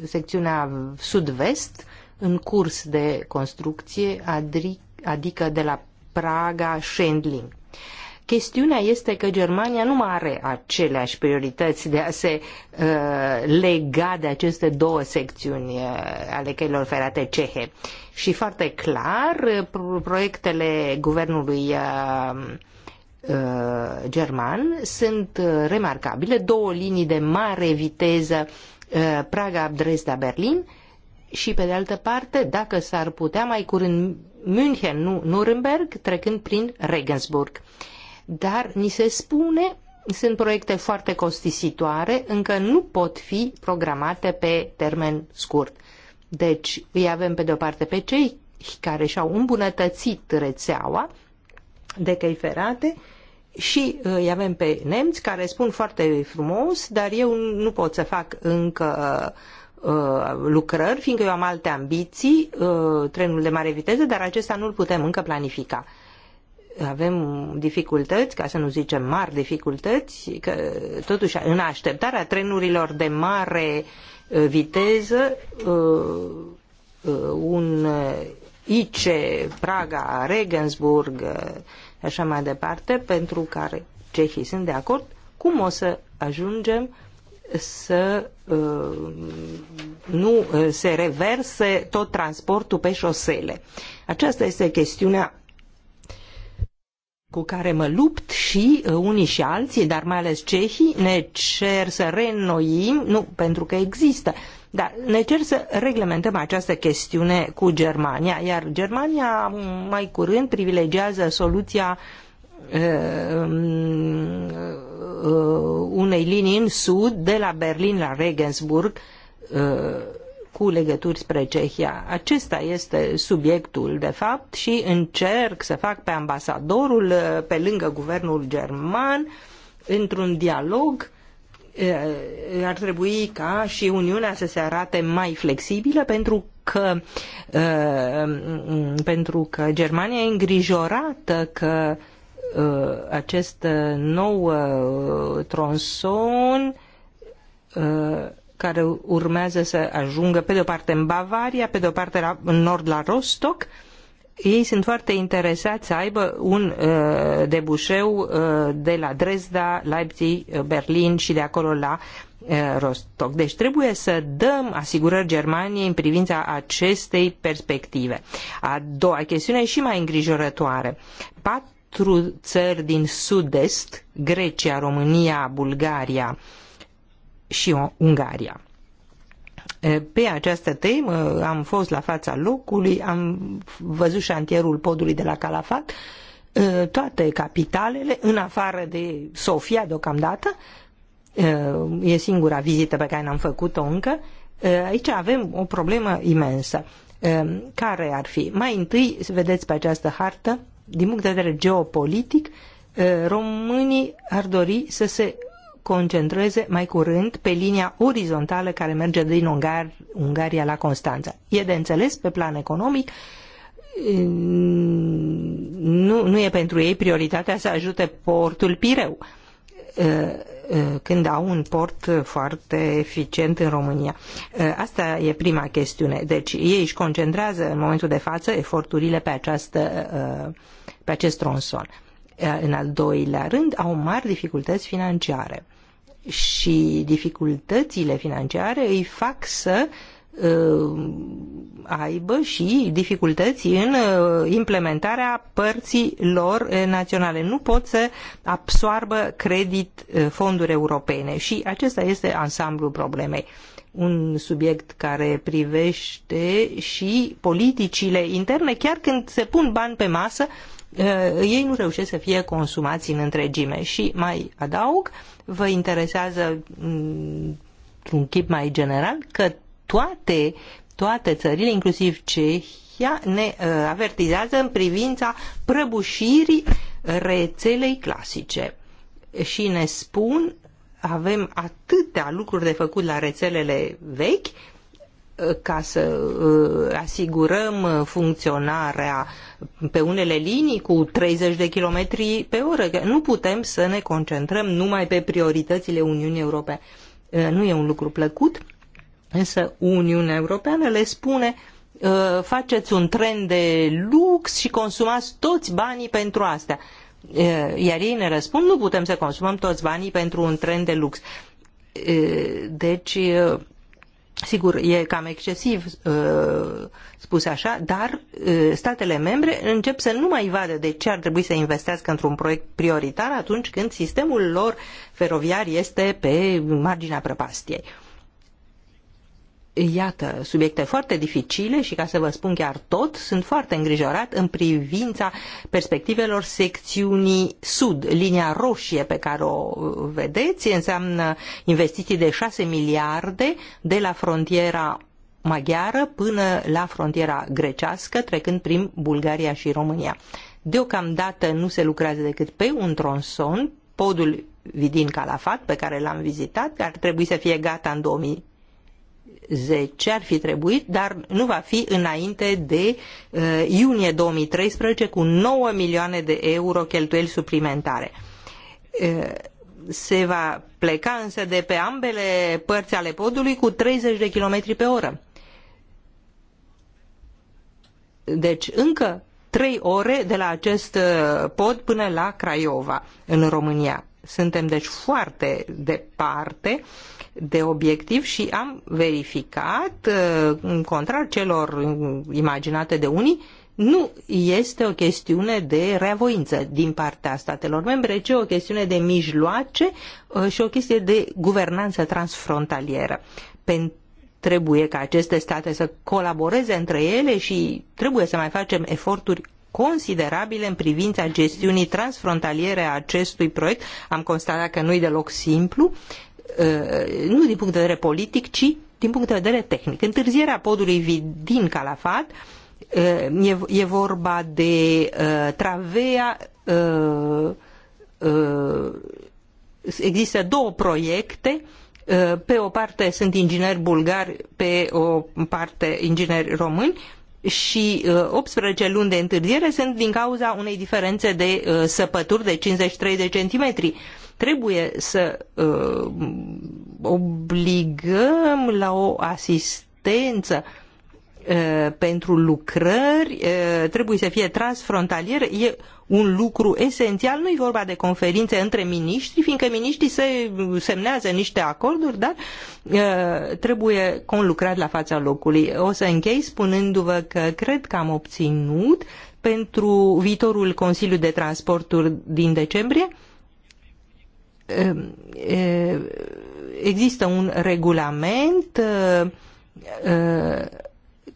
Speaker 4: secțiunea sud-vest în curs de construcție, adică de la Praga Schendling. Chestiunea este că Germania nu mai are aceleași priorități de a se uh, lega de aceste două secțiuni uh, ale căilor ferate cehe. Și foarte clar, uh, proiectele guvernului uh, uh german sunt uh, remarcabile, două linii de mare viteză, Praga, Dresda, Berlin și pe de altă parte, dacă s-ar putea mai curând München, nu Nuremberg, trecând prin Regensburg. Uh, dar ni se spune sunt proiecte foarte costisitoare, încă nu pot fi programate pe termen scurt. Deci îi avem pe de-o parte pe cei care și-au îmbunătățit rețeaua de căi ferate și uh, îi avem pe nemți care spun foarte frumos, dar eu nu pot să fac încă uh, lucrări, fiindcă eu am alte ambiții, uh, trenul de mare viteză, dar acesta nu-l putem încă planifica avem dificultăți, ca să nu zicem mari dificultăți, că totuși în așteptarea trenurilor de mare uh, viteză, uh, uh, un ICE, Praga, Regensburg, așa mai departe, pentru care cehii sunt de acord, cum o să ajungem să nu se reverse tot transportul pe șosele. Aceasta este chestiunea cu care mă lupt și uh, unii și alții, dar mai ales cehii, ne cer să reînnoim, nu, pentru că există, dar ne cer să reglementăm această chestiune cu Germania, iar Germania mai curând privilegiază soluția uh, uh, unei linii în sud, de la Berlin la Regensburg, cu legături spre Cehia. Acesta este subiectul, de fapt, și încerc să fac pe ambasadorul, pe lângă guvernul german, într-un dialog ar trebui ca și Uniunea să se arate mai flexibilă pentru că, pentru că Germania e îngrijorată că acest nou tronson care urmează să ajungă pe de o parte în Bavaria, pe de o parte la, în nord la Rostock. Ei sunt foarte interesați să aibă un uh, debușeu uh, de la Dresda, Leipzig, uh, Berlin și de acolo la uh, Rostock. Deci trebuie să dăm asigurări Germaniei în privința acestei perspective. A doua chestiune și mai îngrijorătoare. Patru țări din sud-est, Grecia, România, Bulgaria, uh, și Ungaria. Pe această temă am fost la fața locului, am văzut șantierul podului de la Calafat, toate capitalele, în afară de Sofia deocamdată, e singura vizită pe care n-am făcut-o încă, aici avem o problemă imensă. Care ar fi? Mai întâi, vedeți pe această hartă, din punct de vedere geopolitic, românii ar dori să se concentreze mai curând pe linia orizontală care merge din Ungar, Ungaria la Constanța. E de înțeles pe plan economic nu, nu e pentru ei prioritatea să ajute portul Pireu ă, ă, când au un port foarte eficient în România. Ă, asta e prima chestiune. Deci ei își concentrează în momentul de față eforturile pe, această, pe acest tronson. În al doilea rând, au mari dificultăți financiare și dificultățile financiare îi fac să uh, aibă și dificultăți în uh, implementarea părții lor uh, naționale. Nu pot să absoarbă credit eh, fonduri europene și acesta este ansamblul problemei. Un subiect care privește și politicile interne, chiar când se pun bani pe masă, Eh, ei nu reușesc să fie consumați în întregime. Și mai adaug, vă interesează într-un mm, chip mai general că toate, toate țările, inclusiv Cehia, ne eh, avertizează în privința prăbușirii rețelei clasice și ne spun avem atâtea lucruri de făcut la rețelele vechi eh, ca să asigurăm funcționarea pe unele linii cu 30 de kilometri pe oră. Nu putem să ne concentrăm numai pe prioritățile Uniunii Europene. Uh, nu e un lucru plăcut, însă Uniunea Europeană le spune uh, faceți un tren de lux și consumați toți banii pentru asta. Uh, iar ei ne răspund, nu putem să consumăm toți banii pentru un tren de lux. Deci Sigur, e cam excesiv uh, spus așa, dar uh, statele membre încep să nu mai vadă de ce ar trebui să investească într-un proiect prioritar atunci când sistemul lor feroviar este pe marginea prăpastiei. Uh, iată, subiecte foarte dificile și, ca să vă spun chiar tot, sunt foarte îngrijorat în privința perspectivelor secțiunii sud. Linia roșie pe care o vedeți înseamnă investiții de 6 miliarde de la frontiera maghiară până la frontiera grecească, trecând prin Bulgaria și România. Deocamdată nu se lucrează decât pe un tronson, podul Vidin Calafat, pe care l-am vizitat, ar trebui să fie gata în 2000 2010 ar fi trebuit, dar nu va fi înainte de uh, iunie 2013 cu 9 milioane de euro cheltuieli suplimentare. Uh, se va pleca însă de pe ambele părți ale podului cu 30 de km pe oră. Deci încă trei ore de la acest uh, pod până la Craiova, în România. Suntem deci foarte departe de obiectiv și am verificat, uh, în contrar celor imaginate de unii, nu este o chestiune de reavoință din partea statelor membre, ci o chestiune de mijloace uh, și o chestie de guvernanță transfrontalieră. Pentru trebuie ca aceste state să colaboreze între ele și trebuie să mai facem eforturi considerabile în privința gestiunii transfrontaliere a acestui proiect. Am constatat că nu e deloc simplu, uh, nu din punct de vedere politic, ci din punct de vedere tehnic. Întârzierea podului din Calafat uh, e, e vorba de uh, Travea există două proiecte pe o parte sunt ingineri bulgari, pe o parte ingineri români și 18 uh, luni de întârziere sunt din cauza unei diferențe de uh, săpături de 53 de centimetri. Trebuie să uh, obligăm la o asistență Eh, pentru lucrări eh, trebuie să fie transfrontalier. E un lucru esențial, nu e vorba de conferințe între miniștri, fiindcă miniștrii se semnează niște acorduri, dar eh, trebuie conlucrat la fața locului. O să închei spunându-vă că cred că am obținut pentru viitorul Consiliu de Transporturi din decembrie există un regulament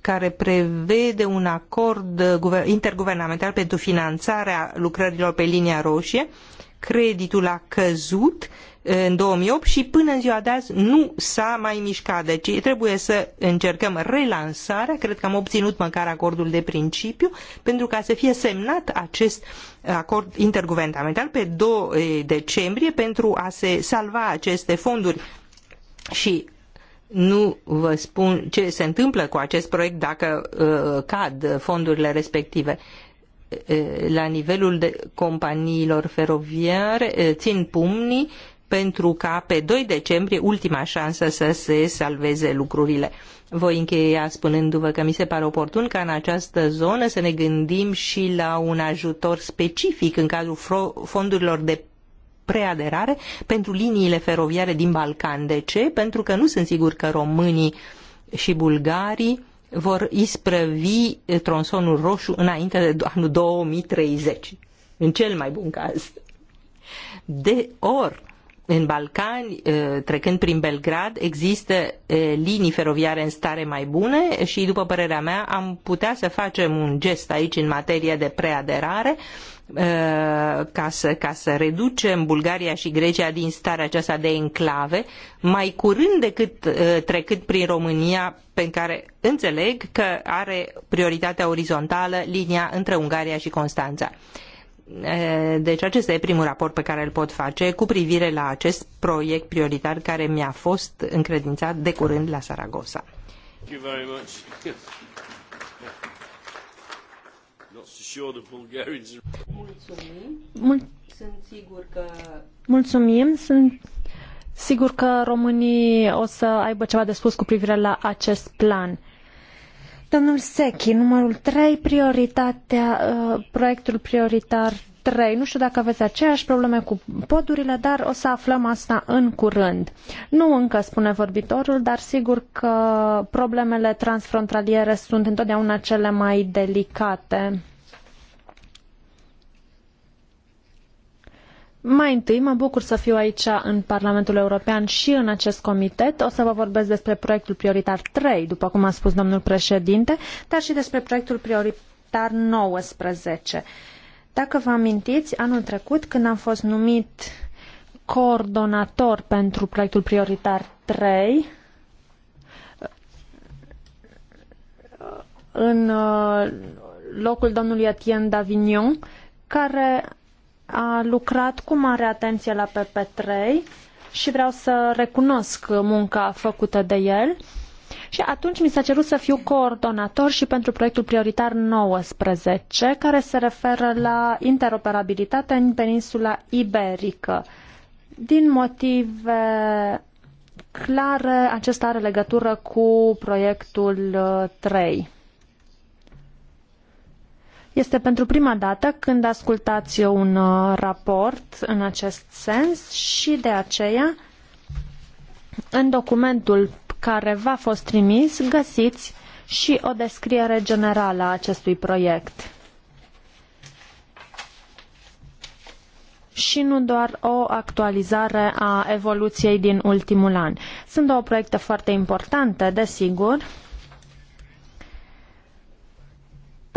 Speaker 4: care prevede un acord interguvernamental pentru finanțarea lucrărilor pe linia roșie. Creditul a căzut eh, în 2008 și până în ziua de azi nu s-a mai mișcat. Deci trebuie să încercăm relansarea, cred că am obținut măcar acordul de principiu, pentru ca să fie semnat acest acord interguvernamental pe 2 eh, decembrie pentru a se salva aceste fonduri și nu vă spun ce se întâmplă cu acest proiect dacă uh, cad fondurile respective. Uh, la nivelul de companiilor feroviare uh, țin pumnii pentru ca pe 2 decembrie ultima șansă să se salveze lucrurile. Voi încheia spunându-vă că mi se pare oportun ca în această zonă să ne gândim și la un ajutor specific în cazul fondurilor de preaderare pentru liniile feroviare din Balcan. De ce? Pentru că nu sunt sigur că românii și bulgarii vor isprăvi tronsonul roșu înainte de anul 2030. În cel mai bun caz. De ori, în Balcani, ă, trecând prin Belgrad, există ă, linii feroviare în stare mai bune și, după părerea mea, am putea să facem un gest aici în materie de preaderare Eh, ca să, ca să reducem Bulgaria și Grecia din starea aceasta de enclave mai curând decât eh, trecând prin România, pe care înțeleg că are prioritatea orizontală linia între Ungaria și Constanța. Eh, deci acesta e primul raport pe care îl pot face cu privire la acest proiect prioritar care mi-a fost încredințat de curând la Saragossa.
Speaker 1: Mulțumim.
Speaker 4: Sunt sigur că...
Speaker 2: Mulțumim. Sunt sigur că românii o să aibă ceva de spus cu privire la acest plan. Domnul Sechi, numărul 3, prioritatea, uh, proiectul prioritar 3. Nu știu dacă aveți aceeași probleme cu podurile, dar o să aflăm asta în curând. Nu încă, spune vorbitorul, dar sigur că problemele transfrontaliere sunt întotdeauna cele mai delicate. Mai întâi, mă bucur să fiu aici în Parlamentul European și în acest comitet. O să vă vorbesc despre proiectul prioritar 3, după cum a spus domnul președinte, dar și despre proiectul prioritar 19. Dacă vă amintiți, anul trecut, când am fost numit coordonator pentru proiectul prioritar 3, în uh, locul domnului Etienne Davignon, care a lucrat cu mare atenție la PP3 și vreau să recunosc munca făcută de el. Și atunci mi s-a cerut să fiu coordonator și pentru proiectul prioritar 19, care se referă la interoperabilitate în peninsula iberică. Din motive clare, acesta are legătură cu proiectul 3. Uh, este pentru prima dată când ascultați un uh, raport în acest sens și de aceea în documentul care v-a fost trimis găsiți și o descriere generală a acestui proiect. și nu doar o actualizare a evoluției din ultimul an. Sunt două proiecte foarte importante, desigur,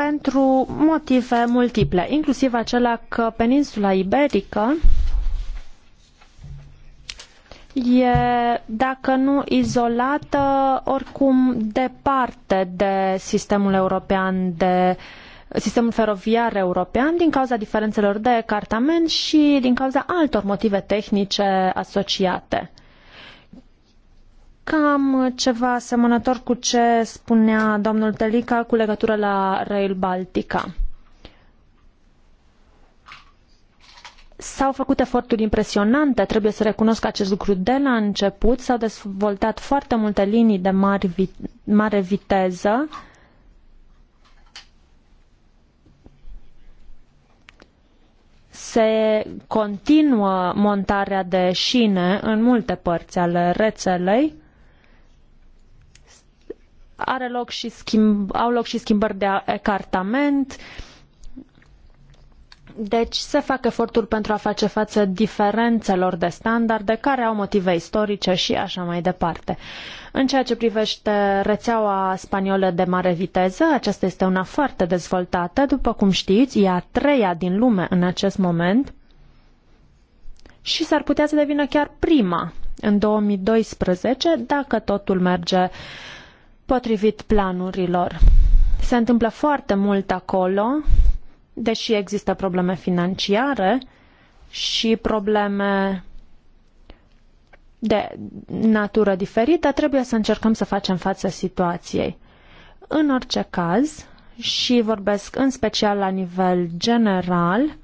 Speaker 2: pentru motive multiple, inclusiv acela că peninsula iberică e, dacă nu izolată, oricum departe de sistemul european de sistemul feroviar european din cauza diferențelor de cartament și din cauza altor motive tehnice asociate cam ceva asemănător cu ce spunea domnul Telica cu legătură la Rail Baltica. S-au făcut eforturi impresionante, trebuie să recunosc acest lucru de la început. S-au dezvoltat foarte multe linii de mari vi mare viteză. Se continuă montarea de șine în multe părți ale rețelei are loc și schimb, au loc și schimbări de ecartament. Deci se fac eforturi pentru a face față diferențelor de standarde care au motive istorice și așa mai departe. În ceea ce privește rețeaua spaniolă de mare viteză, aceasta este una foarte dezvoltată, după cum știți, e a treia din lume în acest moment și s-ar putea să devină chiar prima în 2012 dacă totul merge uh, potrivit planurilor. Se întâmplă foarte mult acolo, deși există probleme financiare și probleme de natură diferită, trebuie să încercăm să facem față situației. În orice caz, și vorbesc în special la nivel general,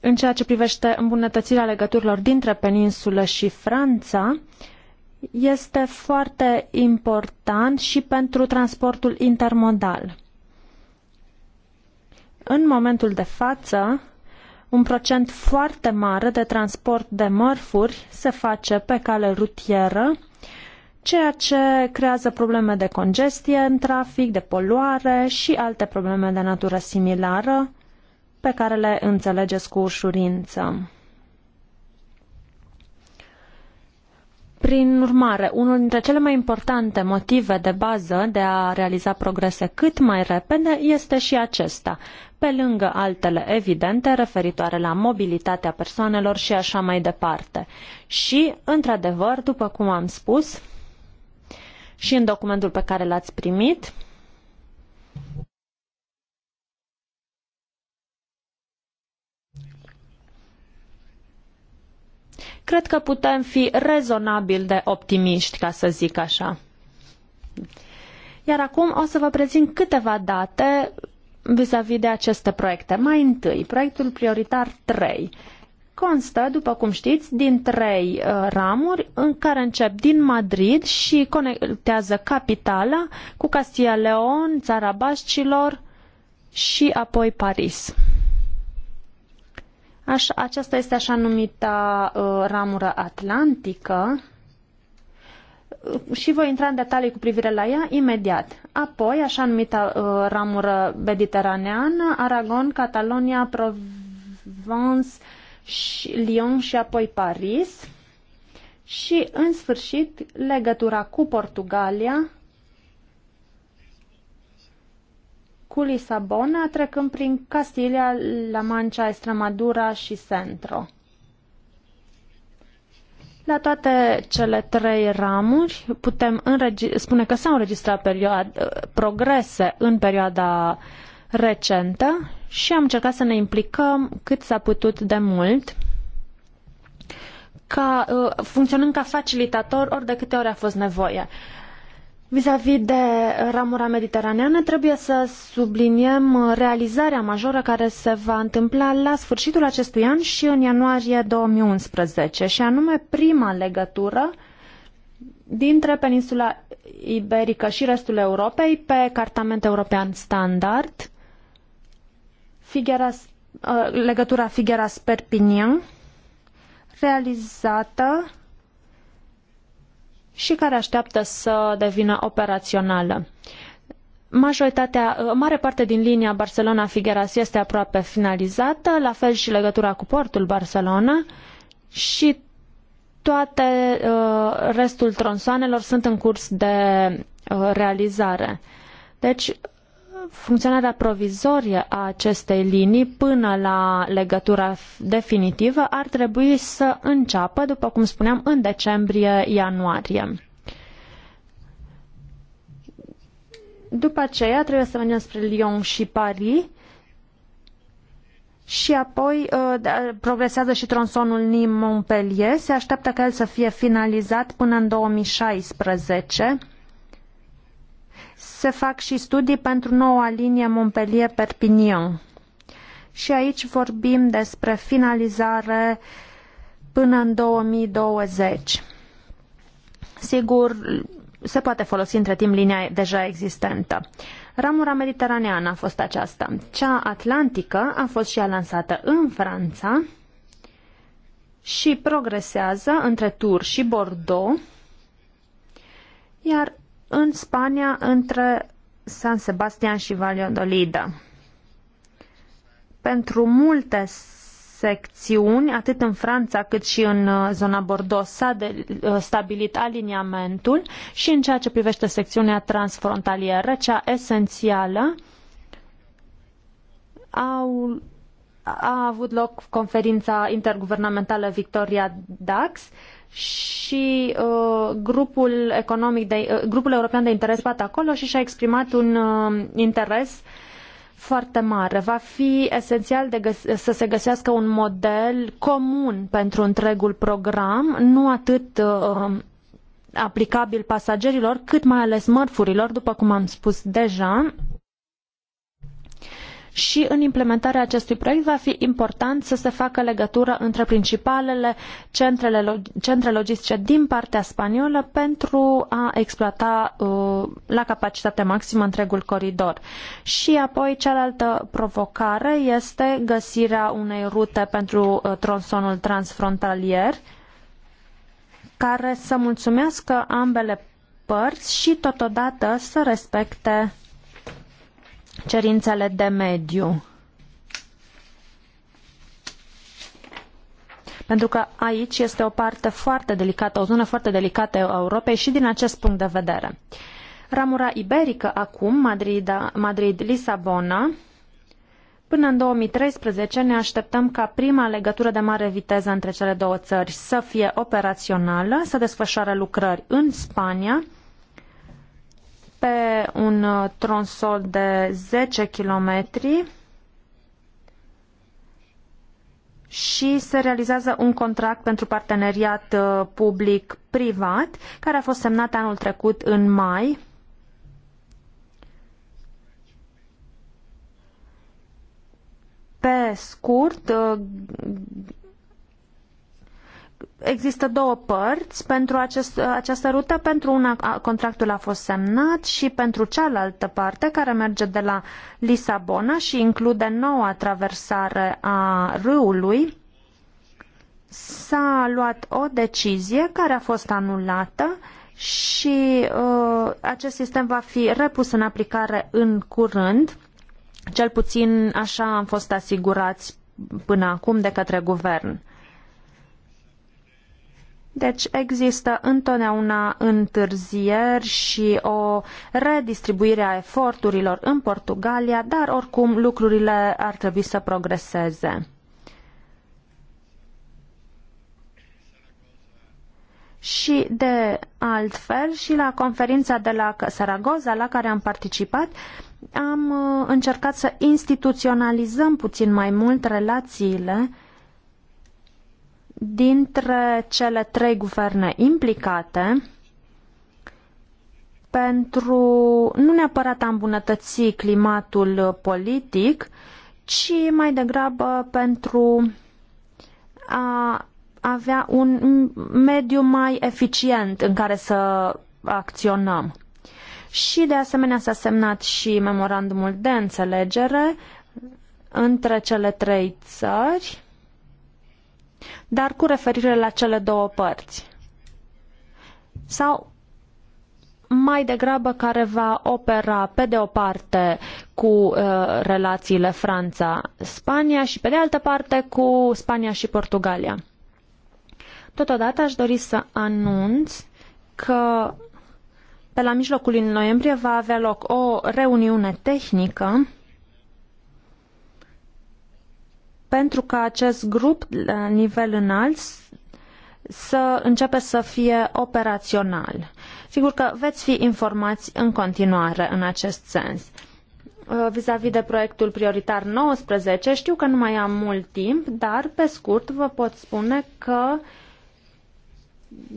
Speaker 2: în ceea ce privește îmbunătățirea legăturilor dintre peninsulă și Franța, uh, este foarte important și pentru transportul intermodal. În momentul de față, un procent foarte mare de transport de mărfuri se face pe cale rutieră, ceea ce creează probleme de congestie în trafic, de poluare și alte probleme de natură similară pe care le înțelegeți cu ușurință. Prin urmare, unul dintre cele mai importante motive de bază de a realiza progrese cât mai repede este și acesta, pe lângă altele evidente referitoare la mobilitatea persoanelor și așa mai departe. Și, într-adevăr, după cum am spus și în documentul pe care l-ați primit, cred că putem fi rezonabil de optimiști, ca să zic așa. Iar acum o să vă prezint câteva date vis-a-vis -vis de aceste proiecte. Mai întâi, proiectul prioritar 3 constă, după cum știți, din trei uh, ramuri în care încep din Madrid și conectează capitala cu Castilla Leon, țara Bascilor și apoi Paris. Aș, aceasta este așa numita uh, ramură atlantică uh, și voi intra în detalii cu privire la ea imediat. Apoi, așa numită uh, ramură mediteraneană, Aragon, Catalonia, Provence, și Lyon și apoi Paris. Și, în sfârșit, legătura cu Portugalia, cu Lisabona, trecând prin Castilia, La Mancha, Extremadura și Centro. La toate cele trei ramuri putem spune că s-au înregistrat progrese în perioada recentă și am încercat să ne implicăm cât s-a putut de mult, ca, uh, funcționând ca facilitator ori de câte ori a fost nevoie. Vis-a-vis -vis de ramura mediteraneană, trebuie să subliniem realizarea majoră care se va întâmpla la sfârșitul acestui an și în ianuarie 2011, și anume prima legătură dintre peninsula iberică și restul Europei pe cartament european standard, Figueras, uh, legătura Figueras-Perpignan, realizată și care așteaptă să devină operațională. Majoritatea, mare parte din linia Barcelona-Figueras este aproape finalizată, la fel și legătura cu portul Barcelona și toate uh, restul tronsoanelor sunt în curs de uh, realizare. Deci funcționarea provizorie a acestei linii până la legătura definitivă ar trebui să înceapă, după cum spuneam, în decembrie-ianuarie. După aceea trebuie să mergem spre Lyon și Paris și apoi uh, da, progresează și tronsonul Nîmes-Montpellier. Se așteaptă ca el să fie finalizat până în 2016 se fac și studii pentru noua linie Montpellier-Perpignan. Și aici vorbim despre finalizare până în 2020. Sigur, se poate folosi între timp linia deja existentă. Ramura mediteraneană a fost aceasta. Cea atlantică a fost și ea lansată în Franța și progresează între Tours și Bordeaux, iar în Spania între San Sebastian și Valladolid. Pentru multe secțiuni, atât în Franța cât și în uh, zona Bordeaux, s-a uh, stabilit aliniamentul și în ceea ce privește secțiunea transfrontalieră, cea esențială, au, a avut loc conferința interguvernamentală Victoria Dax, uh, și uh, grupul, economic de, uh, grupul european de interes bat acolo și și-a exprimat un uh, interes foarte mare. Va fi esențial de să se găsească un model comun pentru întregul program, nu atât uh, aplicabil pasagerilor, cât mai ales mărfurilor, după cum am spus deja, și în implementarea acestui proiect va fi important să se facă legătură între principalele centrele, centre logistice din partea spaniolă pentru a exploata uh, la capacitate maximă întregul coridor. Și apoi cealaltă provocare este găsirea unei rute pentru uh, tronsonul transfrontalier care să mulțumească ambele părți și totodată să respecte cerințele de mediu. Pentru că aici este o parte foarte delicată, o zonă foarte delicată a Europei și din acest punct de vedere. Ramura iberică acum, Madrid-Lisabona, madrid lisabona Până în 2013 ne așteptăm ca prima legătură de mare viteză între cele două țări să fie operațională, să desfășoare lucrări în Spania pe un uh, tronsol de 10 km și se realizează un contract pentru parteneriat uh, public-privat care a fost semnat anul trecut în mai pe scurt, uh, Există două părți pentru acest, această rută. Pentru una contractul a fost semnat și pentru cealaltă parte care merge de la Lisabona și include noua traversare a râului s-a luat o decizie care a fost anulată și uh, acest sistem va fi repus în aplicare în curând. Cel puțin așa am fost asigurați până acum de către guvern. Deci există întotdeauna întârzieri și o redistribuire a eforturilor în Portugalia, dar oricum lucrurile ar trebui să progreseze. Și de altfel, și la conferința de la Saragoza la care am participat, am uh, încercat să instituționalizăm puțin mai mult relațiile dintre cele trei guverne implicate pentru nu neapărat a îmbunătăți climatul politic, ci mai degrabă pentru a avea un mediu mai eficient în care să acționăm. Și de asemenea s-a semnat și memorandumul de înțelegere între cele trei țări dar cu referire la cele două părți. Sau mai degrabă care va opera pe de o parte cu uh, relațiile Franța-Spania și pe de altă parte cu Spania și Portugalia. Totodată aș dori să anunț că pe la mijlocul lui noiembrie va avea loc o reuniune tehnică pentru ca acest grup la nivel înalt să începe să fie operațional. Sigur că veți fi informați în continuare în acest sens. Uh, vis-a-vis -vis de proiectul prioritar 19, știu că nu mai am mult timp, dar pe scurt vă pot spune că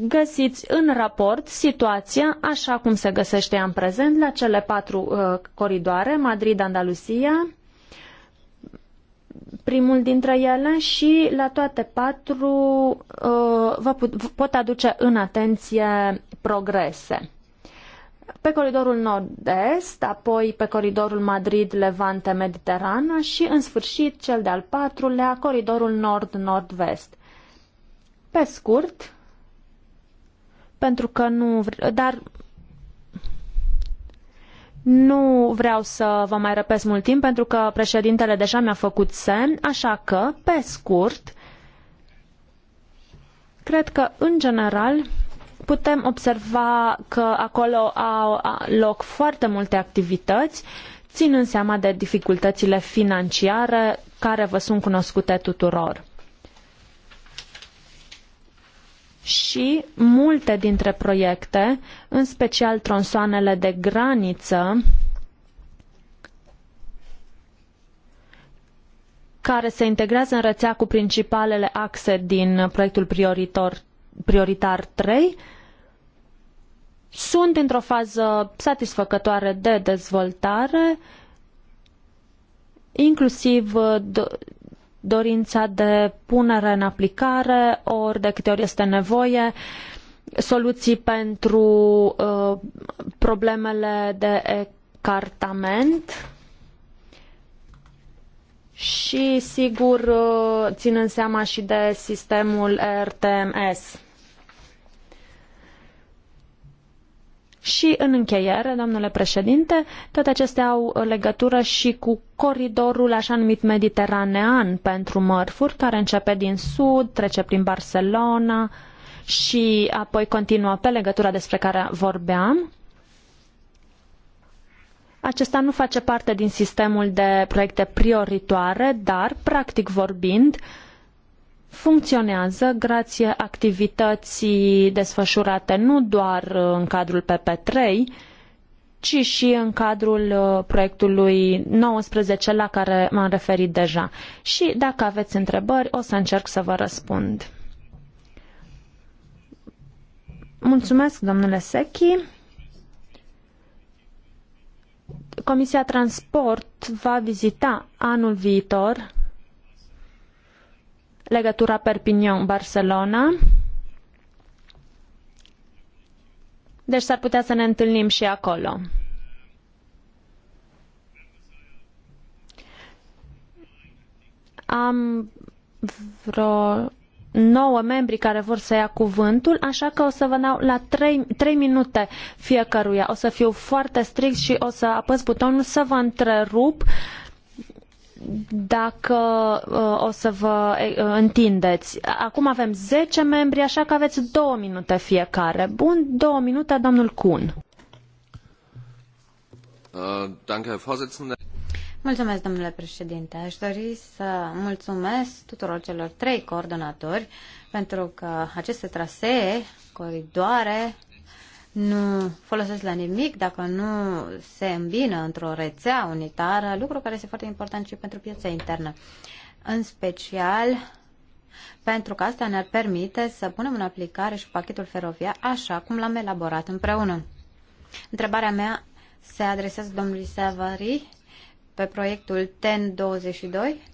Speaker 2: găsiți în raport situația așa cum se găsește în prezent la cele patru uh, coridoare, Madrid, Andalusia, primul dintre ele și la toate patru uh, vă pot aduce în atenție progrese. Pe coridorul nord-est, apoi pe coridorul Madrid-Levante-Mediterana și, în sfârșit, cel de-al patrulea, coridorul nord-nord-vest. Pe scurt, pentru că nu, dar nu vreau să vă mai răpesc mult timp pentru că președintele deja mi-a făcut semn, așa că, pe scurt, cred că, în general, putem observa că acolo au loc foarte multe activități, ținând seama de dificultățile financiare care vă sunt cunoscute tuturor. și multe dintre proiecte, în special tronsoanele de graniță, care se integrează în rețea cu principalele axe din proiectul prioritor, prioritar 3, sunt într-o fază satisfăcătoare de dezvoltare, inclusiv dorința de punere în aplicare, ori de câte ori este nevoie, soluții pentru uh, problemele de ecartament și, sigur, uh, ținând seama și de sistemul RTMS. Și în încheiere, domnule președinte, toate acestea au legătură și cu coridorul așa numit mediteranean pentru mărfuri, care începe din sud, trece prin Barcelona și apoi continuă pe legătura despre care vorbeam. Acesta nu face parte din sistemul de proiecte prioritoare, dar, practic vorbind, uh, funcționează grație activității desfășurate nu doar uh, în cadrul PP3, ci și în cadrul uh, proiectului 19 la care m-am referit deja. Și dacă aveți întrebări, o să încerc să vă răspund. Mulțumesc, domnule Sechi. Comisia Transport va vizita anul viitor legătura Perpignan-Barcelona. Deci s-ar putea să ne întâlnim și acolo. Am vreo nouă membri care vor să ia cuvântul, așa că o să vă dau la 3, 3 minute fiecăruia. O să fiu foarte strict și o să apăs butonul să vă întrerup uh, dacă uh, o să vă uh, întindeți. Acum avem 10 membri, așa că aveți două minute fiecare. Bun,
Speaker 3: două minute, domnul Kuhn.
Speaker 6: Uh,
Speaker 3: mulțumesc, domnule președinte. Aș dori să mulțumesc tuturor celor trei coordonatori pentru că aceste trasee, coridoare, nu folosesc la nimic dacă nu se îmbină într-o rețea unitară, lucru care este foarte important și pentru piața internă. În special, pentru că asta ne-ar permite să punem în aplicare și pachetul feroviar așa cum l-am elaborat împreună. Întrebarea mea se adresează domnului Savary pe proiectul TEN22.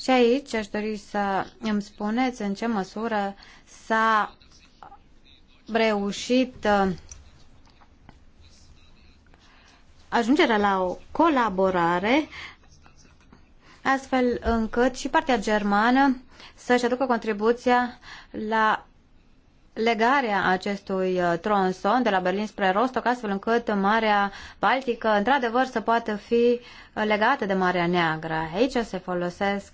Speaker 3: Și aici aș dori să îmi spuneți în ce măsură s-a reușit uh, ajungerea la o colaborare astfel încât și partea germană să-și aducă contribuția la legarea acestui uh, tronson de la Berlin spre Rostock, astfel încât Marea Baltică, într-adevăr, să poată fi uh, legată de Marea Neagră. Aici se folosesc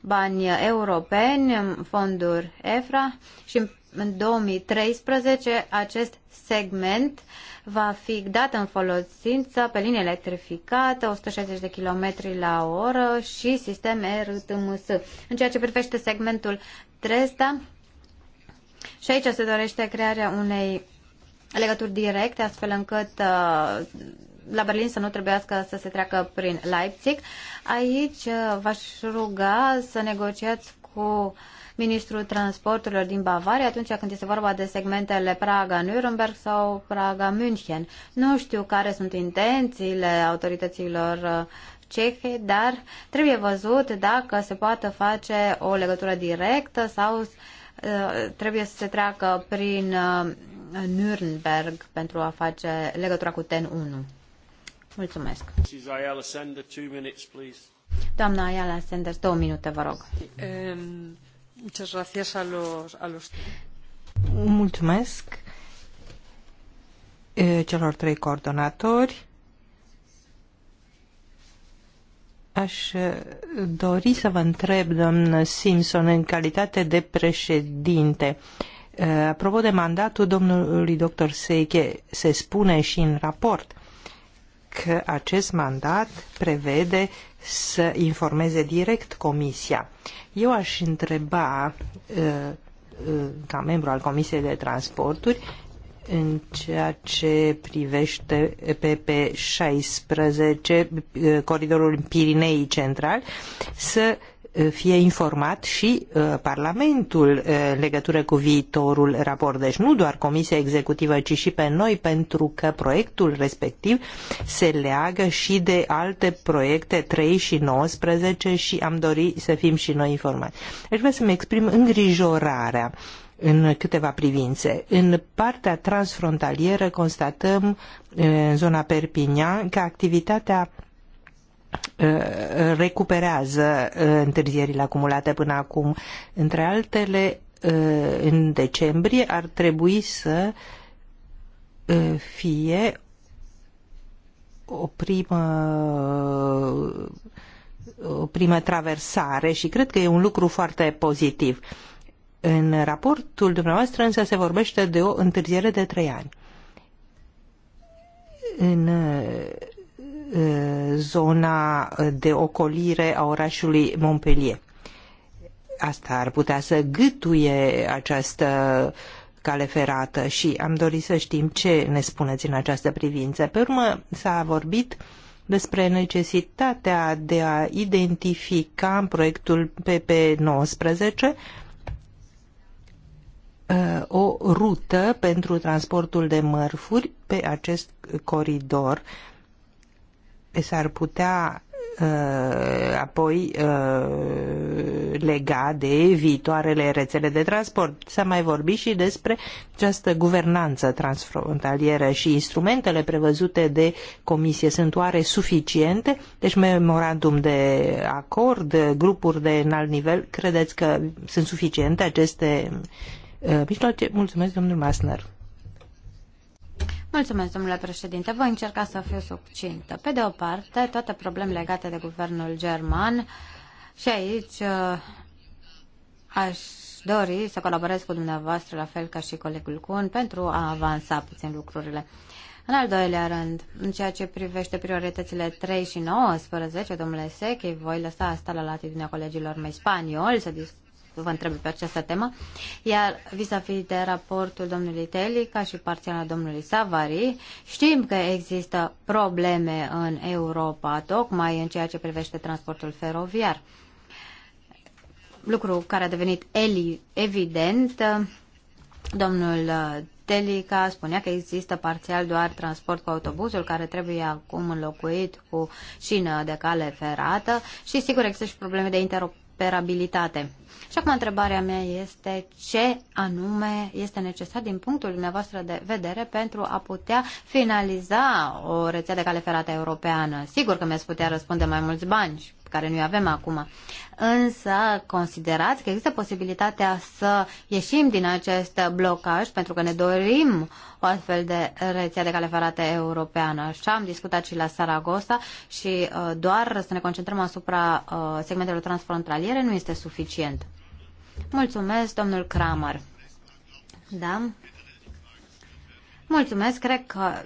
Speaker 3: bani europeni, fonduri EFRA și în 2013 acest segment va fi dat în folosință pe linie electrificată 160 de km la oră și sistem RTMS. În ceea ce privește segmentul Tresta, și aici se dorește crearea unei legături directe, astfel încât uh, la Berlin să nu trebuiască să se treacă prin Leipzig. Aici uh, v-aș ruga să negociați cu uh, ministrul transporturilor din Bavaria atunci când este vorba de segmentele Praga-Nürnberg sau Praga-München. Nu știu care sunt intențiile autorităților uh, cehe, dar trebuie văzut dacă se poate face o legătură directă sau uh, trebuie să se treacă prin uh, Nürnberg pentru a face legătura cu TEN-1. Mulțumesc. Doamna Ayala Sanders, două minute, vă rog.
Speaker 4: Um... Mulțumesc celor trei coordonatori. Aș dori să vă întreb, doamnă Simpson, în calitate de președinte, apropo de mandatul domnului dr. Seiche, se spune și în raport că acest mandat prevede să informeze direct Comisia. Eu aș întreba, uh, uh, ca membru al Comisiei de Transporturi, în ceea ce privește PP16, uh, coridorul Pirinei Central, să Eh, fie informat și eh, Parlamentul eh, în legătură cu viitorul raport. Deci nu doar Comisia Executivă, ci și pe noi, pentru că proiectul respectiv se leagă și de alte proiecte 3 și 19 și am dori să fim și noi informați. Deci vreau să-mi exprim îngrijorarea în câteva privințe. În partea transfrontalieră constatăm în zona Perpignan că activitatea Uh, recuperează uh, întârzierile acumulate până acum. Între altele, uh, în decembrie ar trebui să fie o primă o primă traversare și cred că e un lucru foarte pozitiv. În raportul dumneavoastră însă se vorbește de o întârziere de trei ani. În Eh, zona eh, de ocolire a orașului Montpellier. Asta ar putea să gâtuie această cale ferată și am dorit să știm ce ne spuneți în această privință. Pe urmă s-a vorbit despre necesitatea de a identifica în proiectul PP19 eh, o rută pentru transportul de mărfuri pe acest coridor s-ar putea uh, apoi uh, lega de viitoarele rețele de transport. S-a mai vorbit și despre această guvernanță transfrontalieră și instrumentele prevăzute de comisie sunt oare suficiente? Deci memorandum de acord, grupuri de înalt nivel, credeți că sunt suficiente aceste uh, mijloace? Mulțumesc, domnul Masner.
Speaker 3: Mulțumesc, domnule președinte. Voi încerca să fiu subcintă. Pe de o parte, toate problemele legate de guvernul german și aici uh, aș dori să colaborez cu dumneavoastră, la fel ca și colegul Kuhn, pentru a avansa puțin lucrurile. În al doilea rând, în ceea ce privește prioritățile 3 și 19, domnule Sechi, voi lăsa asta la latitudinea colegilor mei spanioli să vă întreb pe această temă. Iar vis-a-vis -vis de raportul domnului Telica și parțial al domnului Savari, știm că există probleme în Europa, tocmai în ceea ce privește transportul feroviar. Lucru care a devenit evident, domnul Telica spunea că există parțial doar transport cu autobuzul care trebuie acum înlocuit cu șină de cale ferată și sigur există și probleme de interoperabilitate. Și acum întrebarea mea este ce anume este necesar din punctul dumneavoastră de vedere pentru a putea finaliza o rețea de cale ferată europeană. Sigur că mi-ați putea răspunde mai mulți bani care nu-i avem acum. Însă considerați că există posibilitatea să ieșim din acest blocaj pentru că ne dorim o astfel de rețea de cale ferată europeană. Așa am discutat și la Saragossa și uh, doar să ne concentrăm asupra uh, segmentelor transfrontaliere nu este suficient. Mulțumesc, domnul Kramer. Da? Mulțumesc, cred că *clears throat*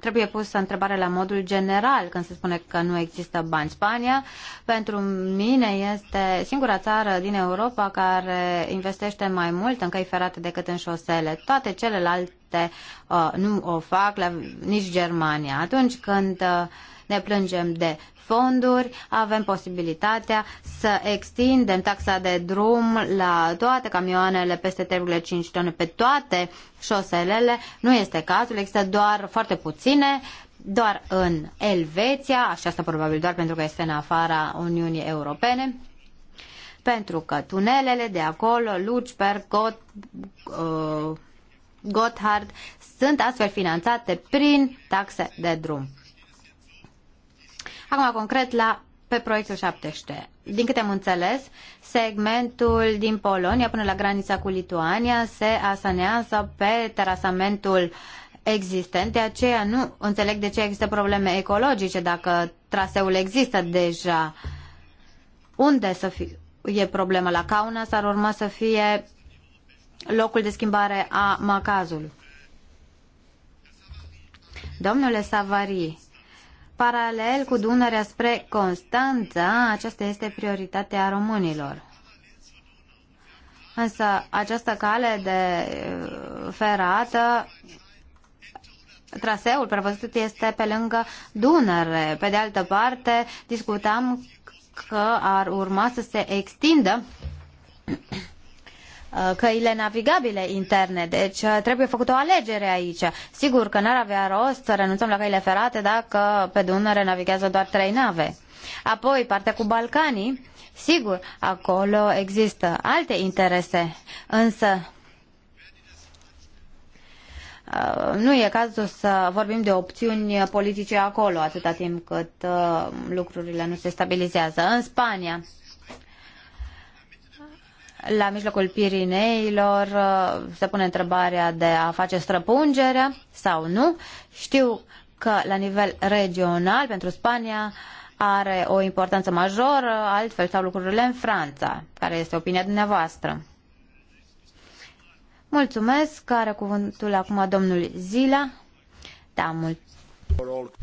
Speaker 3: trebuie pusă întrebare la modul general când se spune că nu există bani. Spania, pentru mine, este singura țară din Europa care investește mai mult în căi ferate decât în șosele. Toate celelalte uh, nu o fac, la, nici Germania. Atunci când uh, ne plângem de fonduri, avem posibilitatea să extindem taxa de drum la toate camioanele peste 3,5 tone pe toate șoselele. Nu este cazul, există doar foarte puține doar în Elveția, așa asta probabil doar pentru că este în afara Uniunii Europene, pentru că tunelele de acolo, Luchberg, Got, uh, Gotthard, sunt astfel finanțate prin taxe de drum. Acum, concret, la pe proiectul 7 Din câte am înțeles, segmentul din Polonia până la granița cu Lituania se asanează pe terasamentul existent, de aceea nu înțeleg de ce există probleme ecologice dacă traseul există deja. Unde să fie? e problema la Cauna, s-ar urma să fie locul de schimbare a macazului. Domnule Savarii? Paralel cu Dunărea spre Constanța, aceasta este prioritatea românilor. Însă această cale de uh, ferată, traseul prevăzut este pe lângă Dunăre. Pe de altă parte, discutam că ar urma să se extindă Uh, căile navigabile interne. Deci uh, trebuie făcută o alegere aici. Sigur că n-ar avea rost să renunțăm la căile ferate dacă pe Dunăre navighează doar trei nave. Apoi, partea cu Balcanii, sigur, acolo există alte interese, însă uh, nu e cazul să vorbim de opțiuni politice acolo atâta timp cât lucrurile nu se stabilizează. În Spania, la mijlocul Pirineilor uh, se pune întrebarea de a face străpungerea sau nu. Știu că la nivel regional, pentru Spania, are o importanță majoră, altfel sau lucrurile în Franța. Care este opinia dumneavoastră? Mulțumesc. Are cuvântul acum domnul Zila. Da, mult.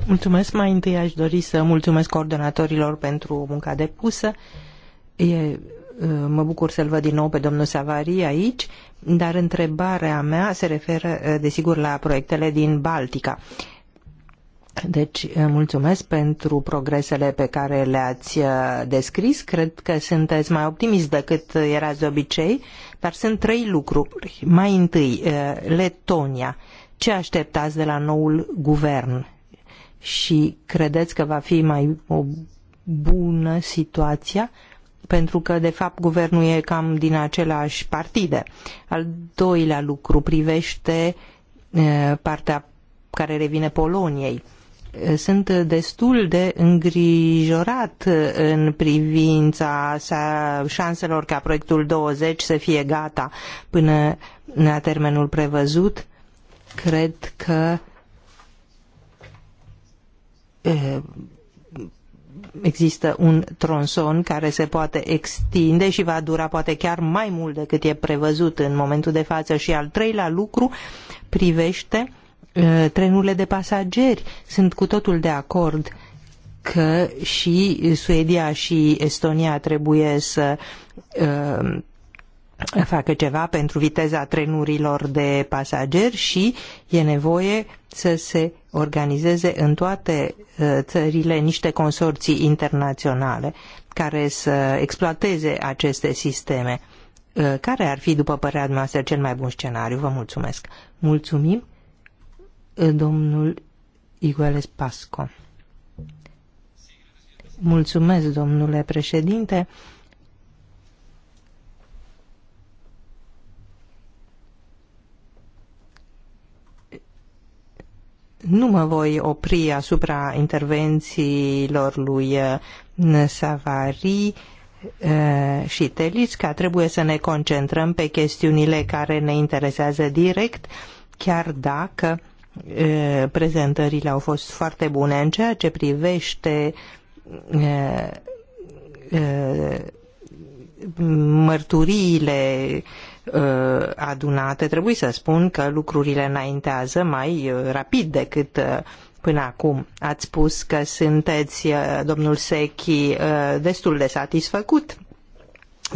Speaker 4: Mulțumesc. Mai întâi aș dori să mulțumesc coordonatorilor pentru munca depusă. E Mă bucur să-l văd din nou pe domnul Savari aici, dar întrebarea mea se referă, eh, desigur, la proiectele din Baltica. Deci, eh, mulțumesc pentru progresele pe care le-ați eh, descris. Cred că sunteți mai optimist decât erați de obicei, dar sunt trei lucruri. Mai întâi, Letonia. Ce așteptați de la noul guvern? Și credeți că va fi mai o bună situația? pentru că, de fapt, guvernul e cam din aceleași partide. Al doilea lucru privește partea care revine Poloniei. Sunt destul de îngrijorat în privința șanselor ca proiectul 20 să fie gata până la termenul prevăzut. Cred că există un tronson care se poate extinde și va dura poate chiar mai mult decât e prevăzut în momentul de față și al treilea lucru privește uh, trenurile de pasageri. Sunt cu totul de acord că și Suedia și Estonia trebuie să uh, facă ceva pentru viteza trenurilor de pasageri și e nevoie să se organizeze în toate uh, țările niște consorții internaționale care să exploateze aceste sisteme. Uh, care ar fi, după părerea noastră, cel mai bun scenariu? Vă mulțumesc. Mulțumim, uh, domnul Iguales Pasco. Mulțumesc, domnule președinte. Nu mă voi opri asupra intervențiilor lui uh, Savary uh, și Telisca. Trebuie să ne concentrăm pe chestiunile care ne interesează direct, chiar dacă uh, prezentările au fost foarte bune în ceea ce privește mărturiile Uh, adunate, trebuie să spun că lucrurile înaintează mai uh, rapid decât uh, până acum. Ați spus că sunteți, domnul Sechi, destul de satisfăcut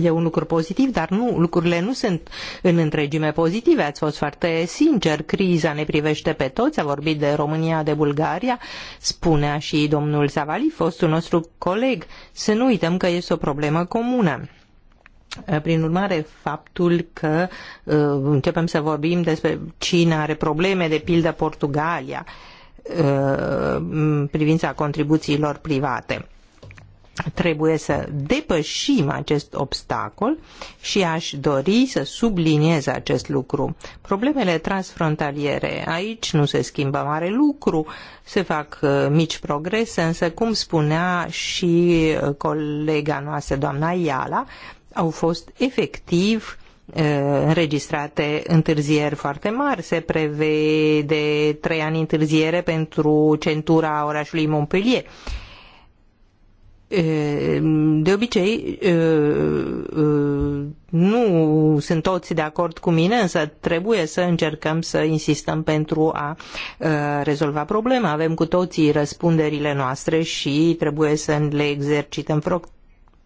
Speaker 4: e un lucru pozitiv, dar nu, lucrurile nu sunt în întregime pozitive. Ați fost foarte sincer, criza ne privește pe toți, a vorbit de România, de Bulgaria, spunea și domnul Savali, fostul nostru coleg. Să nu uităm că este o problemă comună. Eh, prin urmare, faptul că eh, începem să vorbim despre cine are probleme, de pildă Portugalia, în eh, privința contribuțiilor private. Trebuie să depășim acest obstacol și aș dori să subliniez acest lucru. Problemele transfrontaliere, aici nu se schimbă mare lucru, se fac mici progrese, însă cum spunea și colega noastră, doamna Iala, au fost efectiv uh, înregistrate întârzieri foarte mari. Se prevede trei ani întârziere pentru centura orașului Montpellier. Uh, de obicei, uh, nu sunt toți de acord cu mine, însă trebuie să încercăm să insistăm pentru a rezolva problema. Avem cu toții răspunderile noastre și trebuie să le exercităm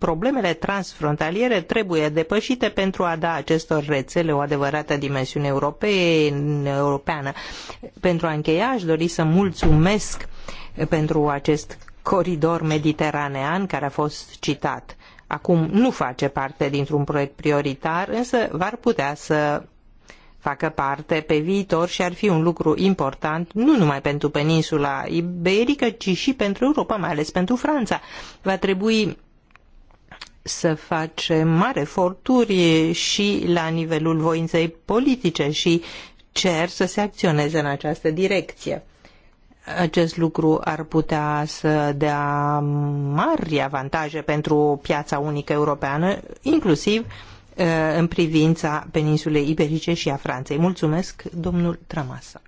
Speaker 4: problemele transfrontaliere trebuie depășite pentru a da acestor rețele o adevărată dimensiune europeană. Pentru a încheia, aș dori să mulțumesc pentru acest coridor mediteranean care a fost citat. Acum nu face parte dintr-un proiect prioritar, însă v-ar putea să facă parte pe viitor și ar fi un lucru important nu numai pentru peninsula iberică, ci și pentru Europa, mai ales pentru Franța. Va trebui să face mari eforturi și la nivelul voinței politice și cer să se acționeze în această direcție. Acest lucru ar putea să dea mari avantaje pentru piața unică europeană, inclusiv uh, în privința peninsulei iberice și a Franței. Mulțumesc, domnul Tramasa.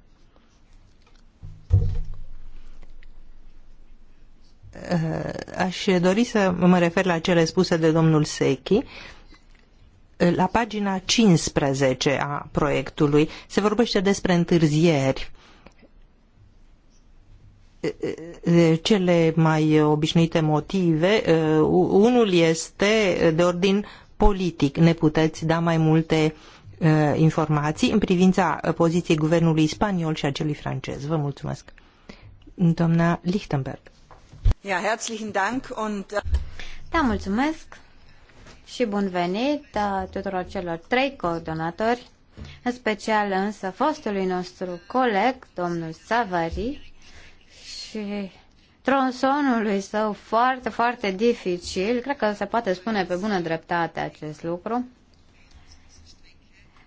Speaker 4: Eh, aș dori să mă refer la cele spuse de domnul Sechi. Eh, la pagina 15 a proiectului se vorbește despre întârzieri eh, cele mai obișnuite motive. Unul este de ordin politic. Ne puteți da mai multe informații în privința poziției guvernului spaniol și a celui francez. Vă mulțumesc. Doamna Lichtenberg.
Speaker 3: Äh, da, mulțumesc și bun venit uh, tuturor celor trei coordonatori, în special însă fostului nostru coleg, domnul Savary, și tronsonului său foarte, foarte dificil. Cred că se poate spune pe bună dreptate acest lucru.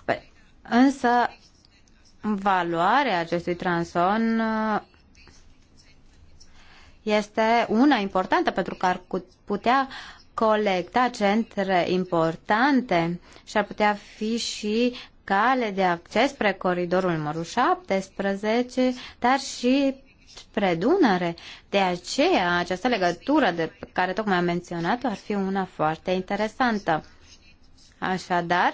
Speaker 3: Păi, însă, valoarea acestui transon uh, este una importantă pentru că ar putea colecta centre importante și ar putea fi și cale de acces spre coridorul numărul 17, dar și spre Dunăre. De aceea, această legătură de care tocmai am menționat-o ar fi una foarte interesantă. Așadar,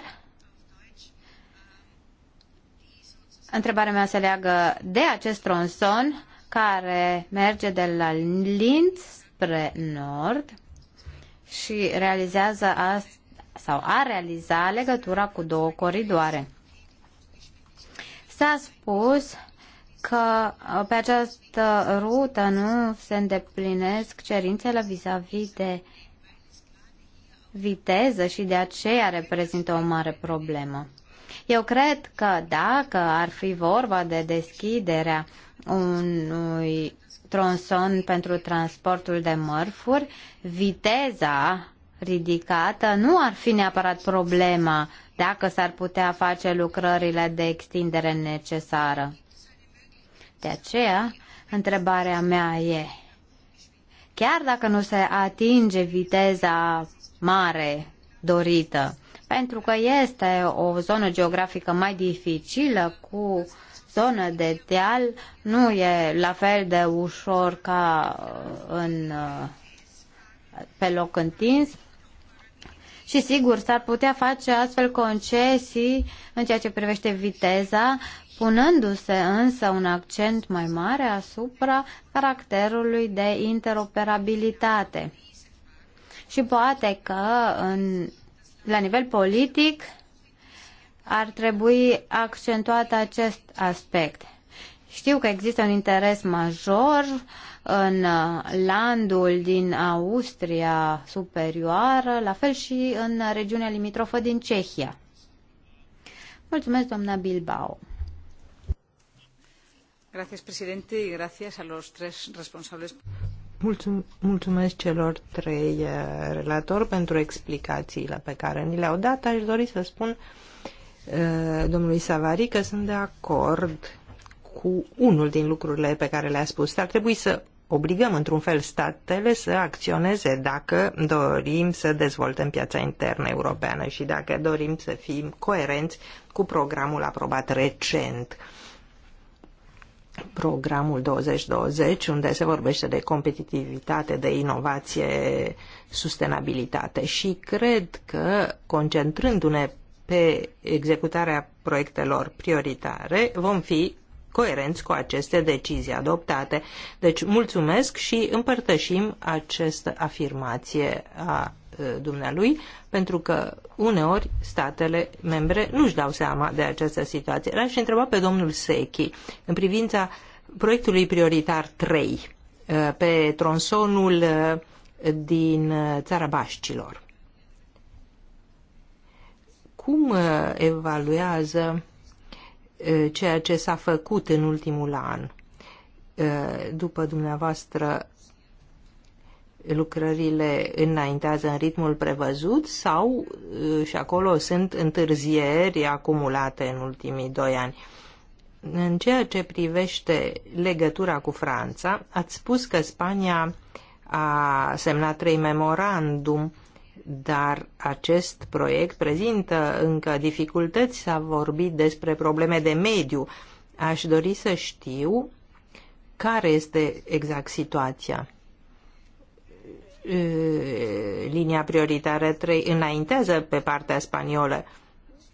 Speaker 3: întrebarea mea se leagă de acest tronson care merge de la Linz spre nord și realizează a, sau a realiza legătura cu două coridoare. S-a spus că uh, pe această rută nu se îndeplinesc cerințele vis-a-vis -vis de viteză și de aceea reprezintă o mare problemă. Eu cred că dacă ar fi vorba de deschiderea unui tronson pentru transportul de mărfuri, viteza ridicată nu ar fi neapărat problema dacă s-ar putea face lucrările de extindere necesară. De aceea, întrebarea mea e, chiar dacă nu se atinge viteza mare dorită, pentru că este o zonă geografică mai dificilă cu uh, zonă de deal nu e la fel de ușor ca uh, în, uh, pe loc întins. Și sigur, s-ar putea face astfel concesii în ceea ce privește viteza, punându-se însă un accent mai mare asupra caracterului de interoperabilitate. Și poate că în, la nivel politic ar trebui accentuat acest aspect. Știu că există un interes major în uh, landul din Austria superioară, la fel și în regiunea limitrofă din Cehia. Mulțumesc, doamna Bilbao.
Speaker 5: Gracias, presidente, y gracias a los tres responsables.
Speaker 4: Mulțumesc celor trei uh, relatori pentru explicațiile pe care ni le-au dat. Aș dori să spun uh, Uh, domnului Savari că sunt de acord cu unul din lucrurile pe care le-a spus. Ar trebui să obligăm într-un fel statele să acționeze dacă dorim să dezvoltăm piața internă europeană și dacă dorim să fim coerenți cu programul aprobat recent. Programul 2020, unde se vorbește de competitivitate, de inovație, sustenabilitate și cred că concentrându-ne pe executarea proiectelor prioritare, vom fi coerenți cu aceste decizii adoptate. Deci mulțumesc și împărtășim această afirmație a dumnealui, pentru că uneori statele membre nu-și dau seama de această situație. L-aș întreba pe domnul Sechi în privința proiectului prioritar 3 pe tronsonul din țara Bașcilor cum uh, evaluează uh, ceea ce s-a făcut în ultimul an uh, după dumneavoastră lucrările înaintează în ritmul prevăzut sau și acolo sunt întârzieri acumulate în ultimii doi ani. În ceea ce privește legătura cu Franța, ați spus că Spania a semnat trei memorandum dar acest proiect prezintă încă dificultăți. să a vorbit despre probleme de mediu. Aș dori să știu care este exact situația. Ă, linia prioritară 3 înaintează pe partea spaniolă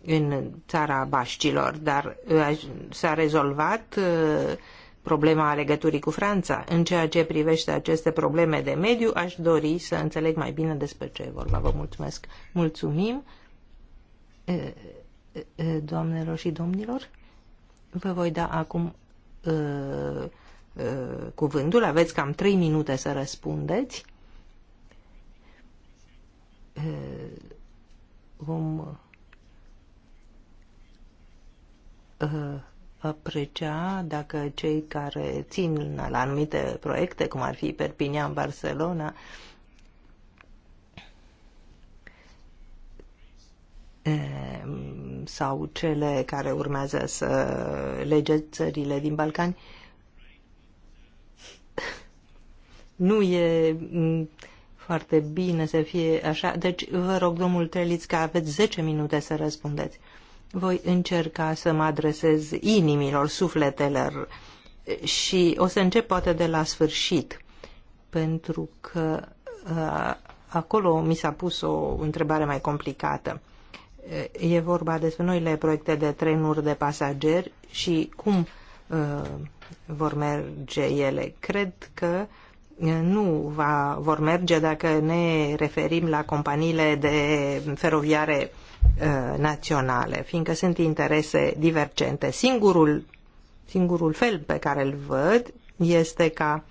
Speaker 4: în țara Bașcilor, dar ă, s-a rezolvat uh, problema a legăturii cu Franța. În ceea ce privește aceste probleme de mediu, aș dori să înțeleg mai bine despre ce e vorba. Vă mulțumesc. Mulțumim, doamnelor și domnilor. Vă voi da acum uh, uh, cuvântul. Aveți cam 3 minute să răspundeți. Uh, vom... Uh, aprecia dacă cei care țin la anumite proiecte, cum ar fi Perpignan, Barcelona, sau cele care urmează să lege țările din Balcani, nu e foarte bine să fie așa. Deci vă rog, domnul Treliț, că aveți 10 minute să răspundeți voi încerca să mă adresez inimilor, sufletelor și o să încep poate de la sfârșit, pentru că uh, acolo mi s-a pus o întrebare mai complicată. Uh, e vorba despre noile proiecte de trenuri de pasageri și cum uh, vor merge ele. Cred că nu va, vor merge dacă ne referim la companiile de feroviare uh, Uh, naționale, fiindcă sunt interese divergente. Singurul, singurul fel pe care îl văd este ca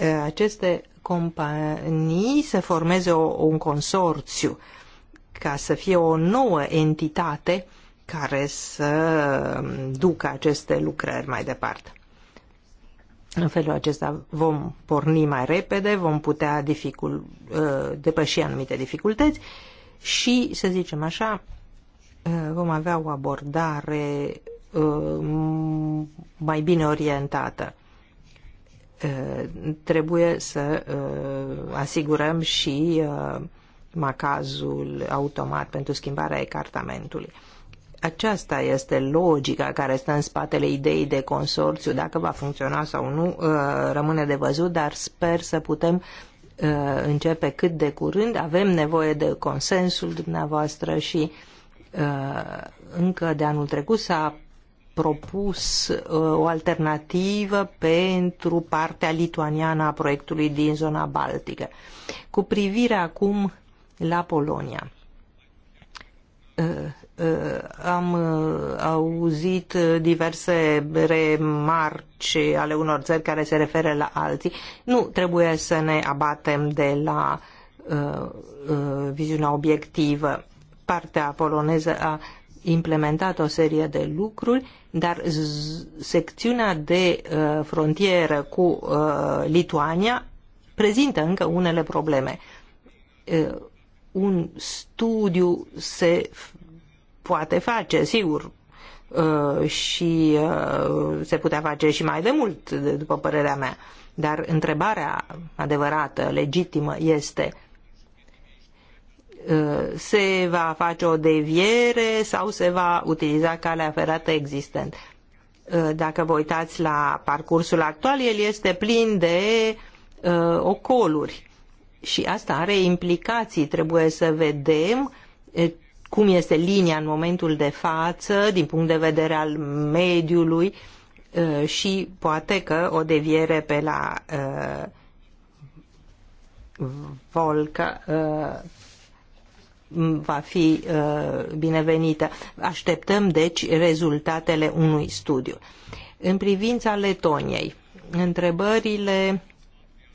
Speaker 4: uh, aceste companii să formeze o, un consorțiu ca să fie o nouă entitate care să ducă aceste lucrări mai departe. În felul acesta vom porni mai repede, vom putea dificul, uh, depăși anumite dificultăți și, să zicem așa, eh, vom avea o abordare eh, mai bine orientată. Eh, trebuie să asigurăm și macazul automat pentru schimbarea ecartamentului. Aceasta este logica care stă în spatele ideii de consorțiu. Dacă va funcționa sau nu, rămâne de văzut, dar sper să putem uh, Uh, începe cât de curând. Avem nevoie de consensul dumneavoastră și uh, încă de anul trecut s-a propus uh, o alternativă pentru partea lituaniană a proiectului din zona Baltică. Cu privire acum la Polonia Eh, am eh, auzit eh, diverse remarci ale unor țări care se referă la alții. Nu trebuie să ne abatem de la uh, uh, viziunea obiectivă. Partea poloneză a implementat o serie de lucruri, dar secțiunea de uh, frontieră cu uh, Lituania prezintă încă unele probleme. Uh, un studiu se poate face, sigur, uh, și uh, se putea face și mai de mult, după părerea mea. Dar întrebarea adevărată, legitimă, este uh, se va face o deviere sau se va utiliza calea ferată existent. Dacă vă uitați la parcursul actual, el este plin de ocoluri și asta are implicații. Trebuie să vedem cum este linia în momentul de față din punct de vedere al mediului uh, și poate că o deviere pe la uh, Volca uh, va fi uh, binevenită. Așteptăm, deci, rezultatele unui studiu. În privința Letoniei, întrebările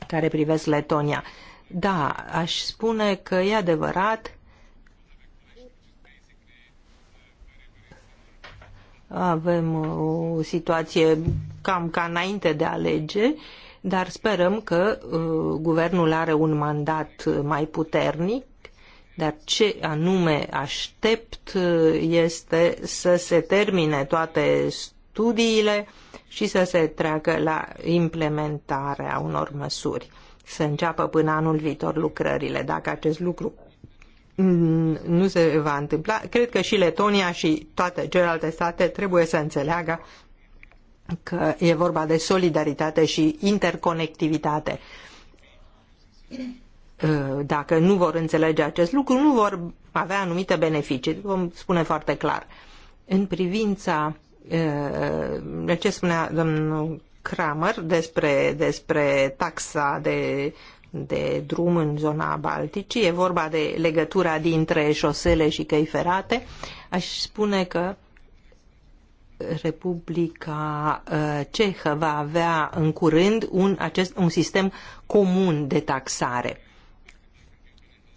Speaker 4: care privesc Letonia, da, aș spune că e adevărat Avem uh, o situație cam ca înainte de alege, dar sperăm că uh, guvernul are un mandat uh, mai puternic, dar ce anume aștept uh, este să se termine toate studiile și să se treacă la implementarea unor măsuri. Să înceapă până anul viitor lucrările. Dacă acest lucru nu se va întâmpla. Cred că și Letonia și toate celelalte state trebuie să înțeleagă că e vorba de solidaritate și interconectivitate. Ă, dacă nu vor înțelege acest lucru, nu vor avea anumite beneficii, vom spune foarte clar. În privința ă, ce spunea domnul Kramer despre, despre taxa de de drum în zona Balticii, e vorba de legătura dintre șosele și căi ferate, aș spune că Republica uh, Cehă va avea în curând un, acest, un sistem comun de taxare.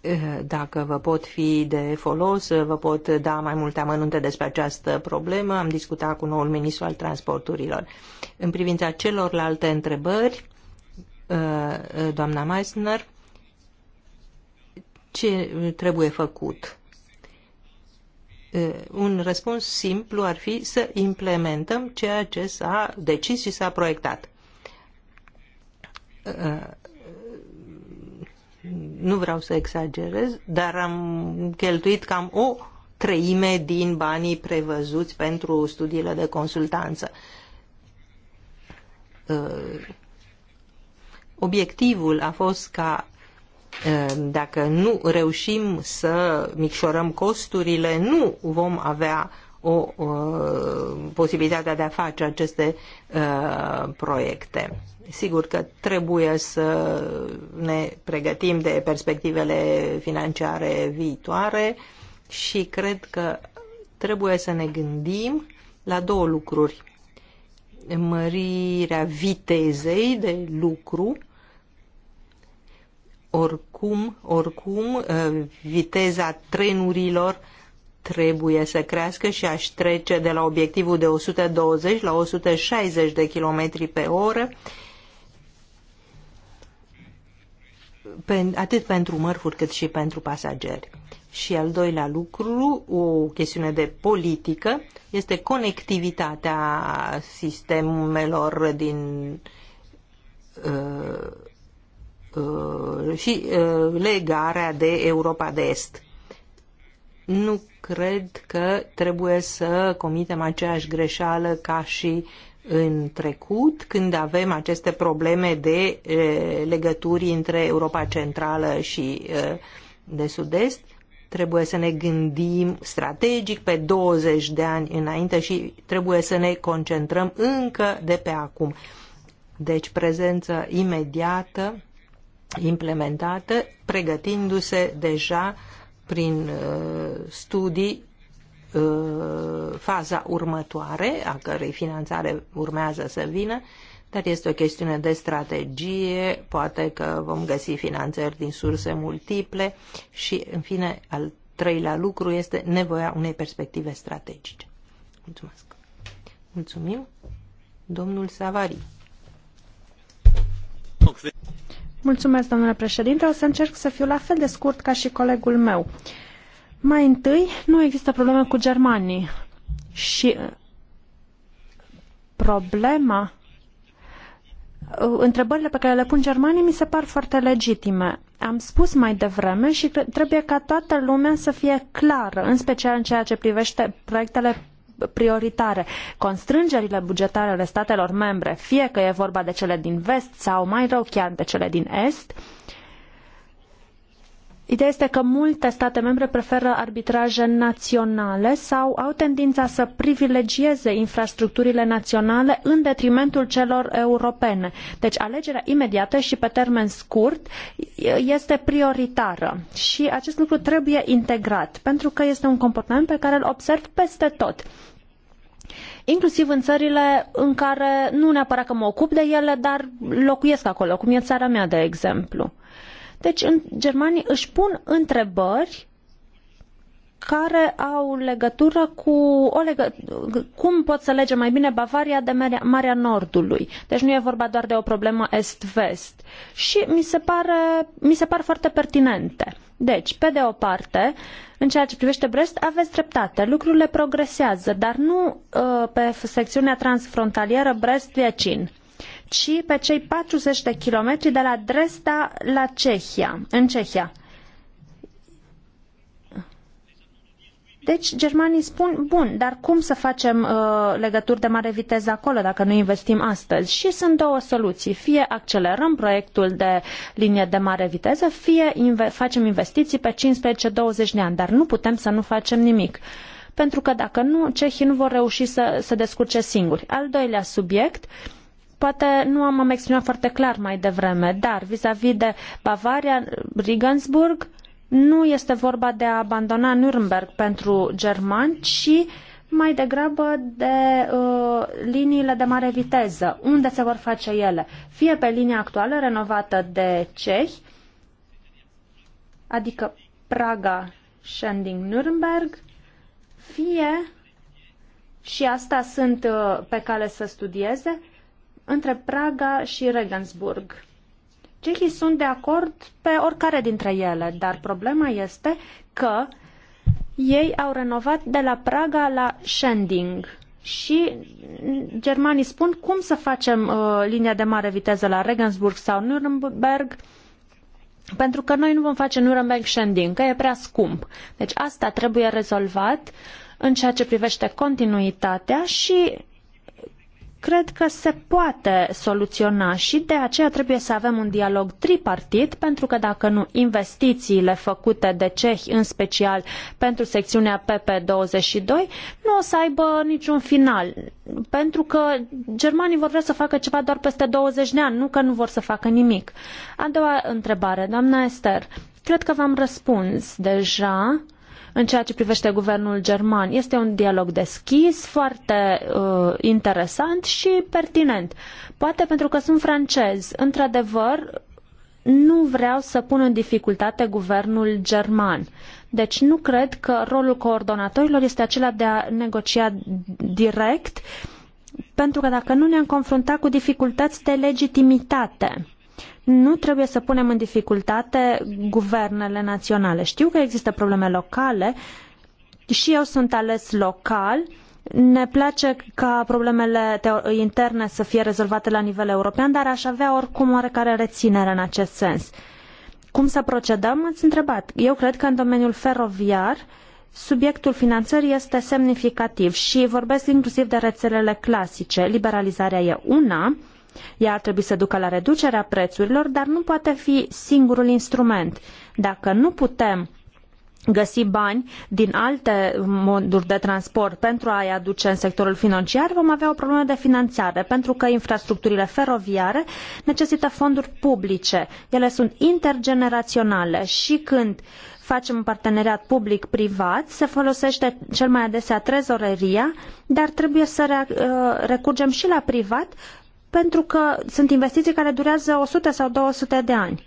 Speaker 4: Uh, dacă vă pot fi de folos, uh, vă pot da mai multe amănunte despre această problemă. Am discutat cu noul ministru al transporturilor. În privința celorlalte întrebări, Uh, uh, doamna Meissner, ce trebuie făcut? Uh, un răspuns simplu ar fi să implementăm ceea ce s-a decis și s-a proiectat. Nu vreau să exagerez, dar am cheltuit cam o treime din banii prevăzuți pentru studiile de consultanță Obiectivul a fost ca eh, dacă nu reușim să micșorăm costurile, nu vom avea o uh, posibilitatea de a face aceste uh, proiecte. Sigur că trebuie să ne pregătim de perspectivele financiare viitoare și cred că trebuie să ne gândim la două lucruri. Mărirea vitezei de lucru oricum, oricum, uh, viteza trenurilor trebuie să crească și aș trece de la obiectivul de 120 la 160 de km pe oră, atât pentru mărfuri cât și pentru pasageri. Și al doilea lucru, o chestiune de politică, este conectivitatea sistemelor din uh, Uh, și uh, legarea de Europa de Est. Nu cred că trebuie să comitem aceeași greșeală ca și în trecut, când avem aceste probleme de uh, legături între Europa Centrală și de Sud-Est, trebuie să ne gândim strategic pe 20 de ani înainte și trebuie să ne concentrăm încă de pe acum. Deci prezență imediată implementată, pregătindu-se deja prin uh, studii uh, faza următoare, a cărei finanțare urmează să vină, dar este o chestiune de strategie, poate că vom găsi finanțări din surse multiple și, în fine, al treilea lucru este nevoia unei perspective strategice. Mulțumesc! Mulțumim! Domnul Savari.
Speaker 2: Mulțumesc, domnule președinte. O să încerc să fiu la fel de scurt ca și colegul meu. Mai întâi, nu există probleme cu germanii. Și uh, problema, uh, întrebările pe care le pun germanii mi se par foarte legitime. Am spus mai devreme și trebuie ca toată lumea să fie clară, în special în ceea ce privește proiectele prioritare. Constrângerile bugetare ale statelor membre, fie că e vorba de cele din vest sau mai rău chiar de cele din est, uh, Ideea este că multe state membre preferă arbitraje naționale sau au tendința să privilegieze infrastructurile naționale în detrimentul celor europene. Deci alegerea imediată și pe termen scurt este prioritară și acest lucru trebuie integrat pentru că este un comportament pe care îl observ peste tot inclusiv în țările în care nu neapărat că mă ocup de ele, dar locuiesc acolo, cum e țara mea, de exemplu. Deci în germanii își pun întrebări care au legătură cu o legă, cum pot să lege mai bine Bavaria de Marea, Nordului. Deci nu e vorba doar de o problemă est-vest. Și mi se, pare, mi se par foarte pertinente. Deci, pe de o parte, în ceea ce privește Brest, aveți dreptate, lucrurile progresează, dar nu uh, pe secțiunea transfrontalieră Brest-Viacin ci pe cei 40 de kilometri de la Dresda la Cehia, în Cehia. Deci germanii spun, bun, dar cum să facem uh, legături de mare viteză acolo dacă nu investim astăzi? Și sunt două soluții. Fie accelerăm proiectul de linie de mare viteză, fie inve- facem investiții pe 15-20 de ani, dar nu putem să nu facem nimic. Pentru că dacă nu, cehii nu vor reuși să se descurce singuri. Al doilea subiect, uh, Poate nu am, am exprimat foarte clar mai devreme, dar vis-a-vis de Bavaria, Regensburg, nu este vorba de a abandona Nürnberg pentru germani, ci mai degrabă de uh, liniile de mare viteză. Unde se vor face ele? Fie pe linia actuală, renovată de cehi, adică Praga, Schending, Nürnberg, fie, și asta sunt uh, pe cale să studieze, între Praga și Regensburg. Cehii sunt de acord pe oricare dintre ele, dar problema este că ei au renovat de la Praga la Schending și germanii spun cum să facem uh, linia de mare viteză la Regensburg sau Nuremberg pentru că noi nu vom face Nuremberg Schending, că e prea scump. Deci asta trebuie rezolvat în ceea ce privește continuitatea și cred că se poate soluționa și de aceea trebuie să avem un dialog tripartit, pentru că dacă nu, investițiile făcute de cehi, în special pentru secțiunea PP22, nu o să aibă niciun final, pentru că germanii vor vrea să facă ceva doar peste 20 de ani, nu că nu vor să facă nimic. A doua întrebare, doamna Ester, cred că v-am răspuns deja. Uh, în ceea ce privește guvernul german. Este un dialog deschis, foarte uh, interesant și pertinent. Poate pentru că sunt francez. Într-adevăr, nu vreau să pun în dificultate guvernul german. Deci nu cred că rolul coordonatorilor este acela de a negocia direct, pentru că dacă nu ne-am confruntat cu dificultăți de legitimitate. Nu trebuie să punem în dificultate guvernele naționale. Știu că există probleme locale și eu sunt ales local. Ne place ca problemele interne să fie rezolvate la nivel european, dar aș avea oricum oarecare reținere în acest sens. Cum să procedăm? Ați întrebat. Eu cred că în domeniul feroviar subiectul finanțării este semnificativ și vorbesc inclusiv de rețelele clasice. Liberalizarea e una, ea ar trebui să ducă la reducerea prețurilor, dar nu poate fi singurul instrument. Dacă nu putem găsi bani din alte moduri de transport pentru a-i aduce în sectorul financiar, vom avea o problemă de finanțare, pentru că infrastructurile feroviare necesită fonduri publice. Ele sunt intergeneraționale și când facem un parteneriat public-privat, se folosește cel mai adesea trezoreria, dar trebuie să uh, recurgem și la privat pentru că sunt investiții care durează 100 sau 200 de ani.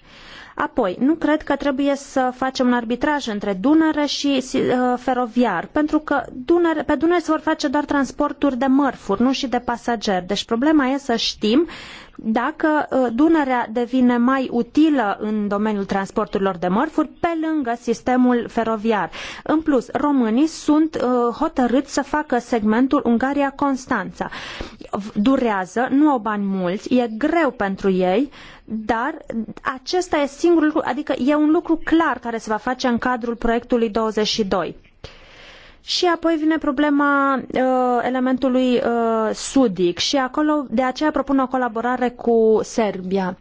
Speaker 2: Apoi, nu cred că trebuie să facem un arbitraj între Dunăre și uh, feroviar, pentru că Dunăre, pe Dunăre se vor face doar transporturi de mărfuri, nu și de pasageri. Deci problema e să știm dacă ă, Dunărea devine mai utilă în domeniul transporturilor de mărfuri pe lângă sistemul feroviar. În plus, românii sunt ă, hotărâți să facă segmentul Ungaria-Constanța. Durează, nu au bani mulți, e greu pentru ei, dar acesta e singurul lucru, adică e un lucru clar care se va face în cadrul proiectului 22 și apoi vine problema uh, elementului uh, sudic și acolo de aceea propun o colaborare cu Serbia.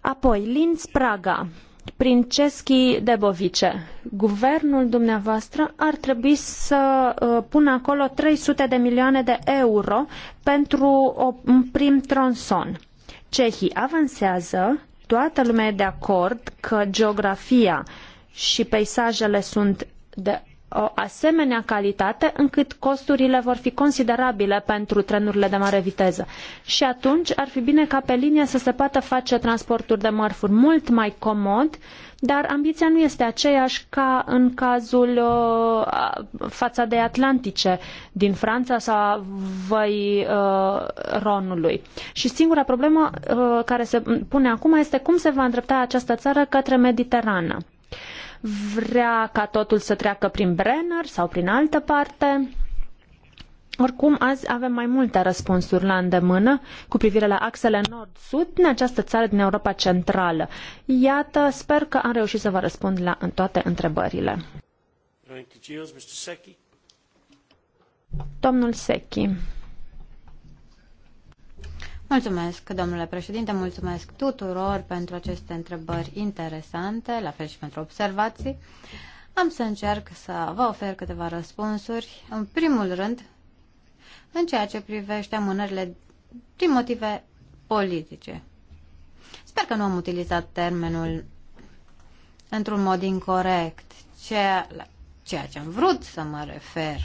Speaker 2: Apoi, Linz Praga, Princeschi Debovice. Guvernul dumneavoastră ar trebui să uh, pună acolo 300 de milioane de euro pentru o, un prim tronson. Cehii avansează, toată lumea e de acord că geografia și peisajele sunt de o asemenea calitate încât costurile vor fi considerabile pentru trenurile de mare viteză. Și atunci ar fi bine ca pe linie să se poată face transporturi de mărfuri mult mai comod, dar ambiția nu este aceeași ca în cazul uh, fața de Atlantice din Franța sau a Văi uh, Ronului. Și singura problemă uh, care se pune acum este cum se va îndrepta această țară către Mediterană vrea ca totul să treacă prin Brenner sau prin altă parte. Oricum, azi avem mai multe răspunsuri la îndemână cu privire la axele nord-sud în această țară din Europa Centrală. Iată, sper că am reușit să vă răspund la în toate întrebările.
Speaker 3: Domnul Secchi. Mulțumesc, domnule președinte, mulțumesc tuturor pentru aceste întrebări interesante, la fel și pentru observații. Am să încerc să vă ofer câteva răspunsuri. În primul rând, în ceea ce privește amânările din motive politice. Sper că nu am utilizat termenul într-un mod incorrect, ceea, ceea ce am vrut să mă refer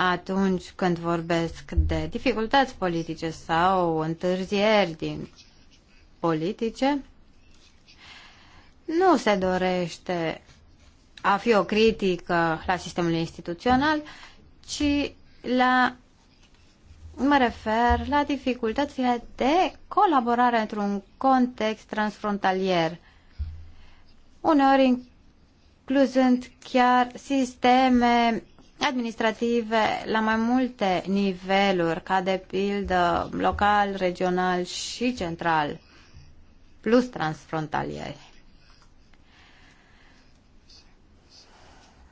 Speaker 3: atunci când vorbesc de dificultăți politice sau întârzieri din politice, nu se dorește a fi o critică la sistemul instituțional, ci la mă refer la dificultățile de colaborare într-un context transfrontalier, uneori incluzând chiar sisteme administrative la mai multe niveluri, ca de pildă local, regional și central, plus transfrontalieri.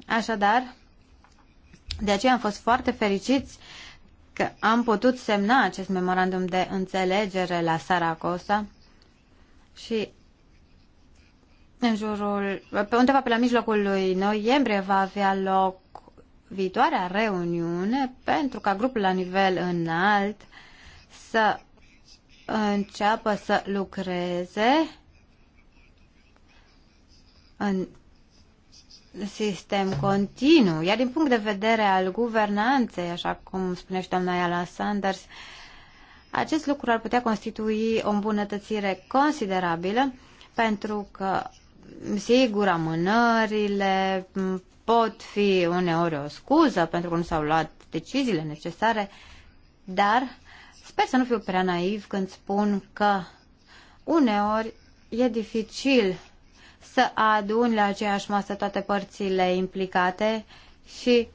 Speaker 3: Așadar, de aceea am fost foarte fericiți că am putut semna acest memorandum de înțelegere la Saracosa și în jurul, pe undeva pe la mijlocul lui noiembrie va avea loc viitoarea reuniune pentru ca grupul la nivel înalt să înceapă să lucreze în sistem continuu. Iar din punct de vedere al guvernanței, așa cum spune și doamna Iala Sanders, acest lucru ar putea constitui o îmbunătățire considerabilă pentru că sigur amânările, pot fi uneori o scuză pentru că nu s-au luat deciziile necesare, dar sper să nu fiu prea naiv când spun că uneori e dificil să adun la aceeași masă toate părțile implicate și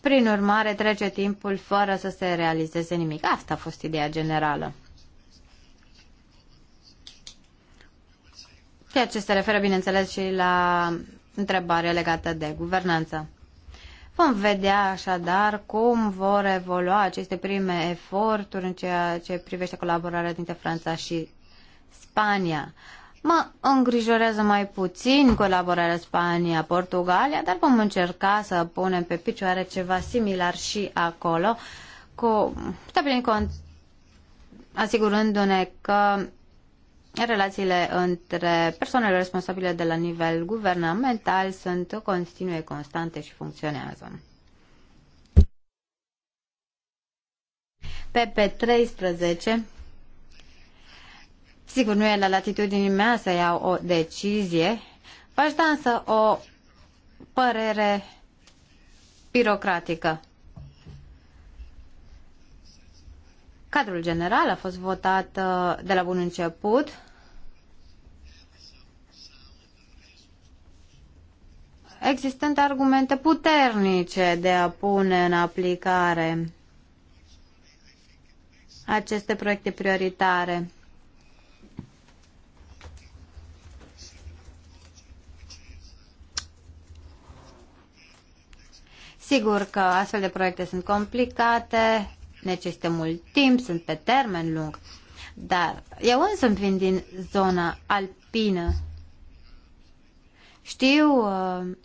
Speaker 3: prin urmare trece timpul fără să se realizeze nimic. Asta a fost ideea generală. Ceea ce se referă, bineînțeles, și la întrebare legată de guvernanță. Vom vedea așadar cum vor evolua aceste prime eforturi în ceea ce privește colaborarea dintre Franța și Spania. Mă îngrijorează mai puțin colaborarea Spania-Portugalia, dar vom încerca să punem pe picioare ceva similar și acolo, cu, stabilind cont, asigurându-ne că relațiile între persoanele responsabile de la nivel guvernamental sunt continue, constante și funcționează. PP13 Sigur, nu e la latitudinea mea să iau o decizie. V-aș da însă o părere birocratică. Cadrul general a fost votat uh, de la bun început existând argumente puternice de a pune în aplicare aceste proiecte prioritare. Sigur că astfel de proiecte sunt complicate, necesită mult timp, sunt pe termen lung, dar eu însă vin din zona alpină. Știu uh,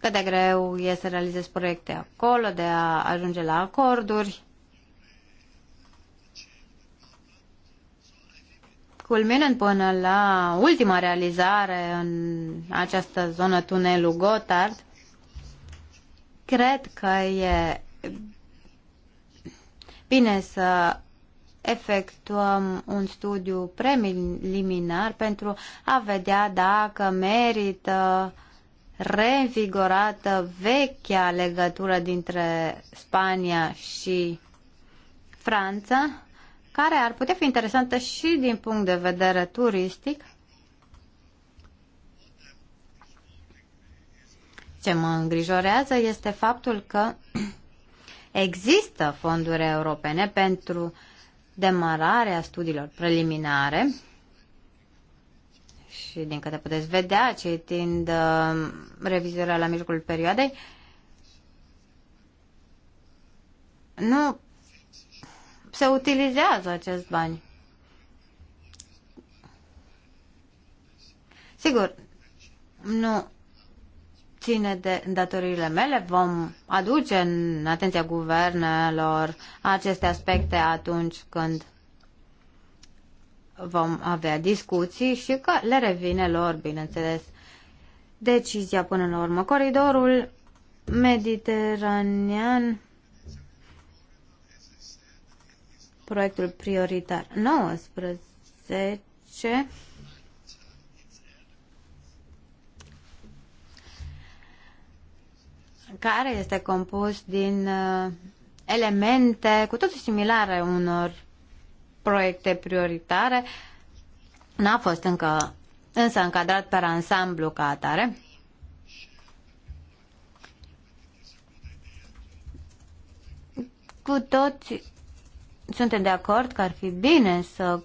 Speaker 3: cât de greu e să realizezi proiecte acolo, de a ajunge la acorduri. Culminând până la ultima realizare în această zonă tunelul Gotthard, cred că e bine să efectuăm un studiu preliminar pentru a vedea dacă merită uh, reînvigorată vechea legătură dintre Spania și Franța, care ar putea fi interesantă și din punct de vedere turistic. Ce mă îngrijorează este faptul că *clears throat* există fonduri europene pentru demararea studiilor preliminare, și din câte puteți vedea, citind uh, revizuirea la mijlocul perioadei, nu se utilizează acest bani. Sigur, nu ține de datoriile mele, vom aduce în atenția guvernelor aceste aspecte atunci când vom avea discuții și că le revine lor, bineînțeles, decizia până la urmă. Coridorul mediteranean, proiectul prioritar 19, care este compus din uh, elemente cu totul similare unor proiecte prioritare. N-a fost încă însă încadrat pe ansamblu ca atare. Cu toți suntem de acord că ar fi bine să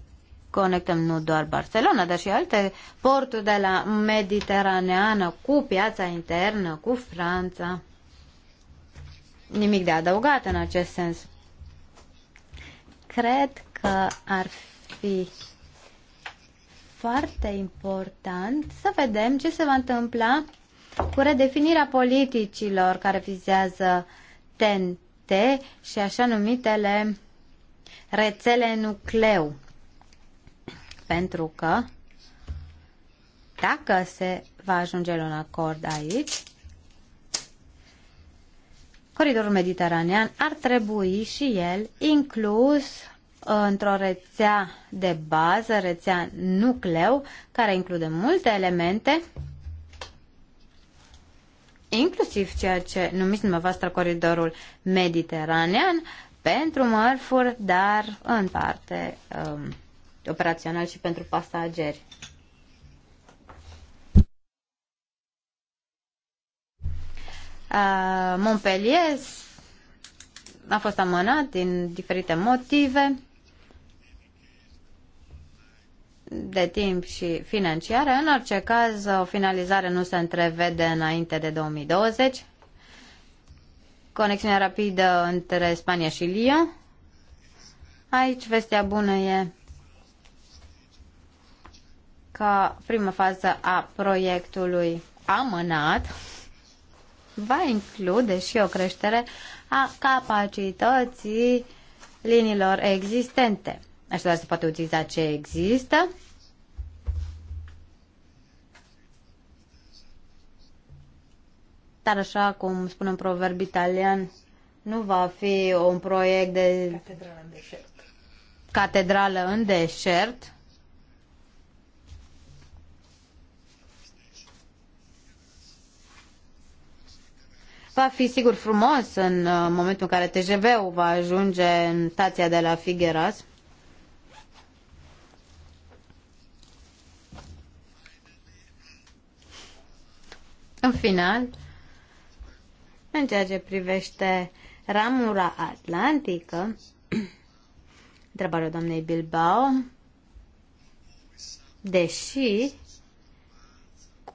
Speaker 3: conectăm nu doar Barcelona, dar și alte porturi de la Mediteraneană cu piața internă, cu Franța. Nimic de adăugat în acest sens. Cred că ar fi foarte important să vedem ce se va întâmpla cu redefinirea politicilor care vizează TNT și așa numitele rețele nucleu. Pentru că dacă se va ajunge la un acord aici, Coridorul mediteranean ar trebui și el inclus într-o rețea de bază, rețea nucleu, care include multe elemente, inclusiv ceea ce numiți dumneavoastră coridorul mediteranean, pentru mărfuri, dar în parte um, operațional și pentru pasageri. Uh, Montpellier a fost amânat din diferite motive de timp și financiară. În orice caz, o finalizare nu se întrevede înainte de 2020. Conexiunea rapidă între Spania și Lio. Aici vestea bună e că prima fază a proiectului amânat va include și o creștere a capacității liniilor existente. Așadar se poate utiliza ce există. Dar așa cum spune un proverb italian, nu va fi un proiect de catedrală în deșert. Catedrală în deșert. Va fi sigur frumos în uh, momentul în care TGV-ul va ajunge în stația de la Figueras. În final, în ceea ce privește ramura atlantică, întrebarea doamnei Bilbao, deși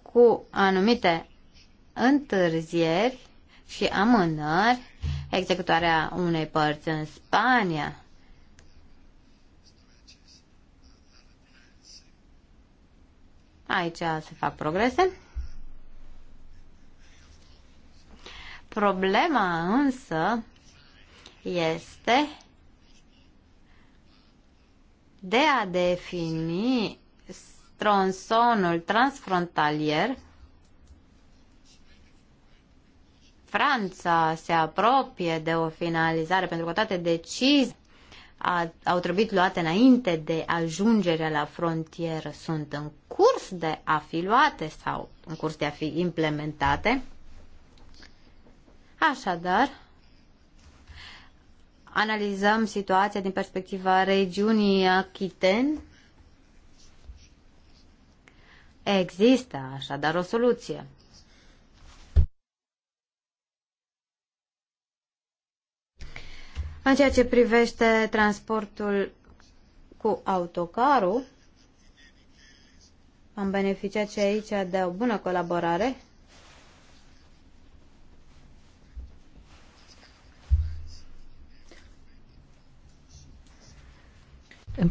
Speaker 3: cu anumite întârzieri și amânări, executarea unei părți în Spania, Aici se fac progrese. Problema însă este de a defini tronsonul transfrontalier. Franța se apropie de o finalizare pentru că toate decizii a, au trebuit luate înainte de ajungerea la frontieră sunt în curs de a fi luate sau în curs de a fi implementate. Așadar, analizăm situația din perspectiva regiunii Achiten. Există așadar o soluție. În ceea ce privește transportul cu autocarul, am beneficiat și aici de o bună colaborare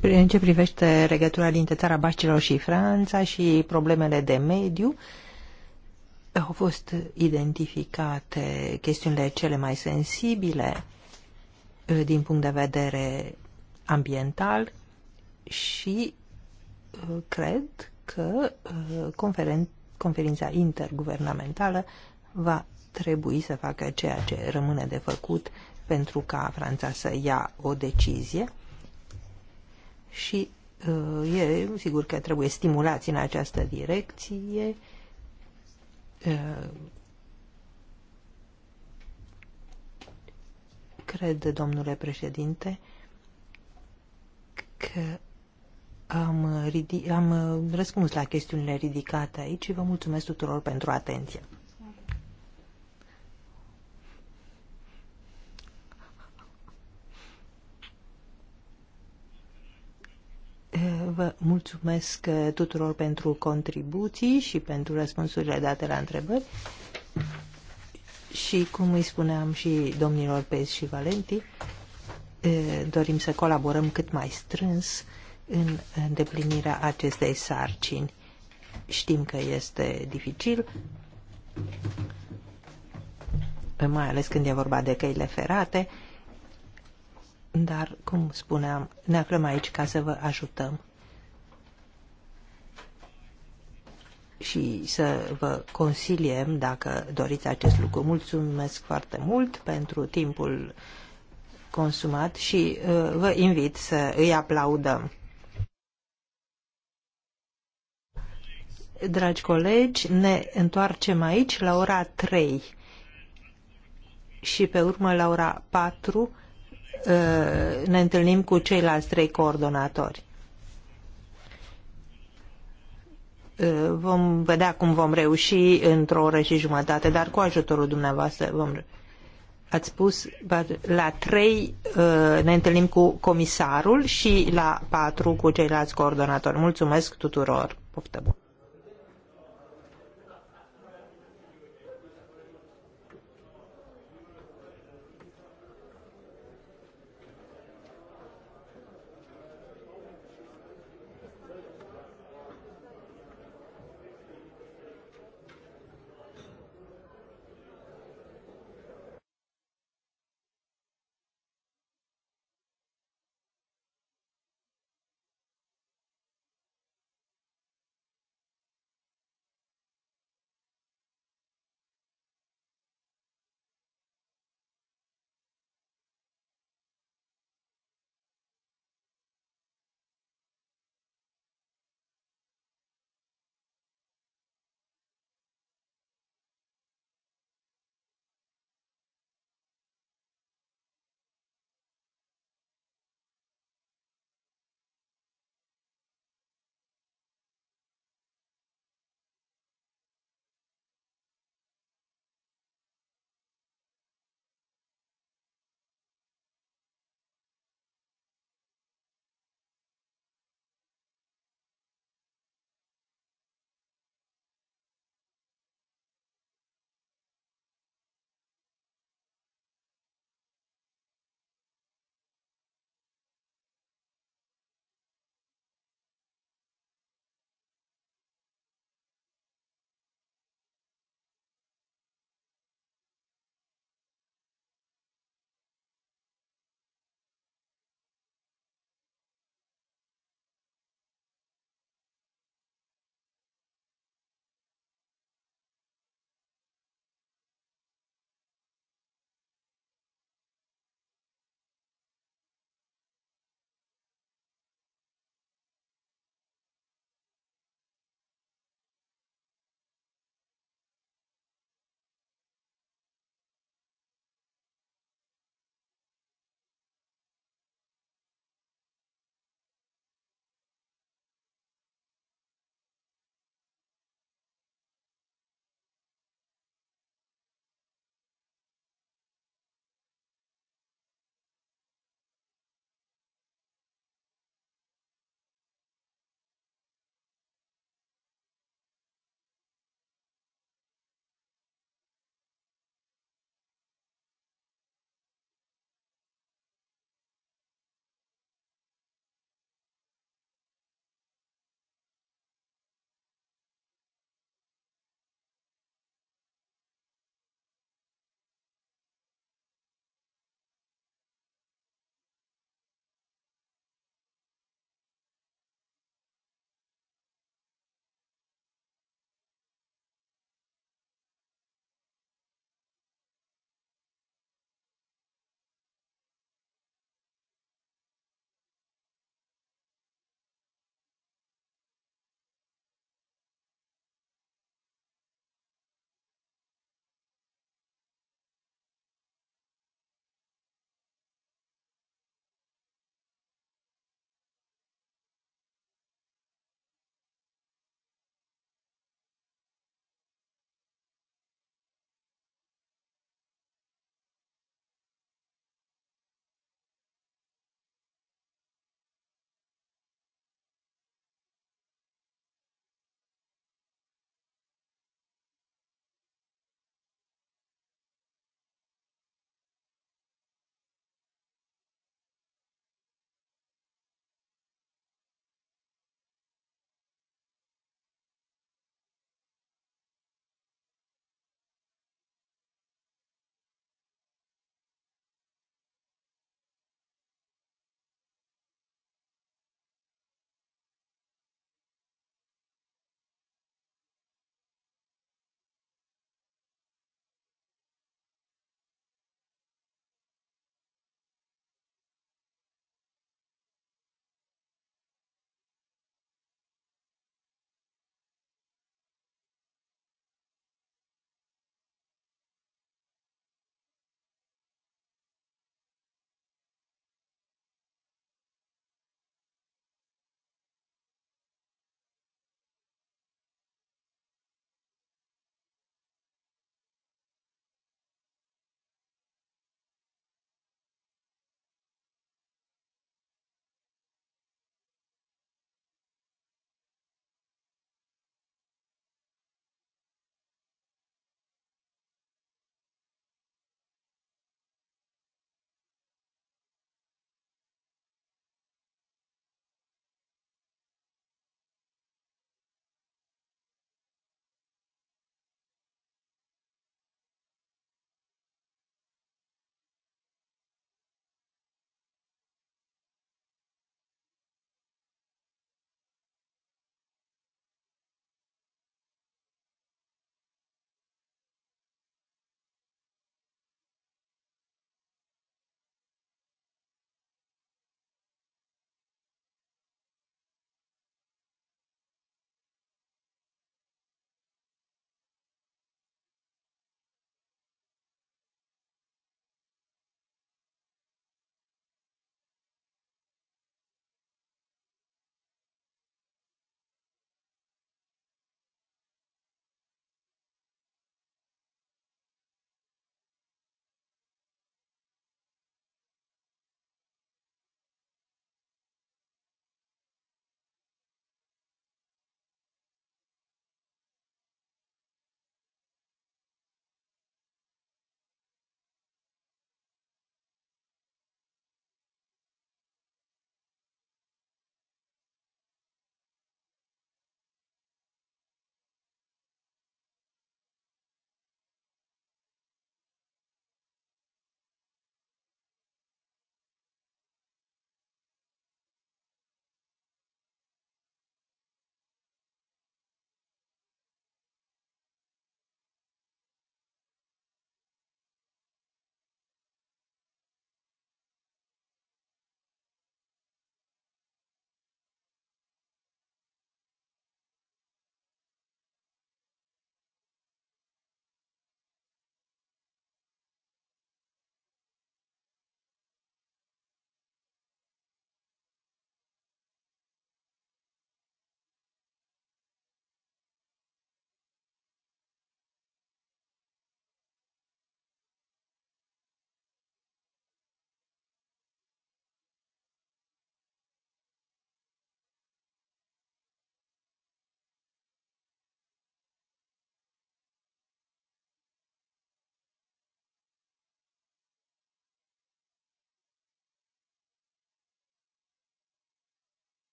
Speaker 4: În ce privește legătura dintre țara Bașcilor și Franța și problemele de mediu, au fost identificate chestiunile cele mai sensibile uh, din punct de vedere ambiental și uh, cred că uh, conferen conferința interguvernamentală va trebui să facă ceea ce rămâne de făcut pentru ca Franța să ia o decizie și uh, e sigur că trebuie stimulați în această direcție uh, cred, domnule președinte, că am, am uh, răspuns la chestiunile ridicate aici și vă mulțumesc tuturor pentru atenție. Vă mulțumesc tuturor pentru contribuții și pentru răspunsurile date la întrebări. Și cum îi spuneam și domnilor Pez și Valenti, dorim să colaborăm cât mai strâns în îndeplinirea acestei sarcini. Știm că este dificil, mai ales când e vorba de căile ferate, dar, cum spuneam, ne aflăm aici ca să vă ajutăm și să vă consiliem dacă doriți acest lucru. Mulțumesc foarte mult pentru timpul consumat și uh, vă invit să îi aplaudăm. Dragi colegi, ne întoarcem aici la ora 3 și pe urmă la ora 4 Uh, ne întâlnim cu ceilalți trei coordonatori. Uh, vom vedea cum vom reuși într-o oră și jumătate, dar cu ajutorul dumneavoastră vom ați spus, la trei uh, ne întâlnim cu comisarul și la patru cu ceilalți coordonatori. Mulțumesc tuturor! Poftă bună!